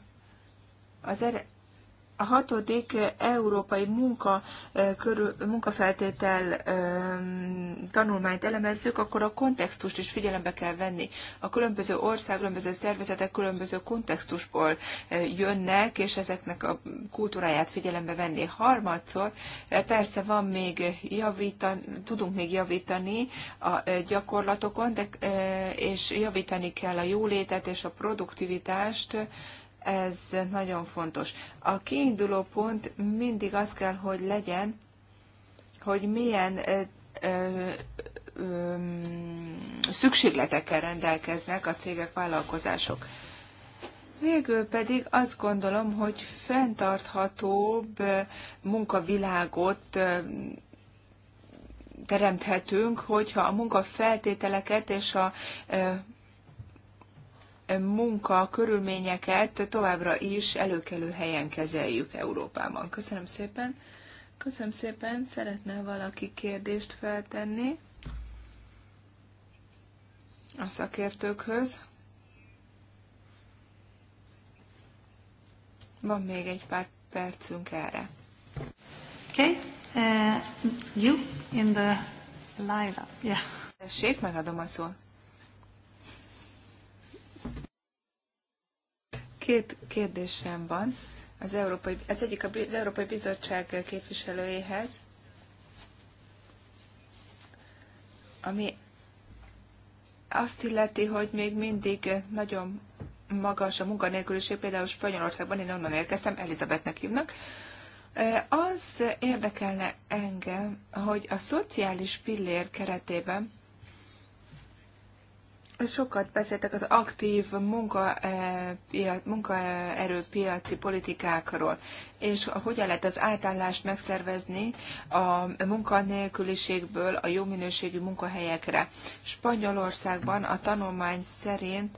[SPEAKER 5] az er- a hatodik eh, európai munka, eh, körül, munkafeltétel ehm, tanulmányt elemezzük, akkor a kontextust is figyelembe kell venni. A különböző ország, különböző szervezetek különböző kontextusból eh, jönnek, és ezeknek a kultúráját figyelembe venni. Harmadszor persze van még javítan tudunk még javítani a gyakorlatokon, de, és javítani kell a jólétet és a produktivitást, ez nagyon fontos. A kiinduló pont mindig az kell, hogy legyen, hogy milyen ö, ö, ö, szükségletekkel rendelkeznek a cégek, vállalkozások. Végül pedig azt gondolom, hogy fenntarthatóbb munkavilágot teremthetünk, hogyha a munkafeltételeket és a munka körülményeket továbbra is előkelő helyen kezeljük Európában. Köszönöm szépen. Köszönöm szépen. Szeretne valaki kérdést feltenni a szakértőkhöz? Van még egy pár percünk erre. Okay. Uh, you in the live. Yeah. Tessék, megadom a szót. Két kérdésem van. Az, Európai, az egyik az Európai Bizottság képviselőjéhez, ami azt illeti, hogy még mindig nagyon magas a munkanélküliség, például Spanyolországban, én onnan érkeztem, Elizabetnek hívnak. Az érdekelne engem, hogy a szociális pillér keretében Sokat beszéltek az aktív eh, munkaerőpiaci politikákról, és hogyan lehet az átállást megszervezni a munkanélküliségből a jó minőségű munkahelyekre. Spanyolországban a tanulmány szerint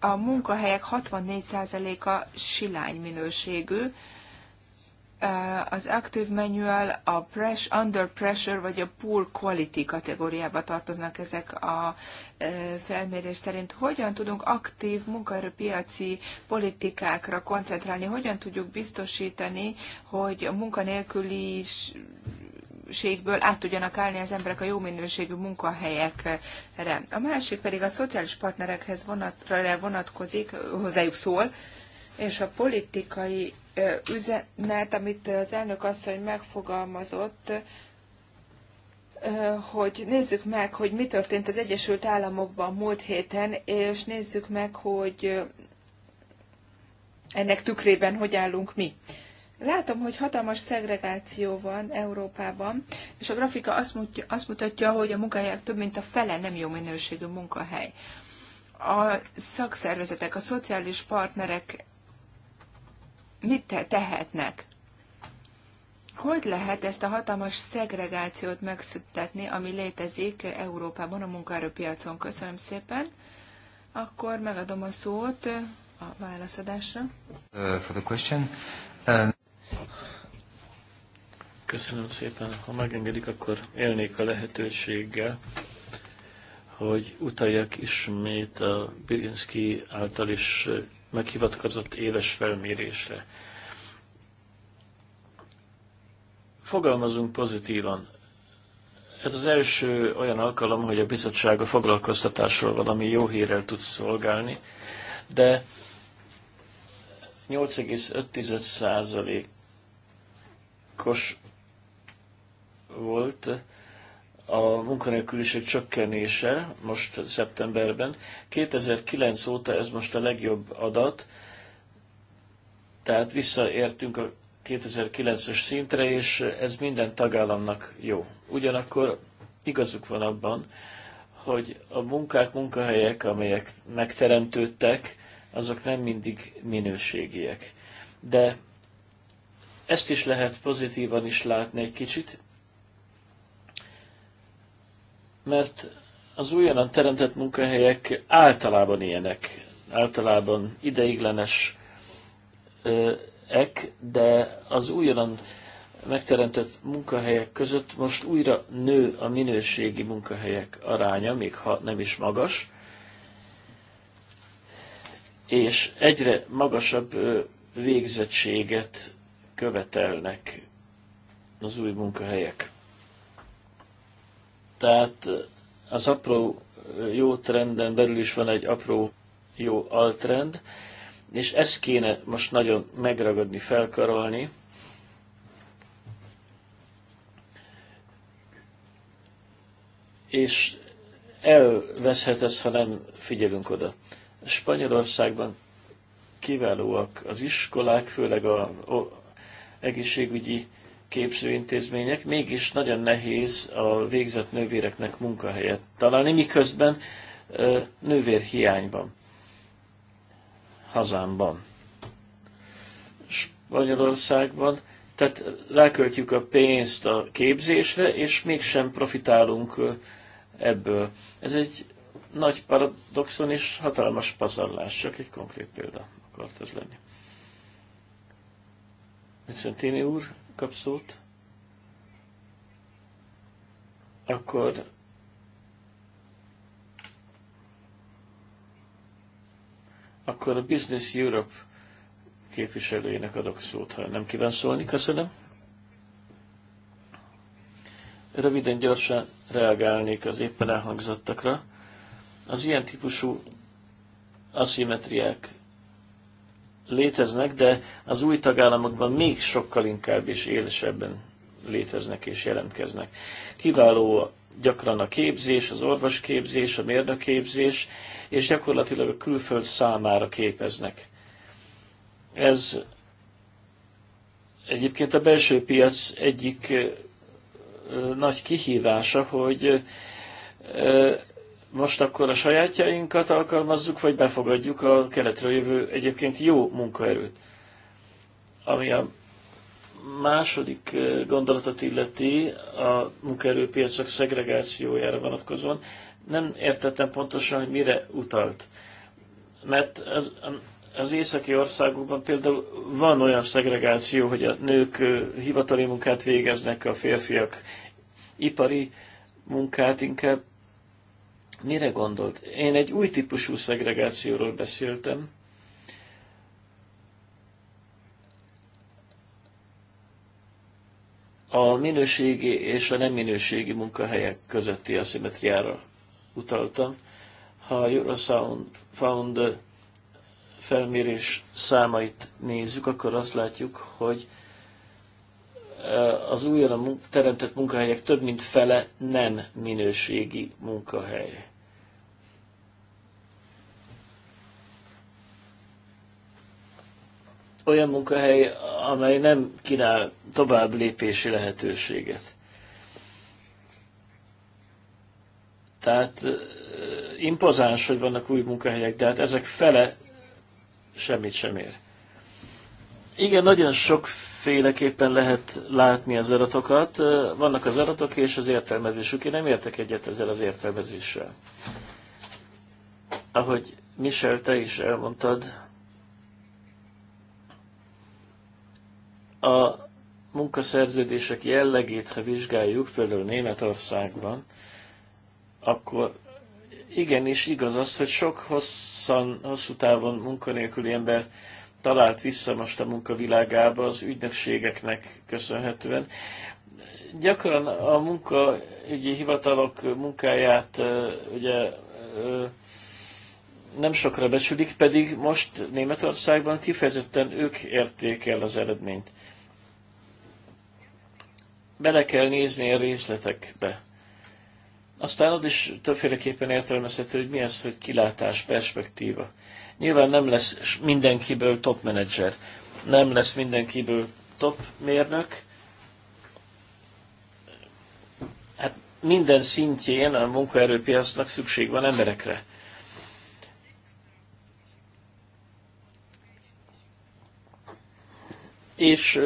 [SPEAKER 5] a munkahelyek 64%-a silány minőségű, Eh, az Active Manual, a press, Under Pressure vagy a Poor Quality kategóriába tartoznak ezek a eh, felmérés szerint. Hogyan tudunk aktív munkaerőpiaci politikákra koncentrálni? Hogyan tudjuk biztosítani, hogy a munkanélküli minőségből át tudjanak állni az emberek a jó minőségű munkahelyekre. A másik pedig a szociális partnerekhez vonatra vonatkozik, hozzájuk szól, és a politikai üzenet, amit az elnök asszony megfogalmazott, hogy nézzük meg, hogy mi történt az Egyesült Államokban múlt héten, és nézzük meg, hogy ennek tükrében hogy állunk mi. Látom, hogy hatalmas szegregáció van Európában, és a grafika azt mutatja, azt mutatja hogy a munkahelyek több mint a fele nem jó minőségű munkahely. A szakszervezetek, a szociális partnerek mit tehetnek? Hogy lehet ezt a hatalmas szegregációt megszüntetni, ami létezik Európában a munkaerőpiacon? Köszönöm szépen. Akkor megadom a szót a válaszadásra.
[SPEAKER 4] Uh, for the question. Um...
[SPEAKER 2] Köszönöm szépen. Ha megengedik, akkor élnék a lehetőséggel, hogy utaljak ismét a Birinski által is meghivatkozott éles felmérésre. Fogalmazunk pozitívan. Ez az első olyan alkalom, hogy a bizottság a foglalkoztatásról valami jó hírrel tud szolgálni, de 8,5%-os volt a munkanélküliség csökkenése most szeptemberben. 2009 óta ez most a legjobb adat, tehát visszaértünk a 2009-es szintre, és ez minden tagállamnak jó. Ugyanakkor igazuk van abban, hogy a munkák, munkahelyek, amelyek megteremtődtek, azok nem mindig minőségiek. De ezt is lehet pozitívan is látni egy kicsit, mert az újonnan teremtett munkahelyek általában ilyenek, általában ideiglenes ek, de az újonnan megteremtett munkahelyek között most újra nő a minőségi munkahelyek aránya, még ha nem is magas, és egyre magasabb végzettséget követelnek az új munkahelyek. Tehát az apró jó trenden belül is van egy apró jó altrend, és ezt kéne most nagyon megragadni, felkarolni. És elveszhet ez, ha nem figyelünk oda. Spanyolországban kiválóak az iskolák, főleg a, egészségügyi képzőintézmények, mégis nagyon nehéz a végzett nővéreknek munkahelyet találni, miközben nővér hiányban hazámban, Spanyolországban. Tehát ráköltjük a pénzt a képzésre, és mégsem profitálunk ebből. Ez egy nagy paradoxon és hatalmas pazarlás, csak egy konkrét példa akart ez lenni. Szentini úr, kap szót, akkor akkor a Business Europe képviselőjének adok szót, ha nem kíván szólni. Köszönöm. Röviden, gyorsan reagálnék az éppen elhangzottakra. Az ilyen típusú aszimetriák léteznek, de az új tagállamokban még sokkal inkább és élesebben léteznek és jelentkeznek. Kiváló gyakran a képzés, az orvosképzés, a mérnökképzés, és gyakorlatilag a külföld számára képeznek. Ez egyébként a belső piac egyik nagy kihívása, hogy most akkor a sajátjainkat alkalmazzuk, vagy befogadjuk a keletről jövő egyébként jó munkaerőt. Ami a második eh, gondolatot illeti a munkaerőpiacok szegregációjára vonatkozóan, nem értettem pontosan, hogy mire utalt. Mert az, az északi országokban például van olyan szegregáció, hogy a nők eh, hivatali munkát végeznek, a férfiak ipari munkát inkább, Mire gondolt? Én egy új típusú szegregációról beszéltem. A minőségi és a nem minőségi munkahelyek közötti aszimetriára utaltam. Ha a Eurosound Found felmérés számait nézzük, akkor azt látjuk, hogy eh, az újonnan teremtett munkahelyek több mint fele nem minőségi munkahely. olyan munkahely, amely nem kínál tovább lépési lehetőséget. Tehát impozáns, hogy vannak új munkahelyek, de hát ezek fele semmit sem ér. Igen, nagyon sokféleképpen lehet látni az adatokat. Vannak az adatok és az értelmezésük. Én nem értek egyet ezzel az értelmezéssel. Ahogy Michel, te is elmondtad, A munkaszerződések jellegét, ha vizsgáljuk, például Németországban, akkor igenis igaz az, hogy sok hosszan, hosszú távon munkanélküli ember talált vissza most a munkavilágába az ügynökségeknek köszönhetően. Gyakran a munkaügyi hivatalok munkáját ugye nem sokra becsülik, pedig most Németországban kifejezetten ők érték el az eredményt bele kell nézni a részletekbe. Aztán az is többféleképpen értelmezhető, hogy mi az, hogy kilátás, perspektíva. Nyilván nem lesz mindenkiből top menedzser, nem lesz mindenkiből top mérnök. Hát minden szintjén a munkaerőpiacnak szükség van emberekre. És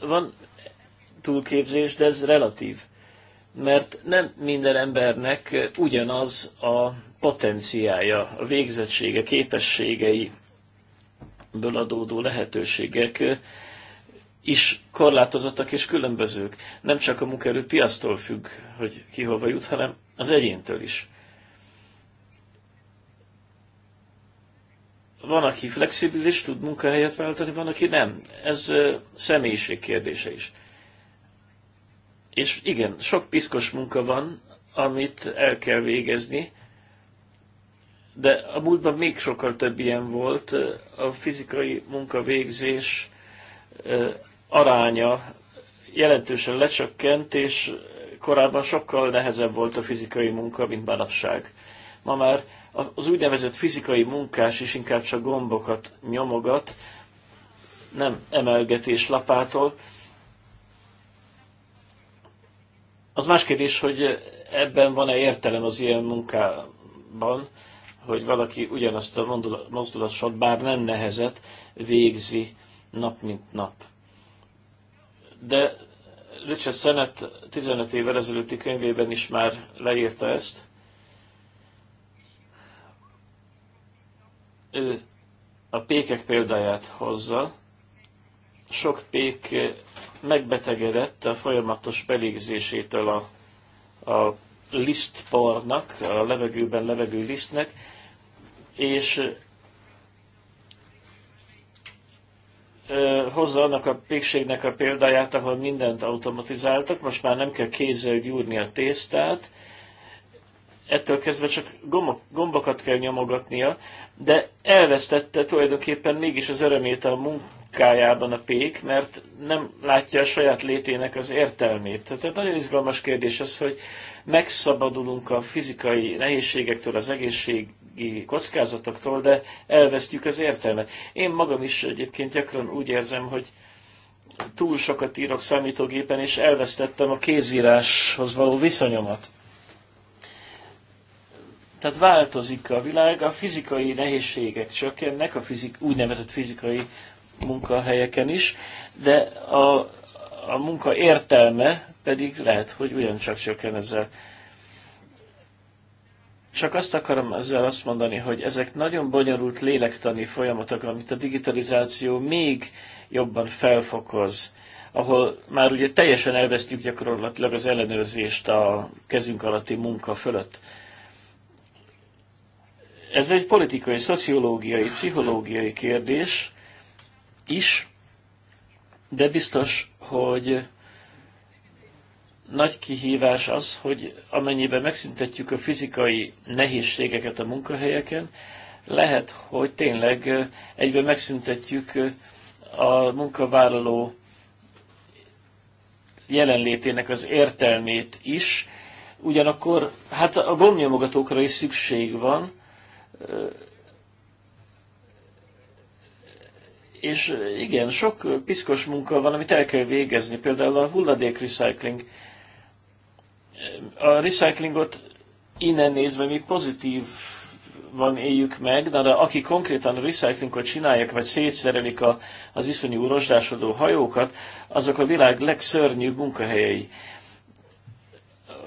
[SPEAKER 2] van túlképzés, de ez relatív. Mert nem minden embernek ugyanaz a potenciája, a végzettsége, képességei, ből adódó lehetőségek is korlátozottak és különbözők. Nem csak a piasztól függ, hogy ki hova jut, hanem az egyéntől is. Van, aki flexibilis, tud munkahelyet váltani, van, aki nem. Ez személyiség kérdése is. És igen, sok piszkos munka van, amit el kell végezni, de a múltban még sokkal több ilyen volt. A fizikai munkavégzés aránya jelentősen lecsökkent, és korábban sokkal nehezebb volt a fizikai munka, mint manapság. Ma már az úgynevezett fizikai munkás is inkább csak gombokat nyomogat, nem emelgetés lapától. Az más kérdés, hogy ebben van-e értelem az ilyen munkában, hogy valaki ugyanazt a mozdulatot, bár nem nehezet, végzi nap mint nap. De Richard Sennett 15 évvel ezelőtti könyvében is már leírta ezt, ő a pékek példáját hozza. Sok pék megbetegedett a folyamatos belégzésétől a, a lisztpornak, a levegőben levegő lisztnek, és hozza annak a pékségnek a példáját, ahol mindent automatizáltak, most már nem kell kézzel gyúrni a tésztát, ettől kezdve csak gomba, gombokat kell nyomogatnia, de elvesztette tulajdonképpen mégis az örömét a munkájában a pék, mert nem látja a saját létének az értelmét. Tehát nagyon izgalmas kérdés az, hogy megszabadulunk a fizikai nehézségektől, az egészség kockázatoktól, de elvesztjük az értelmet. Én magam is egyébként gyakran úgy érzem, hogy túl sokat írok számítógépen, és elvesztettem a kézíráshoz való viszonyomat tehát változik a világ, a fizikai nehézségek csökkennek, a fizik, úgynevezett fizikai munkahelyeken is, de a, a munka értelme pedig lehet, hogy ugyancsak csökken ezzel. Csak azt akarom ezzel azt mondani, hogy ezek nagyon bonyolult lélektani folyamatok, amit a digitalizáció még jobban felfokoz, ahol már ugye teljesen elvesztjük gyakorlatilag az ellenőrzést a kezünk alatti munka fölött ez egy politikai, szociológiai, pszichológiai kérdés is, de biztos, hogy nagy kihívás az, hogy amennyiben megszüntetjük a fizikai nehézségeket a munkahelyeken, lehet, hogy tényleg egyben megszüntetjük a munkavállaló jelenlétének az értelmét is. Ugyanakkor hát a gomnyomogatókra is szükség van, és igen, sok piszkos munka van, amit el kell végezni, például a hulladék recycling. A recyclingot innen nézve mi pozitív van éljük meg, de, de aki konkrétan recyclingot csinálják, vagy szétszerelik a, az iszonyú rozsdásodó hajókat, azok a világ legszörnyűbb munkahelyei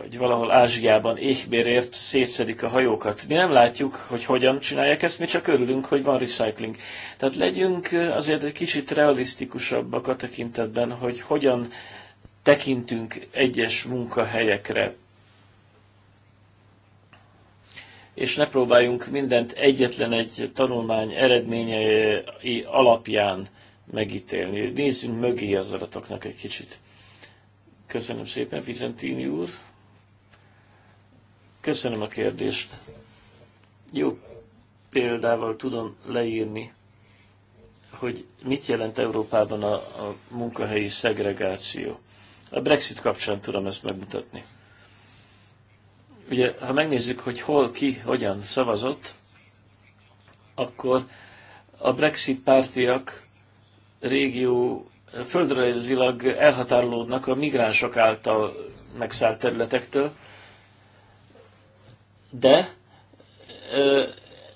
[SPEAKER 2] hogy valahol Ázsiában éhbérért szétszedik a hajókat. Mi nem látjuk, hogy hogyan csinálják ezt, mi csak örülünk, hogy van recycling. Tehát legyünk azért egy kicsit realisztikusabbak a tekintetben, hogy hogyan tekintünk egyes munkahelyekre. És ne próbáljunk mindent egyetlen egy tanulmány eredményei alapján megítélni. Nézzünk mögé az adatoknak egy kicsit. Köszönöm szépen, Vizentini úr. Köszönöm a kérdést. Jó példával tudom leírni, hogy mit jelent Európában a, a munkahelyi szegregáció. A Brexit kapcsán tudom ezt megmutatni. Ugye, ha megnézzük, hogy hol ki, hogyan szavazott, akkor a Brexit pártiak régió földrajzilag elhatárolódnak a migránsok által megszállt területektől, de ö,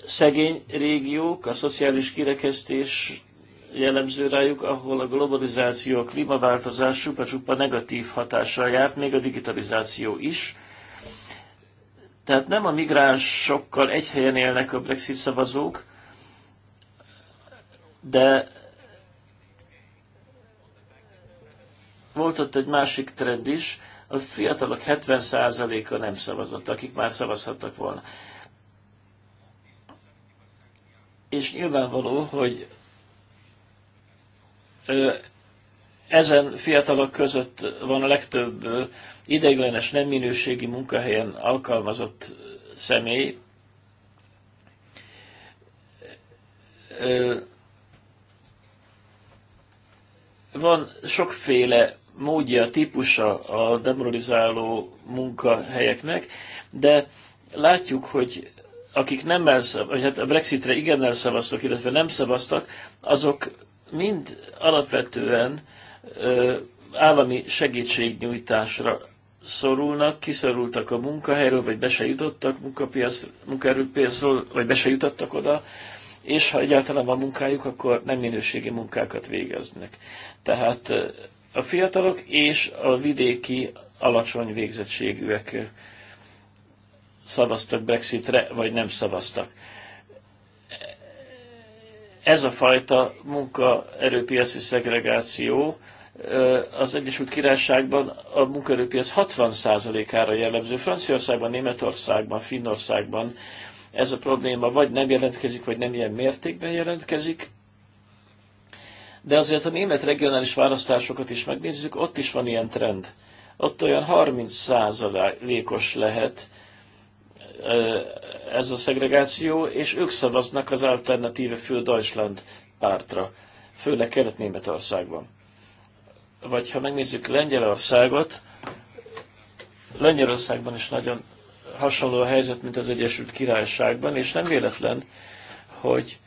[SPEAKER 2] szegény régiók, a szociális kirekesztés jellemző rájuk, ahol a globalizáció, a klímaváltozás csupa-csupa negatív hatással járt, még a digitalizáció is. Tehát nem a migránsokkal egy helyen élnek a Brexit szavazók, de volt ott egy másik trend is, a fiatalok 70%-a nem szavazott, akik már szavazhattak volna. És nyilvánvaló, hogy ezen fiatalok között van a legtöbb ideiglenes, nem minőségi munkahelyen alkalmazott személy. Van sokféle módja, típusa a demoralizáló munkahelyeknek, de látjuk, hogy akik nem elszavaztak, vagy hát a Brexitre igen elszavaztak, illetve nem szavaztak, azok mind alapvetően ö, állami segítségnyújtásra szorulnak, kiszorultak a munkahelyről, vagy be se jutottak munkaerőpiacról, vagy be se jutottak oda, és ha egyáltalán van munkájuk, akkor nem minőségi munkákat végeznek. Tehát a fiatalok és a vidéki alacsony végzettségűek szavaztak Brexitre, vagy nem szavaztak. Ez a fajta munkaerőpiaci szegregáció az Egyesült Királyságban a munkaerőpiac 60%-ára jellemző. Franciaországban, Németországban, Finnországban ez a probléma vagy nem jelentkezik, vagy nem ilyen mértékben jelentkezik, de azért a német regionális választásokat is megnézzük, ott is van ilyen trend. Ott olyan 30 százalékos lehet ez a szegregáció, és ők szavaznak az alternatíve für Deutschland pártra, főleg Kelet-Németországban. Vagy ha megnézzük Lengyelországot, Lengyelországban is nagyon hasonló a helyzet, mint az Egyesült Királyságban, és nem véletlen, hogy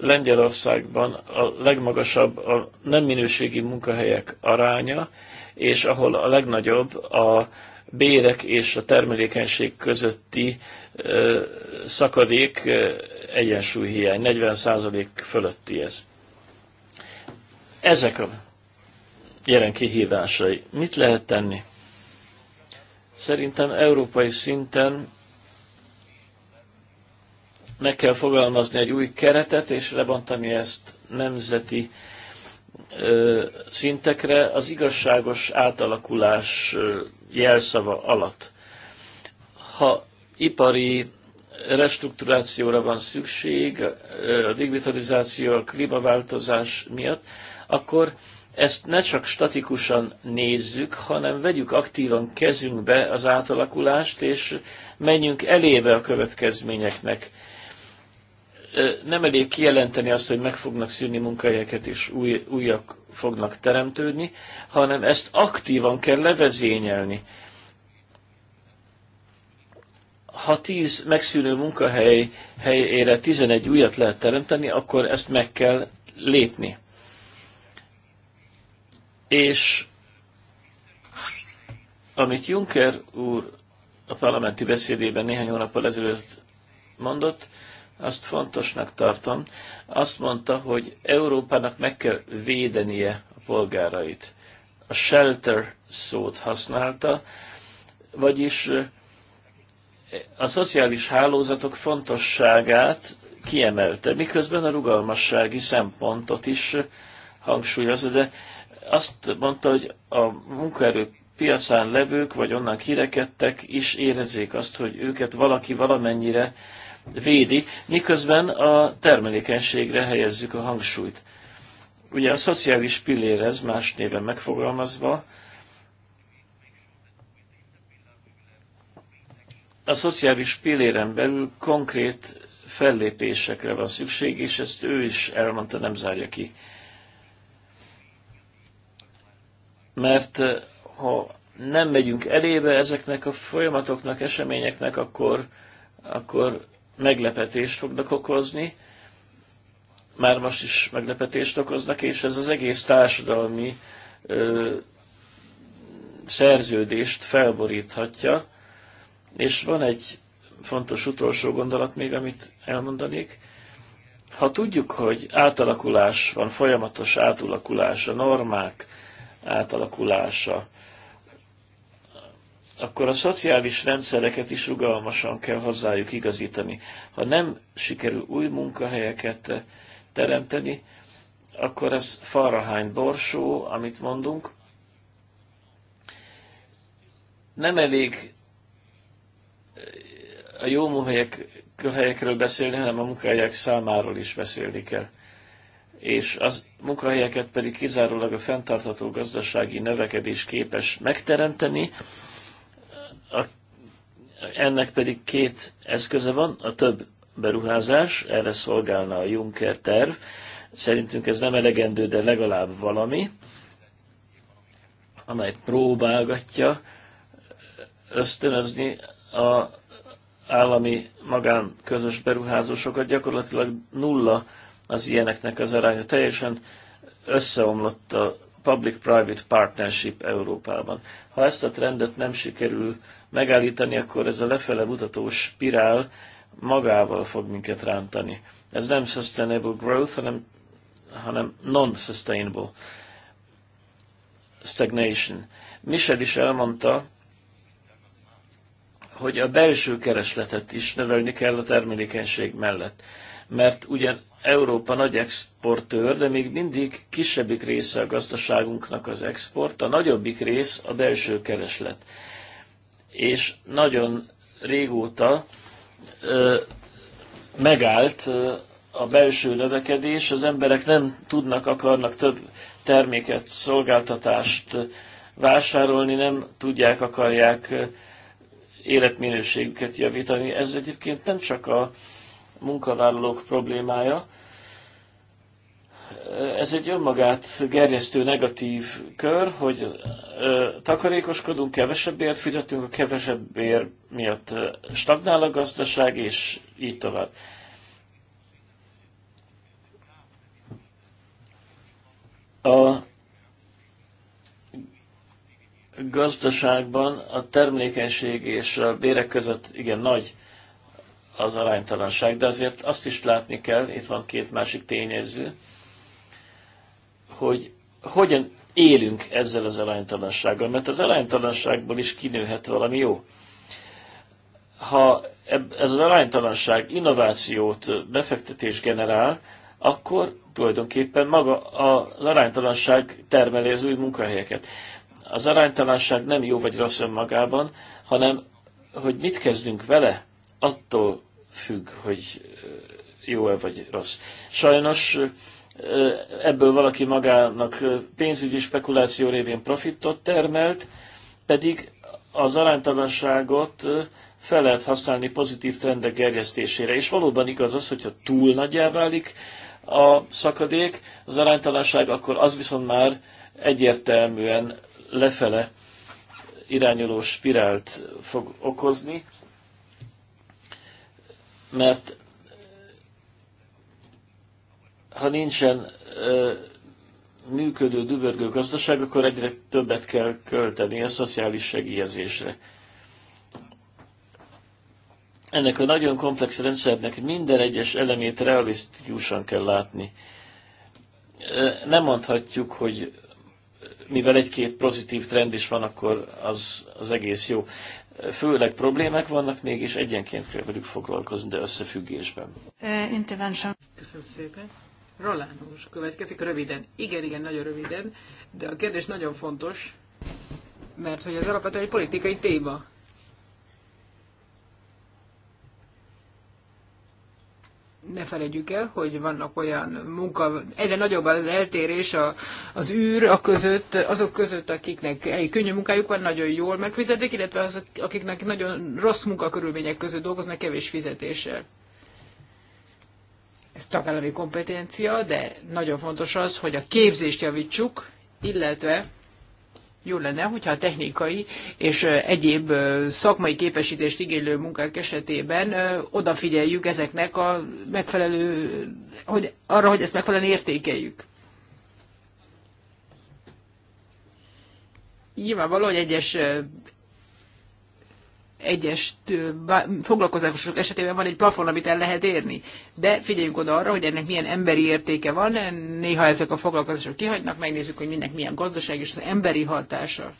[SPEAKER 2] Lengyelországban a legmagasabb a nem minőségi munkahelyek aránya, és ahol a legnagyobb a bérek és a termelékenység közötti szakadék egyensúlyhiány, 40% fölötti ez. Ezek a jelen kihívásai. Mit lehet tenni? Szerintem európai szinten meg kell fogalmazni egy új keretet, és lebontani ezt nemzeti ö, szintekre az igazságos átalakulás ö, jelszava alatt. Ha ipari restrukturációra van szükség, a digitalizáció, a klímaváltozás miatt, akkor ezt ne csak statikusan nézzük, hanem vegyük aktívan kezünkbe az átalakulást, és menjünk elébe a következményeknek nem elég kijelenteni azt, hogy meg fognak szűnni munkahelyeket és új, újak fognak teremtődni, hanem ezt aktívan kell levezényelni. Ha 10 megszűnő munkahely helyére 11 újat lehet teremteni, akkor ezt meg kell lépni. És amit Juncker úr a parlamenti beszédében néhány hónappal ezelőtt mondott, azt fontosnak tartom, azt mondta, hogy Európának meg kell védenie a polgárait. A shelter szót használta, vagyis a szociális hálózatok fontosságát kiemelte, miközben a rugalmassági szempontot is hangsúlyozza, de azt mondta, hogy a munkaerő piacán levők, vagy onnan kirekedtek is érezzék azt, hogy őket valaki valamennyire védi, miközben a termelékenységre helyezzük a hangsúlyt. Ugye a szociális pillér ez más néven megfogalmazva, a szociális pilléren belül konkrét fellépésekre van szükség, és ezt ő is elmondta, nem zárja ki. Mert eh, ha nem megyünk elébe ezeknek a folyamatoknak, eseményeknek, akkor, akkor meglepetést fognak okozni, már most is meglepetést okoznak, és ez az egész társadalmi ö, szerződést felboríthatja. És van egy fontos utolsó gondolat még, amit elmondanék. Ha tudjuk, hogy átalakulás van, folyamatos átalakulás, a normák átalakulása, akkor a szociális rendszereket is rugalmasan kell hozzájuk igazítani. Ha nem sikerül új munkahelyeket eh, teremteni, akkor ez farahány borsó, amit mondunk. Nem elég eh, a jó munkahelyekről beszélni, hanem a munkahelyek számáról is beszélni kell. És az munkahelyeket pedig kizárólag a fenntartható gazdasági növekedés képes megteremteni, a, ennek pedig két eszköze van, a több beruházás, erre szolgálna a Juncker terv. Szerintünk ez nem elegendő, de legalább valami, amely próbálgatja ösztönözni a állami magán közös beruházósokat. Gyakorlatilag nulla az ilyeneknek az aránya. Teljesen összeomlott a public-private partnership Európában. Ha ezt a trendet nem sikerül megállítani, akkor ez a lefele mutató spirál magával fog minket rántani. Ez nem sustainable growth, hanem, hanem non-sustainable stagnation. Michel is elmondta, hogy a belső keresletet is növelni kell a termelékenység mellett, mert ugyan Európa nagy exportőr, de még mindig kisebbik része a gazdaságunknak az export, a nagyobbik rész a belső kereslet. És nagyon régóta ö, megállt ö, a belső növekedés, az emberek nem tudnak, akarnak több terméket, szolgáltatást vásárolni, nem tudják, akarják életminőségüket javítani. Ez egyébként nem csak a munkavállalók problémája. Ez egy önmagát gerjesztő negatív kör, hogy takarékoskodunk, kevesebbért fizetünk, a kevesebbért miatt stagnál a gazdaság, és így tovább. A gazdaságban a termékenység és a bérek között igen nagy az aránytalanság, de azért azt is látni kell, itt van két másik tényező, hogy hogyan élünk ezzel az aránytalansággal, mert az aránytalanságból is kinőhet valami jó. Ha ez az aránytalanság innovációt, befektetés generál, akkor tulajdonképpen maga az aránytalanság termeli az új munkahelyeket. Az aránytalanság nem jó vagy rossz önmagában, hanem hogy mit kezdünk vele, attól függ, hogy jó-e vagy rossz. Sajnos ebből valaki magának pénzügyi spekuláció révén profitot termelt, pedig az aránytalanságot fel lehet használni pozitív trendek gerjesztésére. És valóban igaz az, hogyha túl nagyjá válik a szakadék, az aránytalanság, akkor az viszont már egyértelműen lefele irányuló spirált fog okozni, mert eh, ha nincsen ö, eh, működő, dübörgő gazdaság, akkor egyre többet kell költeni a szociális segélyezésre. Ennek a nagyon komplex rendszernek minden egyes elemét realisztikusan kell látni. Eh, nem mondhatjuk, hogy mivel egy-két pozitív trend is van, akkor az, az egész jó főleg problémák vannak, mégis egyenként kell velük foglalkozni, de összefüggésben.
[SPEAKER 3] Intervention. Köszönöm szépen. Roland úr, következik röviden. Igen, igen, nagyon röviden, de a kérdés nagyon fontos, mert hogy ez alapvetően egy politikai téma. ne felejtjük el, hogy vannak olyan munka, egyre nagyobb az eltérés a, az űr a között, azok között, akiknek elég könnyű munkájuk van, nagyon jól megfizetik, illetve azok, akiknek nagyon rossz munkakörülmények között dolgoznak kevés fizetéssel. Ez tagállami kompetencia, de nagyon fontos az, hogy a képzést javítsuk, illetve jó lenne, hogyha a technikai és egyéb szakmai képesítést igénylő munkák esetében odafigyeljük ezeknek a megfelelő, hogy arra, hogy ezt megfelelően értékeljük. Nyilvánvaló, hogy egyes egyes foglalkozások esetében van egy plafon, amit el lehet érni. De figyeljünk oda arra, hogy ennek milyen emberi értéke van, néha ezek a foglalkozások kihagynak, megnézzük, hogy mindenek milyen gazdaság és az emberi hatása.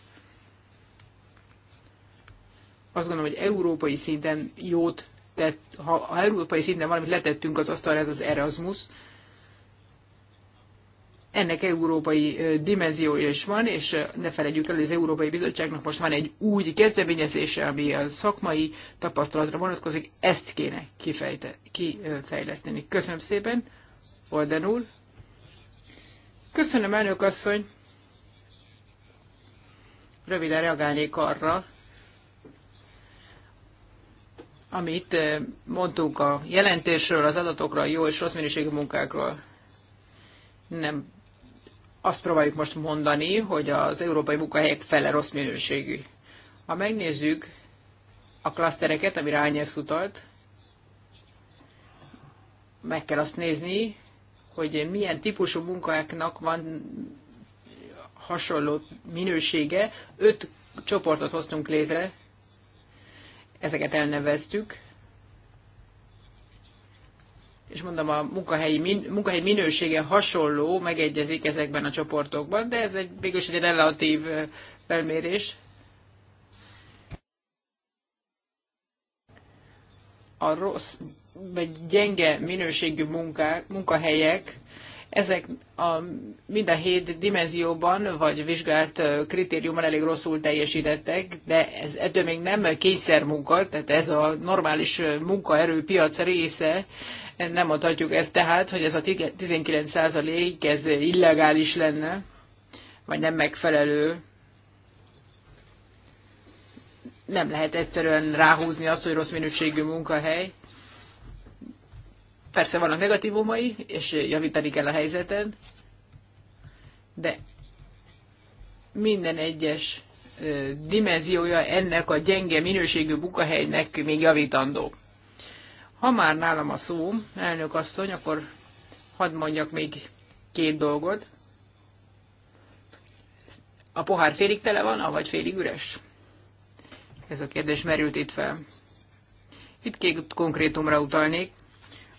[SPEAKER 3] Azt gondolom, hogy európai szinten jót tett, ha, ha európai szinten valamit letettünk az asztalra, ez az Erasmus, ennek európai dimenziója is van, és ne felejtjük el, hogy az Európai Bizottságnak most van egy új kezdeményezése, ami a szakmai tapasztalatra vonatkozik, ezt kéne kifejte, kifejleszteni. Köszönöm szépen, Olden úr. Köszönöm, elnök asszony. Röviden reagálnék arra, amit mondtunk a jelentésről, az adatokról, a jó és rossz minőségű munkákról. Nem azt próbáljuk most mondani, hogy az európai munkahelyek fele rossz minőségű. Ha megnézzük a klasztereket, amire ányes utalt, meg kell azt nézni, hogy milyen típusú munkáknak van hasonló minősége. Öt csoportot hoztunk létre, ezeket elneveztük és mondom, a munkahelyi, min, munkahelyi minősége hasonló, megegyezik ezekben a csoportokban, de ez egy, mégis egy relatív felmérés. A rossz, vagy gyenge minőségű munkák, munkahelyek, ezek a, mind a hét dimenzióban, vagy vizsgált kritériumban elég rosszul teljesítettek, de ez ettől még nem kényszermunka, tehát ez a normális munkaerőpiac része, nem adhatjuk ezt tehát, hogy ez a 19% ez illegális lenne, vagy nem megfelelő. Nem lehet egyszerűen ráhúzni azt, hogy rossz minőségű munkahely. Persze vannak negatívumai, és javítani kell a helyzeten, de minden egyes dimenziója ennek a gyenge minőségű munkahelynek még javítandó. Ha már nálam a szó, elnök asszony, akkor hadd mondjak még két dolgot. A pohár félig tele van, avagy félig üres? Ez a kérdés merült itt fel. Itt két konkrétumra utalnék.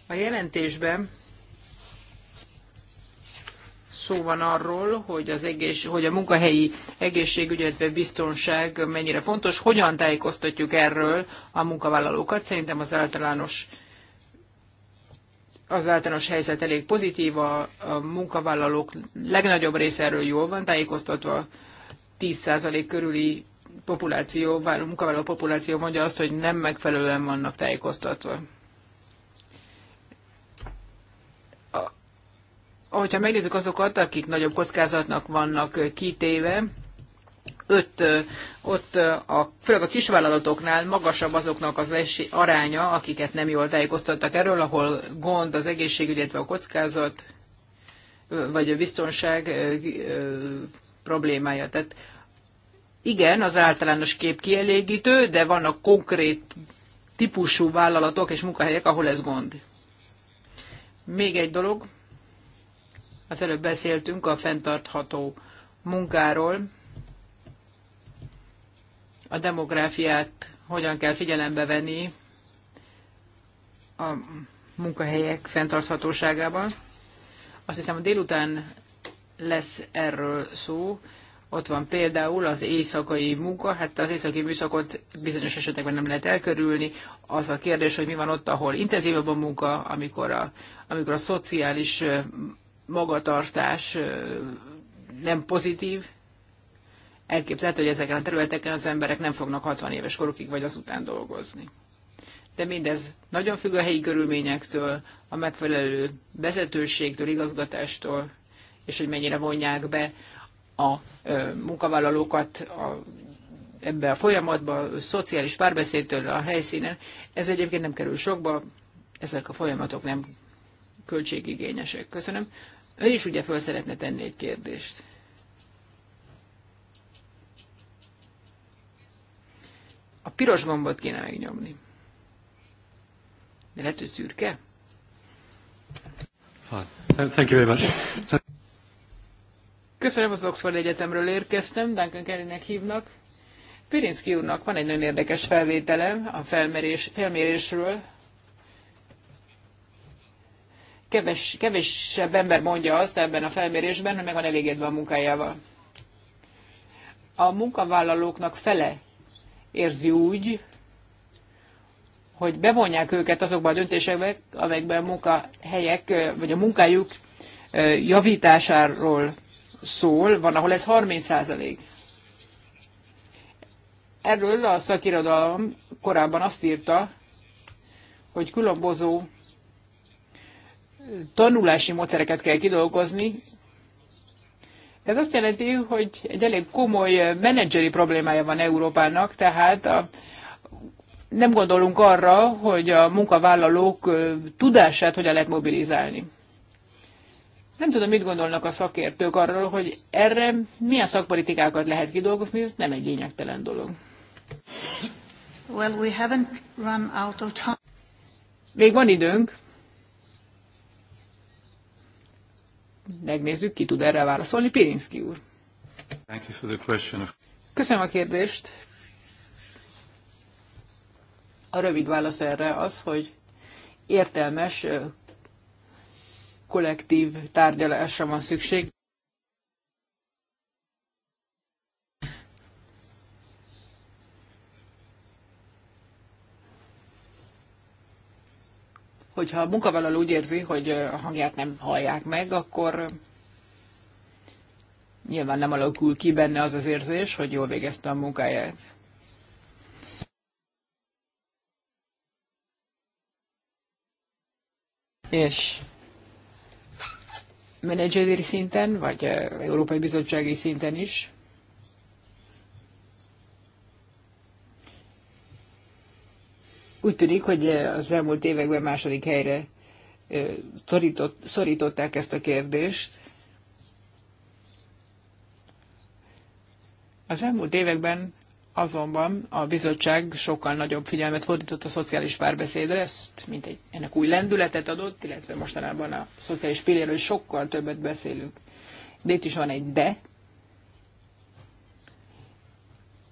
[SPEAKER 3] A jelentésben szó van arról, hogy, az egész, hogy a munkahelyi egészségügyetben biztonság mennyire fontos, hogyan tájékoztatjuk erről a munkavállalókat. Szerintem az általános az általános helyzet elég pozitív, a, a munkavállalók legnagyobb része erről jól van tájékoztatva, 10% körüli populáció, munkavállaló populáció mondja azt, hogy nem megfelelően vannak tájékoztatva. hogyha megnézzük azokat, akik nagyobb kockázatnak vannak kitéve, öt, ott a, főleg a kisvállalatoknál magasabb azoknak az esély, aránya, akiket nem jól tájékoztattak erről, ahol gond az egészségügy, illetve a kockázat, vagy a biztonság problémája. Tehát igen, az általános kép kielégítő, de vannak konkrét típusú vállalatok és munkahelyek, ahol ez gond. Még egy dolog, az előbb beszéltünk a fenntartható munkáról, a demográfiát hogyan kell figyelembe venni a munkahelyek fenntarthatóságában. Azt hiszem, a délután lesz erről szó. Ott van például az éjszakai munka, hát az éjszakai műszakot bizonyos esetekben nem lehet elkerülni. Az a kérdés, hogy mi van ott, ahol intenzívebb a munka, amikor a, amikor a szociális magatartás nem pozitív, elképzelhető, hogy ezeken a területeken az emberek nem fognak 60 éves korukig vagy azután dolgozni. De mindez nagyon függ a helyi körülményektől, a megfelelő vezetőségtől, igazgatástól, és hogy mennyire vonják be a munkavállalókat a, ebbe a folyamatba, a szociális párbeszédtől a helyszínen. Ez egyébként nem kerül sokba, ezek a folyamatok nem költségigényesek. Köszönöm. Ő is ugye föl szeretne tenni egy kérdést. A piros gombot kéne megnyomni. De lehet, hogy szürke?
[SPEAKER 4] Thank you very much.
[SPEAKER 3] Köszönöm, az Oxford Egyetemről érkeztem, Duncan Kerrynek hívnak. Pirinszki úrnak van egy nagyon érdekes felvételem a felmérés, felmérésről, keves, kevesebb ember mondja azt ebben a felmérésben, hogy meg van elégedve a munkájával. A munkavállalóknak fele érzi úgy, hogy bevonják őket azokba a döntésekbe, amelyekben a munkahelyek, vagy a munkájuk javításáról szól, van, ahol ez 30 százalék. Erről a szakirodalom korábban azt írta, hogy különböző tanulási módszereket kell kidolgozni. Ez azt jelenti, hogy egy elég komoly menedzseri problémája van Európának, tehát a, nem gondolunk arra, hogy a munkavállalók tudását hogyan lehet mobilizálni. Nem tudom, mit gondolnak a szakértők arról, hogy erre milyen szakpolitikákat lehet kidolgozni, ez nem egy lényegtelen dolog.
[SPEAKER 1] Well, we haven't run out of time. Még van időnk.
[SPEAKER 3] megnézzük, ki tud erre válaszolni. Pirinszki úr. Köszönöm a kérdést. A rövid válasz erre az, hogy értelmes kollektív tárgyalásra van szükség. hogyha a munkavállaló úgy érzi, hogy a hangját nem hallják meg, akkor nyilván nem alakul ki benne az az érzés, hogy jól végezte a munkáját. És menedzseri szinten, vagy Európai Bizottsági szinten is Úgy tűnik, hogy eh, az elmúlt években második helyre eh, szorított, szorították ezt a kérdést. Az elmúlt években azonban a bizottság sokkal nagyobb figyelmet fordított a szociális párbeszédre, ezt mint egy, ennek új lendületet adott, illetve mostanában a szociális pilléről sokkal többet beszélünk. De itt is van egy de.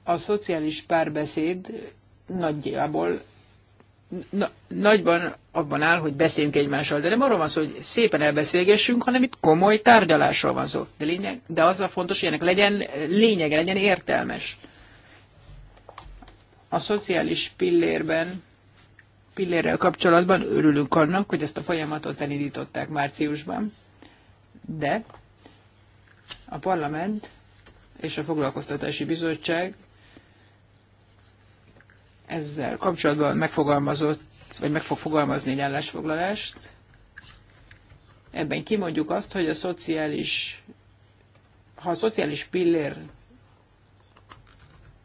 [SPEAKER 3] A szociális párbeszéd nagyjából na, nagyban abban áll, hogy beszéljünk egymással. De nem arról van szó, hogy szépen elbeszélgessünk, hanem itt komoly tárgyalásról van szó. De, lényeg, de az a fontos, hogy ennek legyen lényege, legyen értelmes. A szociális pillérben, pillérrel kapcsolatban örülünk annak, hogy ezt a folyamatot elindították márciusban. De a parlament és a foglalkoztatási bizottság ezzel kapcsolatban megfogalmazott, vagy meg fog fogalmazni egy állásfoglalást. Ebben kimondjuk azt, hogy a szociális, ha a szociális pillér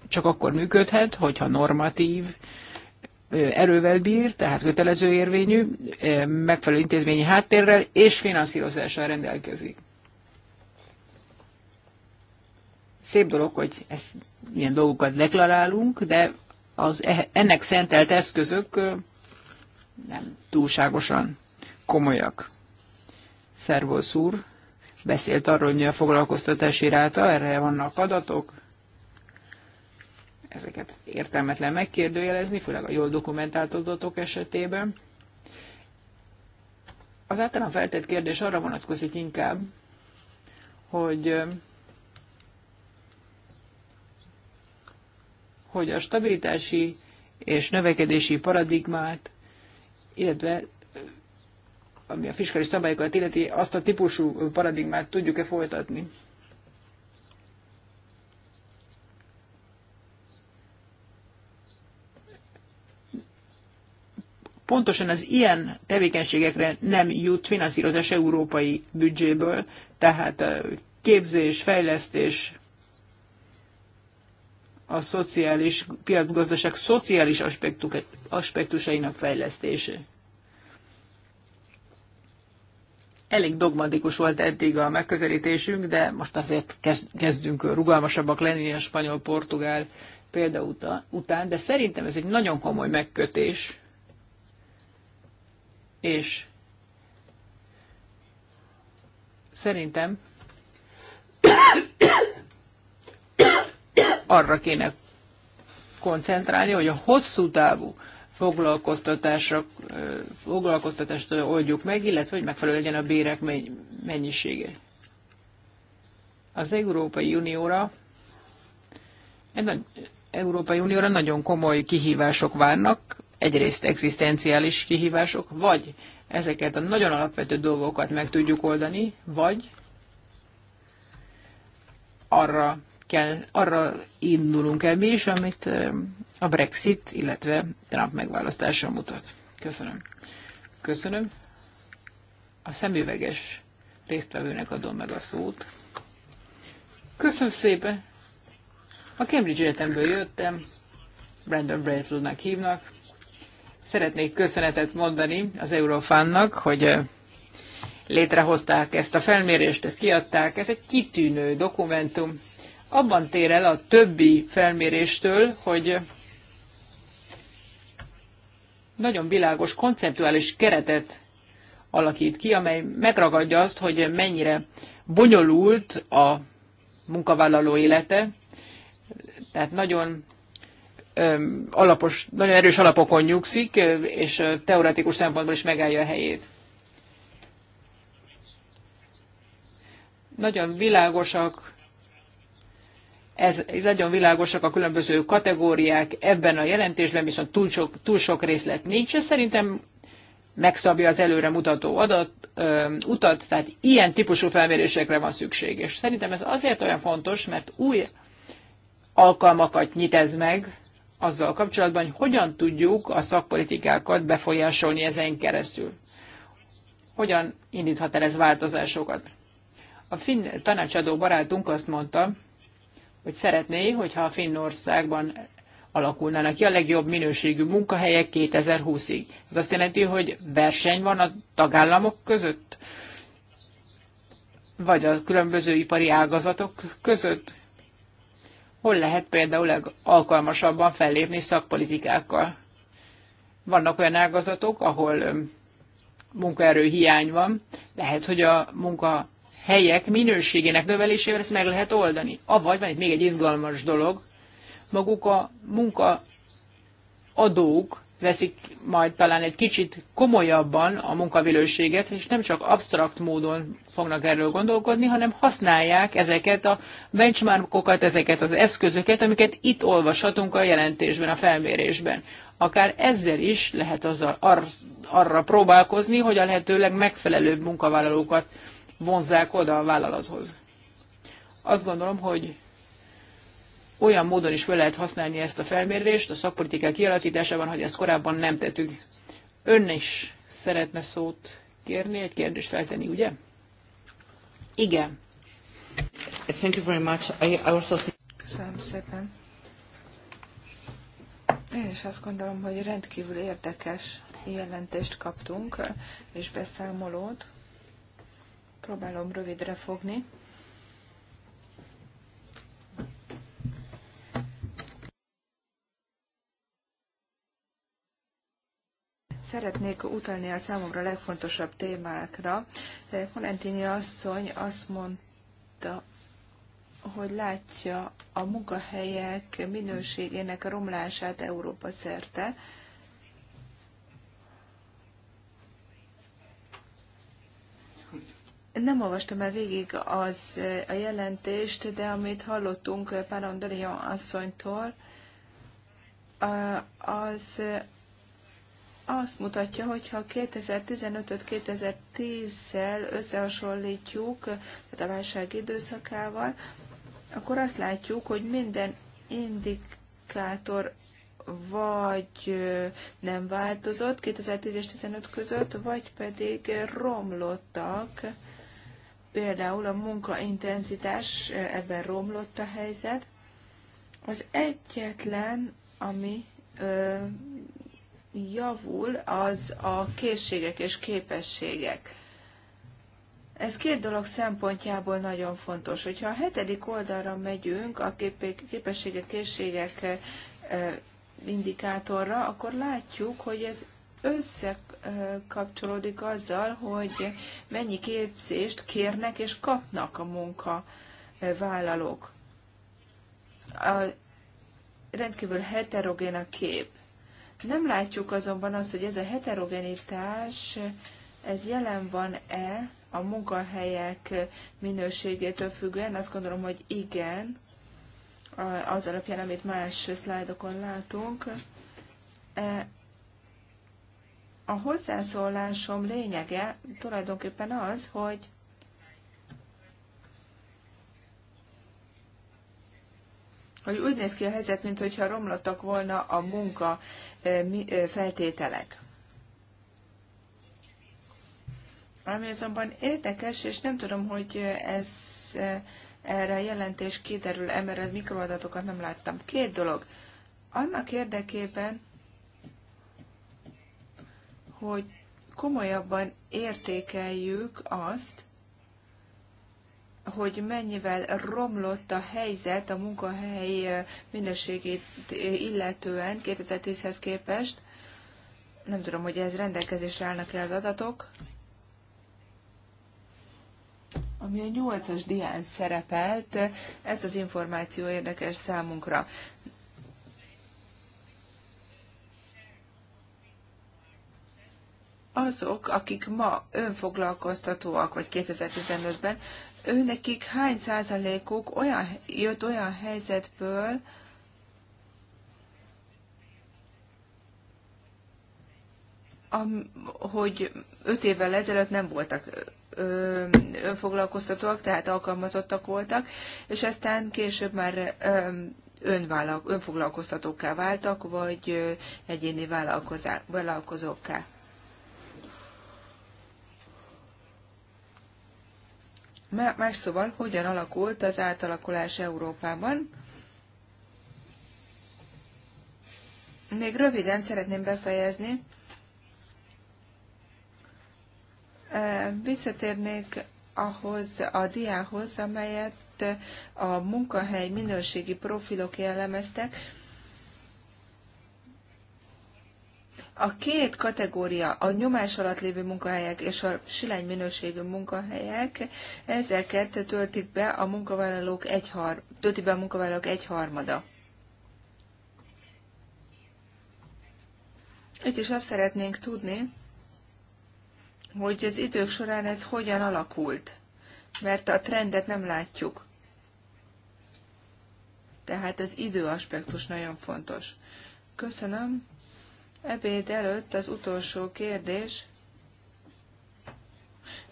[SPEAKER 3] csak akkor működhet, hogyha normatív erővel bír, tehát kötelező érvényű, megfelelő intézményi háttérrel és finanszírozással rendelkezik. Szép dolog, hogy ezt, ilyen dolgokat deklarálunk, de az e, ennek szentelt eszközök nem túlságosan komolyak. Szervusz úr, beszélt arról, hogy a foglalkoztatási ráta, erre vannak adatok, ezeket értelmetlen megkérdőjelezni, főleg a jól dokumentált adatok esetében. Az általán feltett kérdés arra vonatkozik inkább, hogy hogy a stabilitási és növekedési paradigmát, illetve ami a fiskális szabályokat illeti, azt a típusú paradigmát tudjuk-e folytatni? pontosan az ilyen tevékenységekre nem jut finanszírozás európai büdzséből, tehát képzés, fejlesztés, a szociális piacgazdaság szociális aspektusainak fejlesztése. Elég dogmatikus volt eddig a megközelítésünk, de most azért kezdünk rugalmasabbak lenni a spanyol-portugál példa után, de szerintem ez egy nagyon komoly megkötés, és szerintem arra kéne koncentrálni, hogy a hosszú távú foglalkoztatásra, foglalkoztatást oldjuk meg, illetve hogy megfelelő legyen a bérek mennyisége. Az Európai Unióra ebben Európai Unióra nagyon komoly kihívások várnak, egyrészt egzisztenciális kihívások, vagy ezeket a nagyon alapvető dolgokat meg tudjuk oldani, vagy arra kell, arra indulunk el mi is, amit a Brexit, illetve Trump megválasztása mutat. Köszönöm. Köszönöm. A szemüveges résztvevőnek adom meg a szót. Köszönöm szépen. A Cambridge Egyetemből jöttem, Brandon Bradfieldnak hívnak. Szeretnék köszönetet mondani az Eurofannak, hogy létrehozták ezt a felmérést, ezt kiadták. Ez egy kitűnő dokumentum abban tér el a többi felméréstől, hogy nagyon világos konceptuális keretet alakít ki, amely megragadja azt, hogy mennyire bonyolult a munkavállaló élete, tehát nagyon alapos, nagyon erős alapokon nyugszik, és teoretikus szempontból is megállja a helyét. Nagyon világosak ez nagyon világosak a különböző kategóriák ebben a jelentésben, viszont túl sok, túl sok részlet nincs, és szerintem megszabja az előre mutató adat, ö, utat, tehát ilyen típusú felmérésekre van szükség. És szerintem ez azért olyan fontos, mert új alkalmakat nyit ez meg azzal kapcsolatban, hogy hogyan tudjuk a szakpolitikákat befolyásolni ezen keresztül. Hogyan indíthat el ez változásokat? A finn tanácsadó barátunk azt mondta, hogy szeretné, hogyha a Finnországban alakulnának ki a legjobb minőségű munkahelyek 2020-ig. Ez azt jelenti, hogy verseny van a tagállamok között, vagy a különböző ipari ágazatok között. Hol lehet például alkalmasabban fellépni szakpolitikákkal? Vannak olyan ágazatok, ahol munkaerő hiány van, lehet, hogy a munka helyek minőségének növelésével ezt meg lehet oldani. Avagy van itt még egy izgalmas dolog, maguk a munka adók veszik majd talán egy kicsit komolyabban a munkavilőséget, és nem csak absztrakt módon fognak erről gondolkodni, hanem használják ezeket a benchmarkokat, ezeket az eszközöket, amiket itt olvashatunk a jelentésben, a felmérésben. Akár ezzel is lehet azzal, ar, arra próbálkozni, hogy a lehetőleg megfelelőbb munkavállalókat vonzák oda a vállalathoz. Azt gondolom, hogy olyan módon is fel lehet használni ezt a felmérést a szakpolitikák kialakításában, hogy ezt korábban nem tettük. Ön is szeretne szót kérni, egy kérdést feltenni, ugye? Igen. Thank you very much. I also... think. Köszönöm
[SPEAKER 5] szépen. Én is azt gondolom, hogy rendkívül érdekes jelentést kaptunk, és beszámolót. Próbálom rövidre fogni. Szeretnék utalni a számomra legfontosabb témákra. Valentini asszony azt mondta, hogy látja a munkahelyek minőségének romlását Európa szerte Nem olvastam el végig az, a jelentést, de amit hallottunk Páron Dorion asszonytól, az azt mutatja, hogy ha 2015-öt 2010-szel összehasonlítjuk, tehát a válság időszakával, akkor azt látjuk, hogy minden indikátor vagy nem változott 2010 és 2015 között, vagy pedig romlottak például a munkaintenzitás, eh, ebben romlott a helyzet. Az egyetlen, ami ö, javul, az a készségek és képességek. Ez két dolog szempontjából nagyon fontos. Hogyha a hetedik oldalra megyünk, a képességek, készségek indikátorra, akkor látjuk, hogy ez összekapcsolódik azzal, hogy mennyi képzést kérnek és kapnak a munkavállalók. A rendkívül heterogén a kép. Nem látjuk azonban azt, hogy ez a heterogenitás, ez jelen van-e a munkahelyek minőségétől függően? Azt gondolom, hogy igen, az alapján, amit más szlájdokon látunk e- a hozzászólásom lényege tulajdonképpen az, hogy hogy úgy néz ki a helyzet, mintha romlottak volna a munka eh, eh, feltételek. Ami azonban érdekes, és nem tudom, hogy ez eh, erre a jelentés kiderül, mert a mikroadatokat nem láttam. Két dolog. Annak érdekében, hogy komolyabban értékeljük azt, hogy mennyivel romlott a helyzet a munkahely eh, minőségét eh, illetően 2010-hez képest. Nem tudom, hogy ez rendelkezésre állnak-e az adatok. Ami a nyolcas dián szerepelt, eh, ez az információ érdekes számunkra. azok, akik ma önfoglalkoztatóak, vagy 2015-ben, őnekik hány százalékuk olyan, jött olyan helyzetből, am, hogy öt évvel ezelőtt nem voltak önfoglalkoztatóak, tehát alkalmazottak voltak, és aztán később már önvállalk, önfoglalkoztatókká váltak, vagy egyéni vállalkozókká. Más szóval, hogyan alakult az átalakulás Európában? Még röviden szeretném befejezni. E, visszatérnék ahhoz a diához, amelyet a munkahely minőségi profilok jellemeztek A két kategória, a nyomás alatt lévő munkahelyek és a silány minőségű munkahelyek, ezeket töltik be a munkavállalók egyhar, tölti be a munkavállalók egyharmada. Itt is azt szeretnénk tudni, hogy az idők során ez hogyan alakult, mert a trendet nem látjuk. Tehát az időaspektus nagyon fontos. Köszönöm. Ebéd előtt az utolsó kérdés.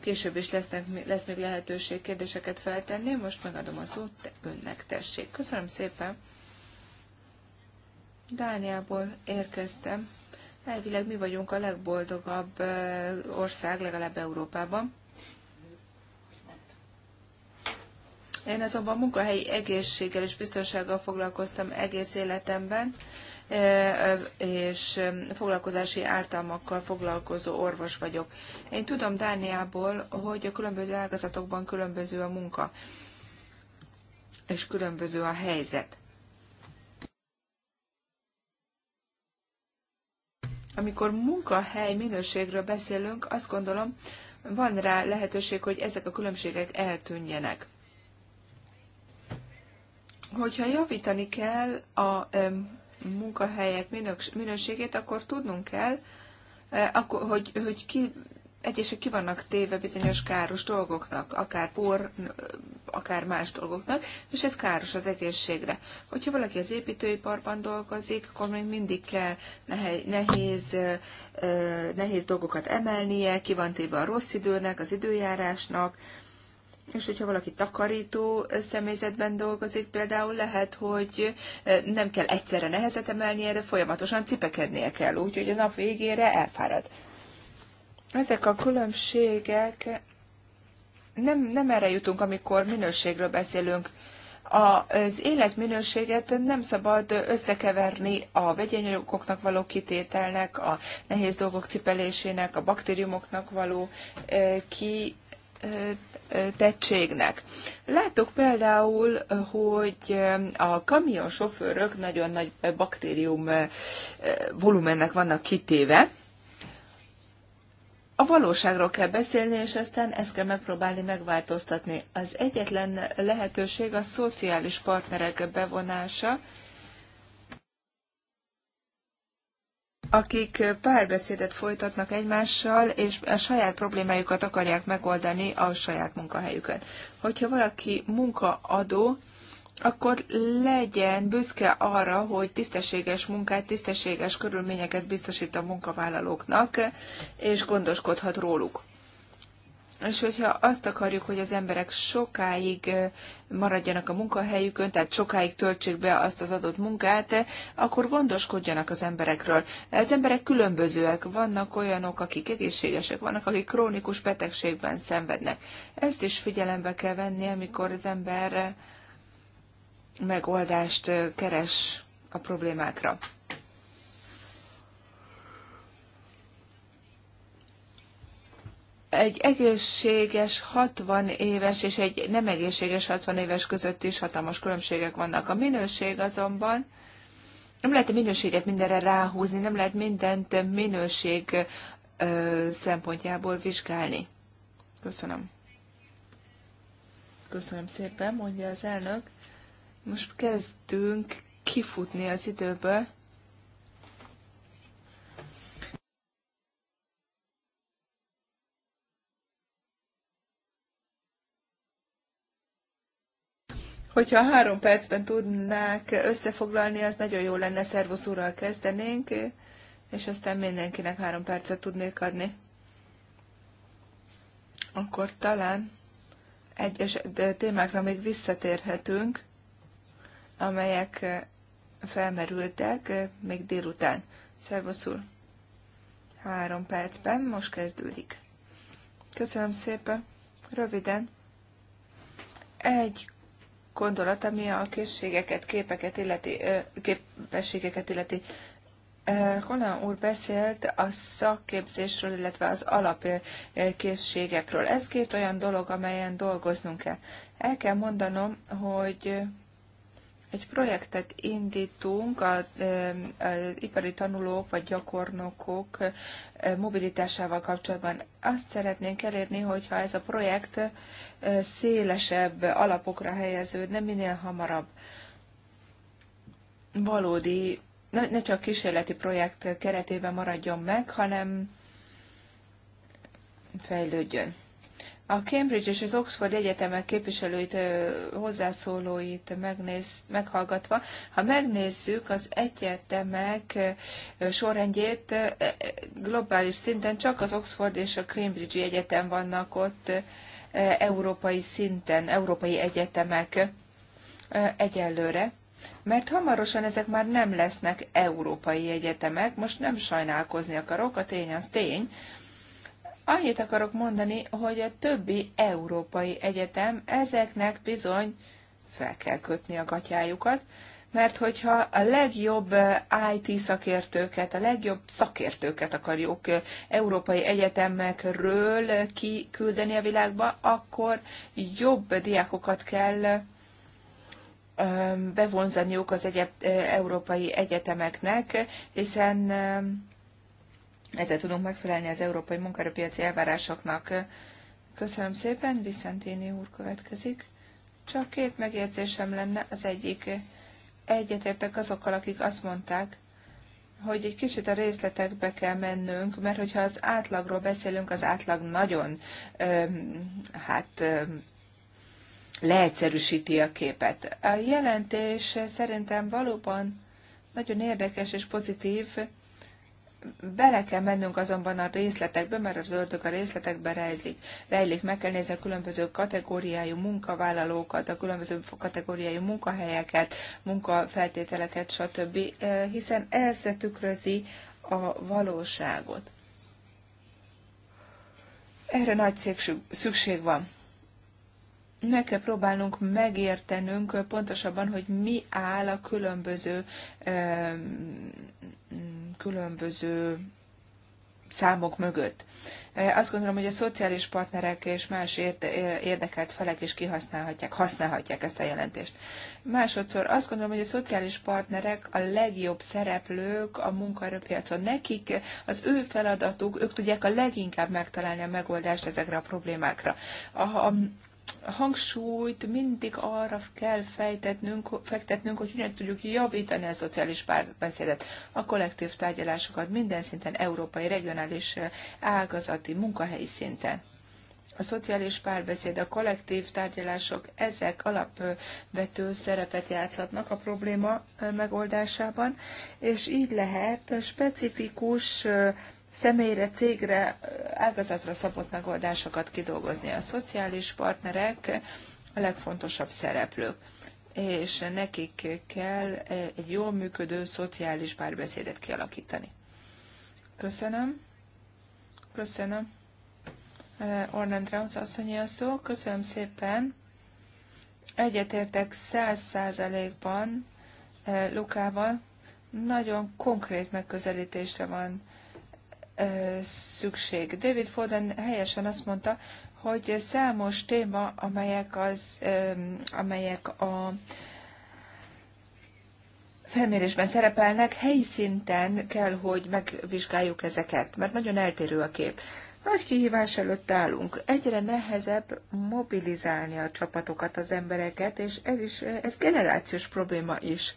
[SPEAKER 5] Később is lesznek, lesz még lehetőség kérdéseket feltenni. Most megadom a szót te önnek, tessék. Köszönöm szépen. Dániából érkeztem. Elvileg mi vagyunk a legboldogabb ország, legalább Európában. Én azonban munkahelyi egészséggel és biztonsággal foglalkoztam egész életemben, E, és foglalkozási ártalmakkal foglalkozó orvos vagyok. Én tudom Dániából, hogy a különböző ágazatokban különböző a munka, és különböző a helyzet. Amikor munkahely minőségről beszélünk, azt gondolom, van rá lehetőség, hogy ezek a különbségek eltűnjenek. Hogyha javítani kell a munkahelyek minőségét, akkor tudnunk kell, e, akkor, hogy, hogy ki, egyesek ki vannak téve bizonyos káros dolgoknak, akár por, akár más dolgoknak, és ez káros az egészségre. Hogyha valaki az építőiparban dolgozik, akkor még mindig kell nehéz, e, e, nehéz dolgokat emelnie, ki van téve a rossz időnek, az időjárásnak, és hogyha valaki takarító személyzetben dolgozik, például lehet, hogy eh, nem kell egyszerre nehezet emelnie, de folyamatosan cipekednie kell, úgyhogy a nap végére elfárad. Ezek a különbségek nem, nem erre jutunk, amikor minőségről beszélünk. Az életminőséget nem szabad összekeverni a vegyényanyagoknak való kitételnek, a nehéz dolgok cipelésének, a baktériumoknak való eh, ki tettségnek. Láttuk például, hogy a kamionsofőrök nagyon nagy baktérium volumennek vannak kitéve. A valóságról kell beszélni, és aztán ezt kell megpróbálni megváltoztatni. Az egyetlen lehetőség a szociális partnerek bevonása, akik párbeszédet folytatnak egymással, és a saját problémájukat akarják megoldani a saját munkahelyükön. Hogyha valaki munkaadó, akkor legyen büszke arra, hogy tisztességes munkát, tisztességes körülményeket biztosít a munkavállalóknak, és gondoskodhat róluk. És hogyha azt akarjuk, hogy az emberek sokáig maradjanak a munkahelyükön, tehát sokáig töltsék be azt az adott munkát, akkor gondoskodjanak az emberekről. Az emberek különbözőek, vannak olyanok, akik egészségesek, vannak, akik krónikus betegségben szenvednek. Ezt is figyelembe kell venni, amikor az ember megoldást keres a problémákra. egy egészséges 60 éves és egy nem egészséges 60 éves között is hatalmas különbségek vannak. A minőség azonban nem lehet a minőséget mindenre ráhúzni, nem lehet mindent minőség ö, szempontjából vizsgálni. Köszönöm. Köszönöm szépen, mondja az elnök. Most kezdünk kifutni az időből. Hogyha három percben tudnák összefoglalni, az nagyon jó lenne, Szervusz úrral kezdenénk, és aztán mindenkinek három percet tudnék adni. Akkor talán egyes témákra még visszatérhetünk, amelyek felmerültek még délután. Szervusz úr! Három percben, most kezdődik. Köszönöm szépen, röviden. Egy gondolat, ami a készségeket, képeket illeti, képességeket illeti. Honnan úr beszélt a szakképzésről, illetve az alapkészségekről. Ez két olyan dolog, amelyen dolgoznunk kell. El kell mondanom, hogy egy projektet indítunk az ipari tanulók vagy gyakornokok mobilitásával kapcsolatban. Azt szeretnénk elérni, hogyha ez a projekt szélesebb alapokra helyeződne, minél hamarabb. Valódi, ne csak kísérleti projekt keretében maradjon meg, hanem fejlődjön. A Cambridge és az Oxford egyetemek képviselőit, hozzászólóit megnéz, meghallgatva, ha megnézzük az egyetemek sorrendjét, globális szinten csak az Oxford és a Cambridge egyetem vannak ott európai szinten, európai egyetemek egyelőre mert hamarosan ezek már nem lesznek európai egyetemek, most nem sajnálkozni akarok, a tény az tény, Annyit akarok mondani, hogy a többi európai egyetem ezeknek bizony fel kell kötni a gatyájukat, mert hogyha a legjobb eh, IT szakértőket, a legjobb szakértőket akarjuk eh, európai egyetemekről kiküldeni a világba, akkor jobb diákokat kell eh, bevonzaniuk az egyet, európai egyetemeknek, hiszen ezzel tudunk megfelelni az európai munkaerőpiaci elvárásoknak. Köszönöm szépen, Viszentini úr következik. Csak két megjegyzésem lenne, az egyik egyetértek azokkal, akik azt mondták, hogy egy kicsit a részletekbe kell mennünk, mert hogyha az átlagról beszélünk, az átlag nagyon, öm, hát öm, leegyszerűsíti a képet. A jelentés szerintem valóban nagyon érdekes és pozitív, Bele kell mennünk azonban a részletekbe, mert az zöldök a részletekben rejlik. rejlik. Meg kell nézni a különböző kategóriájú munkavállalókat, a különböző kategóriájú munkahelyeket, munkafeltételeket, stb. Hiszen ez tükrözi a valóságot. Erre nagy szükség van. Meg kell próbálnunk megértenünk pontosabban, hogy mi áll a különböző különböző számok mögött. E, azt gondolom, hogy a szociális partnerek és más érdekelt felek is kihasználhatják, használhatják ezt a jelentést. Másodszor azt gondolom, hogy a szociális partnerek a legjobb szereplők a munkaerőpiacon. Nekik az ő feladatuk, ők tudják a leginkább megtalálni a megoldást ezekre a problémákra. A, a hangsúlyt mindig arra kell fejtetnünk, fektetnünk, hogy hogyan tudjuk javítani a szociális párbeszédet, a kollektív tárgyalásokat minden szinten, európai, regionális, eh, ágazati, munkahelyi szinten. A szociális párbeszéd, a kollektív tárgyalások, ezek alapvető szerepet játszhatnak a probléma eh, megoldásában, és így lehet specifikus eh, személyre, cégre, ágazatra szabott megoldásokat kidolgozni. A szociális partnerek a legfontosabb szereplők és nekik kell egy jól működő szociális párbeszédet kialakítani. Köszönöm. Köszönöm. Ornan Traunsz asszonyi a szó. Köszönöm szépen. Egyetértek száz százalékban Lukával. Nagyon konkrét megközelítésre van szükség. David Foden helyesen azt mondta, hogy számos téma, amelyek, az, amelyek a felmérésben szerepelnek, helyi szinten kell, hogy megvizsgáljuk ezeket, mert nagyon eltérő a kép. Nagy kihívás előtt állunk. Egyre nehezebb mobilizálni a csapatokat, az embereket, és ez is ez generációs probléma is.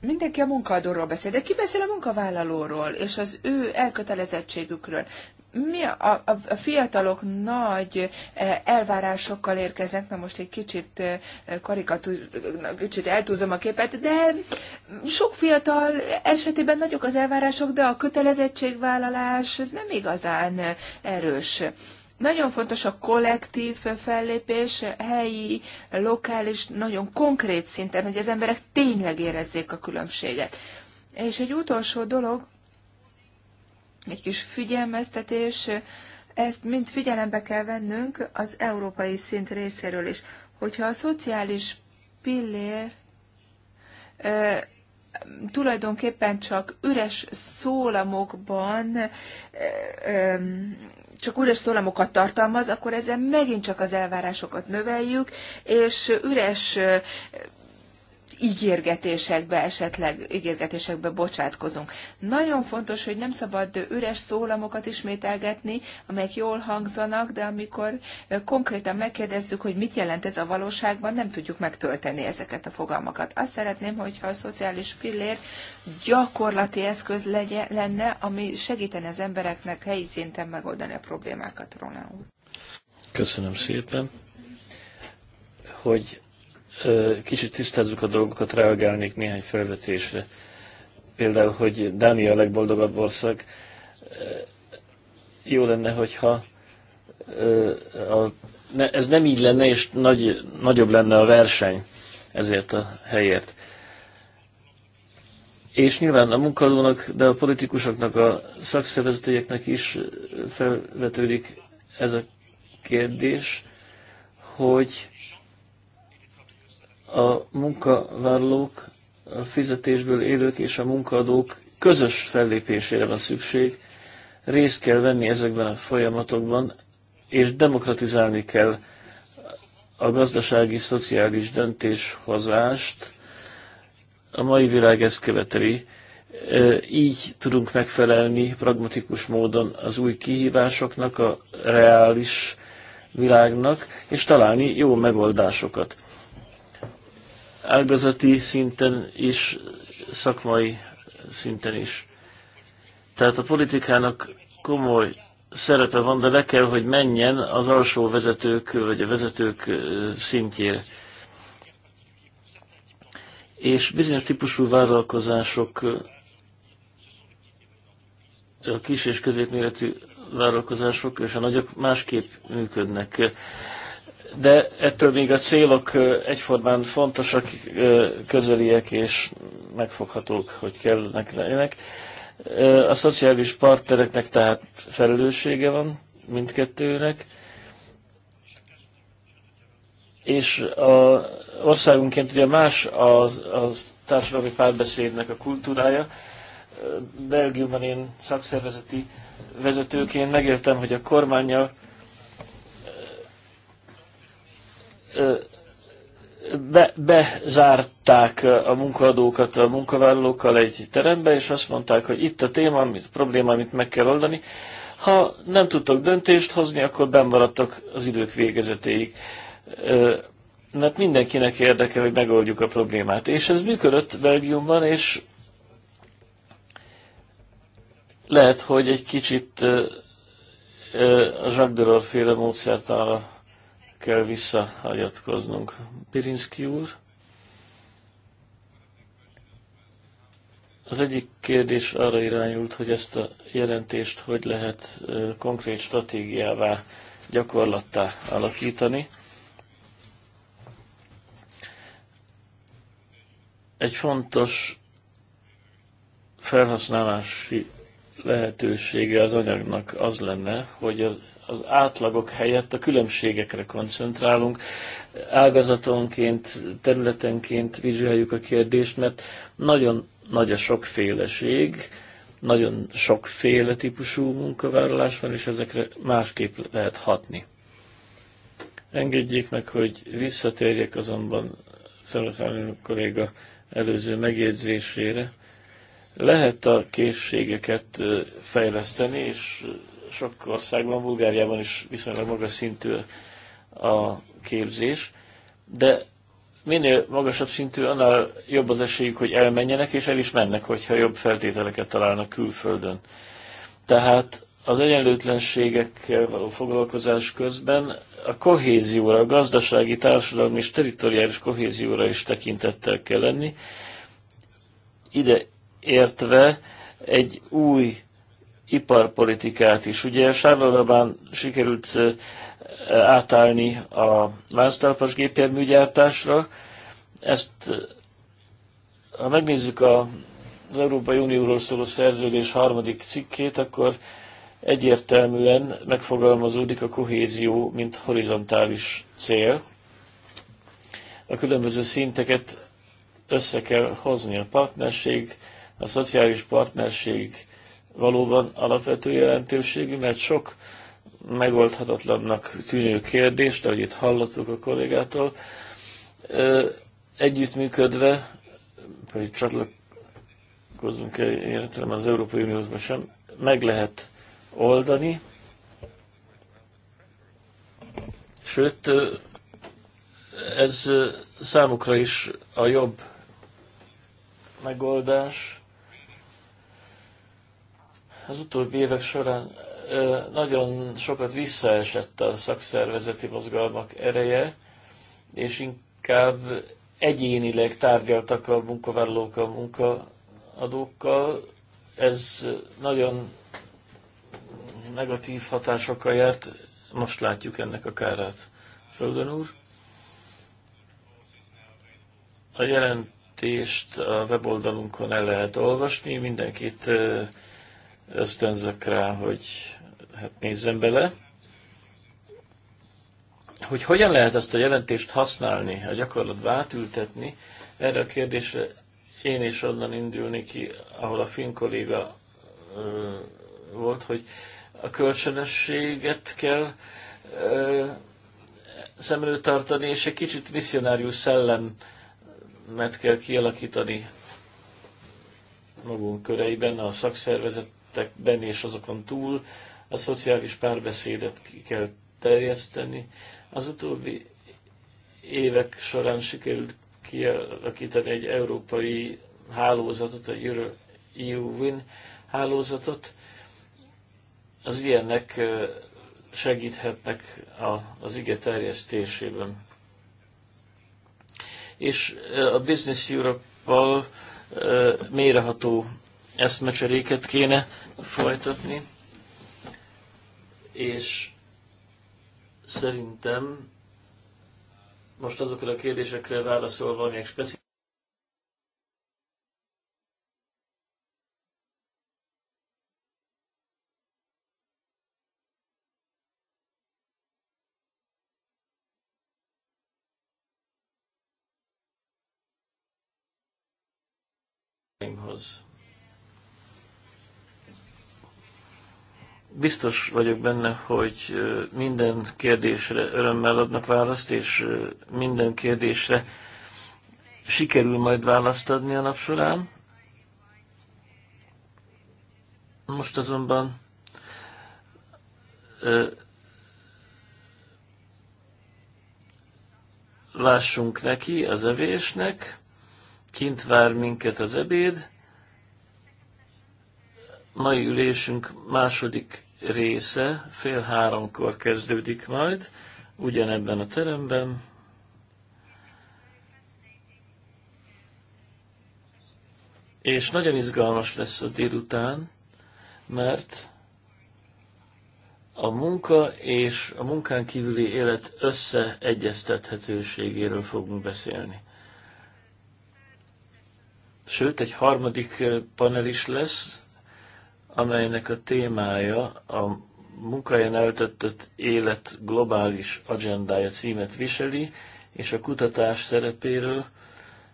[SPEAKER 5] Mindenki a munkaadóról beszél, de ki beszél a munkavállalóról és az ő elkötelezettségükről? mi a, a, a fiatalok nagy e, elvárásokkal érkeznek, na most egy kicsit e, karikatúr, kicsit eltúzom a képet, de sok fiatal esetében nagyok az elvárások, de a kötelezettségvállalás ez nem igazán erős. Nagyon fontos a kollektív fellépés, helyi, lokális, nagyon konkrét szinten, hogy az emberek tényleg érezzék a különbséget. És egy utolsó dolog, egy kis figyelmeztetés, ezt mind figyelembe kell vennünk az európai szint részéről is. Hogyha a szociális pillér e, tulajdonképpen csak üres szólamokban e, e, csak üres szólamokat tartalmaz, akkor ezzel megint csak az elvárásokat növeljük, és üres ígérgetésekbe esetleg, ígérgetésekbe bocsátkozunk. Nagyon fontos, hogy nem szabad üres szólamokat ismételgetni, amelyek jól hangzanak, de amikor konkrétan megkérdezzük, hogy mit jelent ez a valóságban, nem tudjuk megtölteni ezeket a fogalmakat. Azt szeretném, hogyha a szociális pillér gyakorlati eszköz legyen, lenne, ami segítene az embereknek helyi szinten megoldani a problémákat, Roland úr.
[SPEAKER 2] Köszönöm szépen, hogy kicsit tisztázzuk a dolgokat, reagálnék néhány felvetésre. Például, hogy Dánia a legboldogabb ország. Jó lenne, hogyha a, ne, ez nem így lenne, és nagy, nagyobb lenne a verseny ezért a helyért. És nyilván a munkadónak, de a politikusoknak, a szakszervezetőjeknek is felvetődik ez a kérdés, hogy a munkavállalók, a fizetésből élők és a munkaadók közös fellépésére van szükség, részt kell venni ezekben a folyamatokban, és demokratizálni kell a gazdasági, szociális döntéshozást. A mai világ ezt követeli. Így tudunk megfelelni pragmatikus módon az új kihívásoknak, a reális világnak, és találni jó megoldásokat ágazati szinten is, szakmai szinten is. Tehát a politikának komoly szerepe van, de le kell, hogy menjen az alsó vezetők, vagy a vezetők szintjére. És bizonyos típusú vállalkozások, a kis és középméretű vállalkozások és a nagyok másképp működnek de ettől még a célok egyformán fontosak, közeliek és megfoghatók, hogy kellnek legyenek. A szociális partnereknek tehát felelőssége van mindkettőnek, és a országunként ugye más a, a társadalmi párbeszédnek a kultúrája. Belgiumban én szakszervezeti vezetőként megértem, hogy a kormányjal be, bezárták a munkaadókat, a munkavállalókkal egy terembe, és azt mondták, hogy itt a téma, amit, a probléma, amit meg kell oldani. Ha nem tudtok döntést hozni, akkor bemaradtak az idők végezetéig. Mert mindenkinek érdeke, hogy megoldjuk a problémát. És ez működött Belgiumban, és lehet, hogy egy kicsit a Jacques Delors féle módszertára kell visszahagyatkoznunk. Pirinszki úr, az egyik kérdés arra irányult, hogy ezt a jelentést hogy lehet konkrét stratégiává, gyakorlattá alakítani. Egy fontos felhasználási lehetősége az anyagnak az lenne, hogy az az átlagok helyett a különbségekre koncentrálunk. Ágazatonként, területenként vizsgáljuk a kérdést, mert nagyon nagy a sokféleség, nagyon sokféle típusú munkavállalás van, és ezekre másképp lehet hatni. Engedjék meg, hogy visszatérjek azonban Szeretelmű kolléga előző megjegyzésére. Lehet a készségeket fejleszteni, és sok országban, Bulgáriában is viszonylag magas szintű a képzés, de minél magasabb szintű, annál jobb az esélyük, hogy elmenjenek, és el is mennek, hogyha jobb feltételeket találnak külföldön. Tehát az egyenlőtlenségekkel való foglalkozás közben a kohézióra, a gazdasági, társadalmi és teritoriális kohézióra is tekintettel kell lenni, ide értve egy új iparpolitikát is. Ugye Sárlalabán sikerült átállni a láztálpas gépjárműgyártásra. Ezt, ha megnézzük a, az Európai Unióról szóló szerződés harmadik cikkét, akkor egyértelműen megfogalmazódik a kohézió, mint horizontális cél. A különböző szinteket össze kell hozni. A partnerség, a szociális partnerség valóban alapvető jelentőségű, mert sok megoldhatatlannak tűnő kérdést, ahogy itt hallottuk a kollégától, együttműködve, pedig csatlakozunk el, az Európai Uniózban sem, meg lehet oldani, sőt, ez számukra is a jobb megoldás, az utóbbi évek során nagyon sokat visszaesett a szakszervezeti mozgalmak ereje, és inkább egyénileg tárgyaltak a munkavállalók a munkaadókkal. Ez nagyon negatív hatásokkal járt, most látjuk ennek a kárát. Földön úr, a jelentést a weboldalunkon el lehet olvasni, mindenkit ösztönzök rá, hogy hát nézzem bele, hogy hogyan lehet ezt a jelentést használni, a gyakorlatba átültetni, erre a kérdésre én is onnan indulni ki, ahol a finn kolléga ö, volt, hogy a kölcsönösséget kell ö, szem előtt tartani, és egy kicsit misszionárius szellemet kell kialakítani magunk köreiben, a szakszervezet területekben és azokon túl a szociális párbeszédet ki kell terjeszteni. Az utóbbi évek során sikerült kialakítani egy európai hálózatot, a Euro EU-Win hálózatot. Az ilyenek segíthetnek a, az ige terjesztésében. És a Business Europe-val mélyreható eszmecseréket kéne folytatni, és szerintem most azokra a kérdésekre válaszolva, amelyek speciális hoz. biztos vagyok benne, hogy minden kérdésre örömmel adnak választ, és minden kérdésre sikerül majd választ adni a nap során. Most azonban lássunk neki az evésnek, kint vár minket az ebéd, mai ülésünk második része fél háromkor kezdődik majd, ugyanebben a teremben. És nagyon izgalmas lesz a délután, mert a munka és a munkán kívüli élet összeegyeztethetőségéről fogunk beszélni. Sőt, egy harmadik panel is lesz, amelynek a témája a munkahelyen eltöltött élet globális agendája címet viseli, és a kutatás szerepéről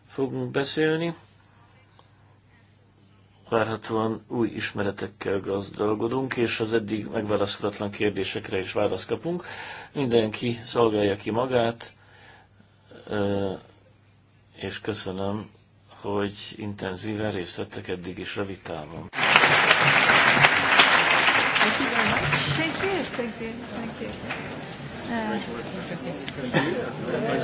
[SPEAKER 2] fogunk beszélni. Várhatóan új ismeretekkel gazdalgodunk, és az eddig megválaszolatlan kérdésekre is választ kapunk. Mindenki szolgálja ki magát, és köszönöm, hogy intenzíven részt vettek eddig is a vitában.
[SPEAKER 4] Thank you very much. Thank you. Thank you. Thank you. Uh,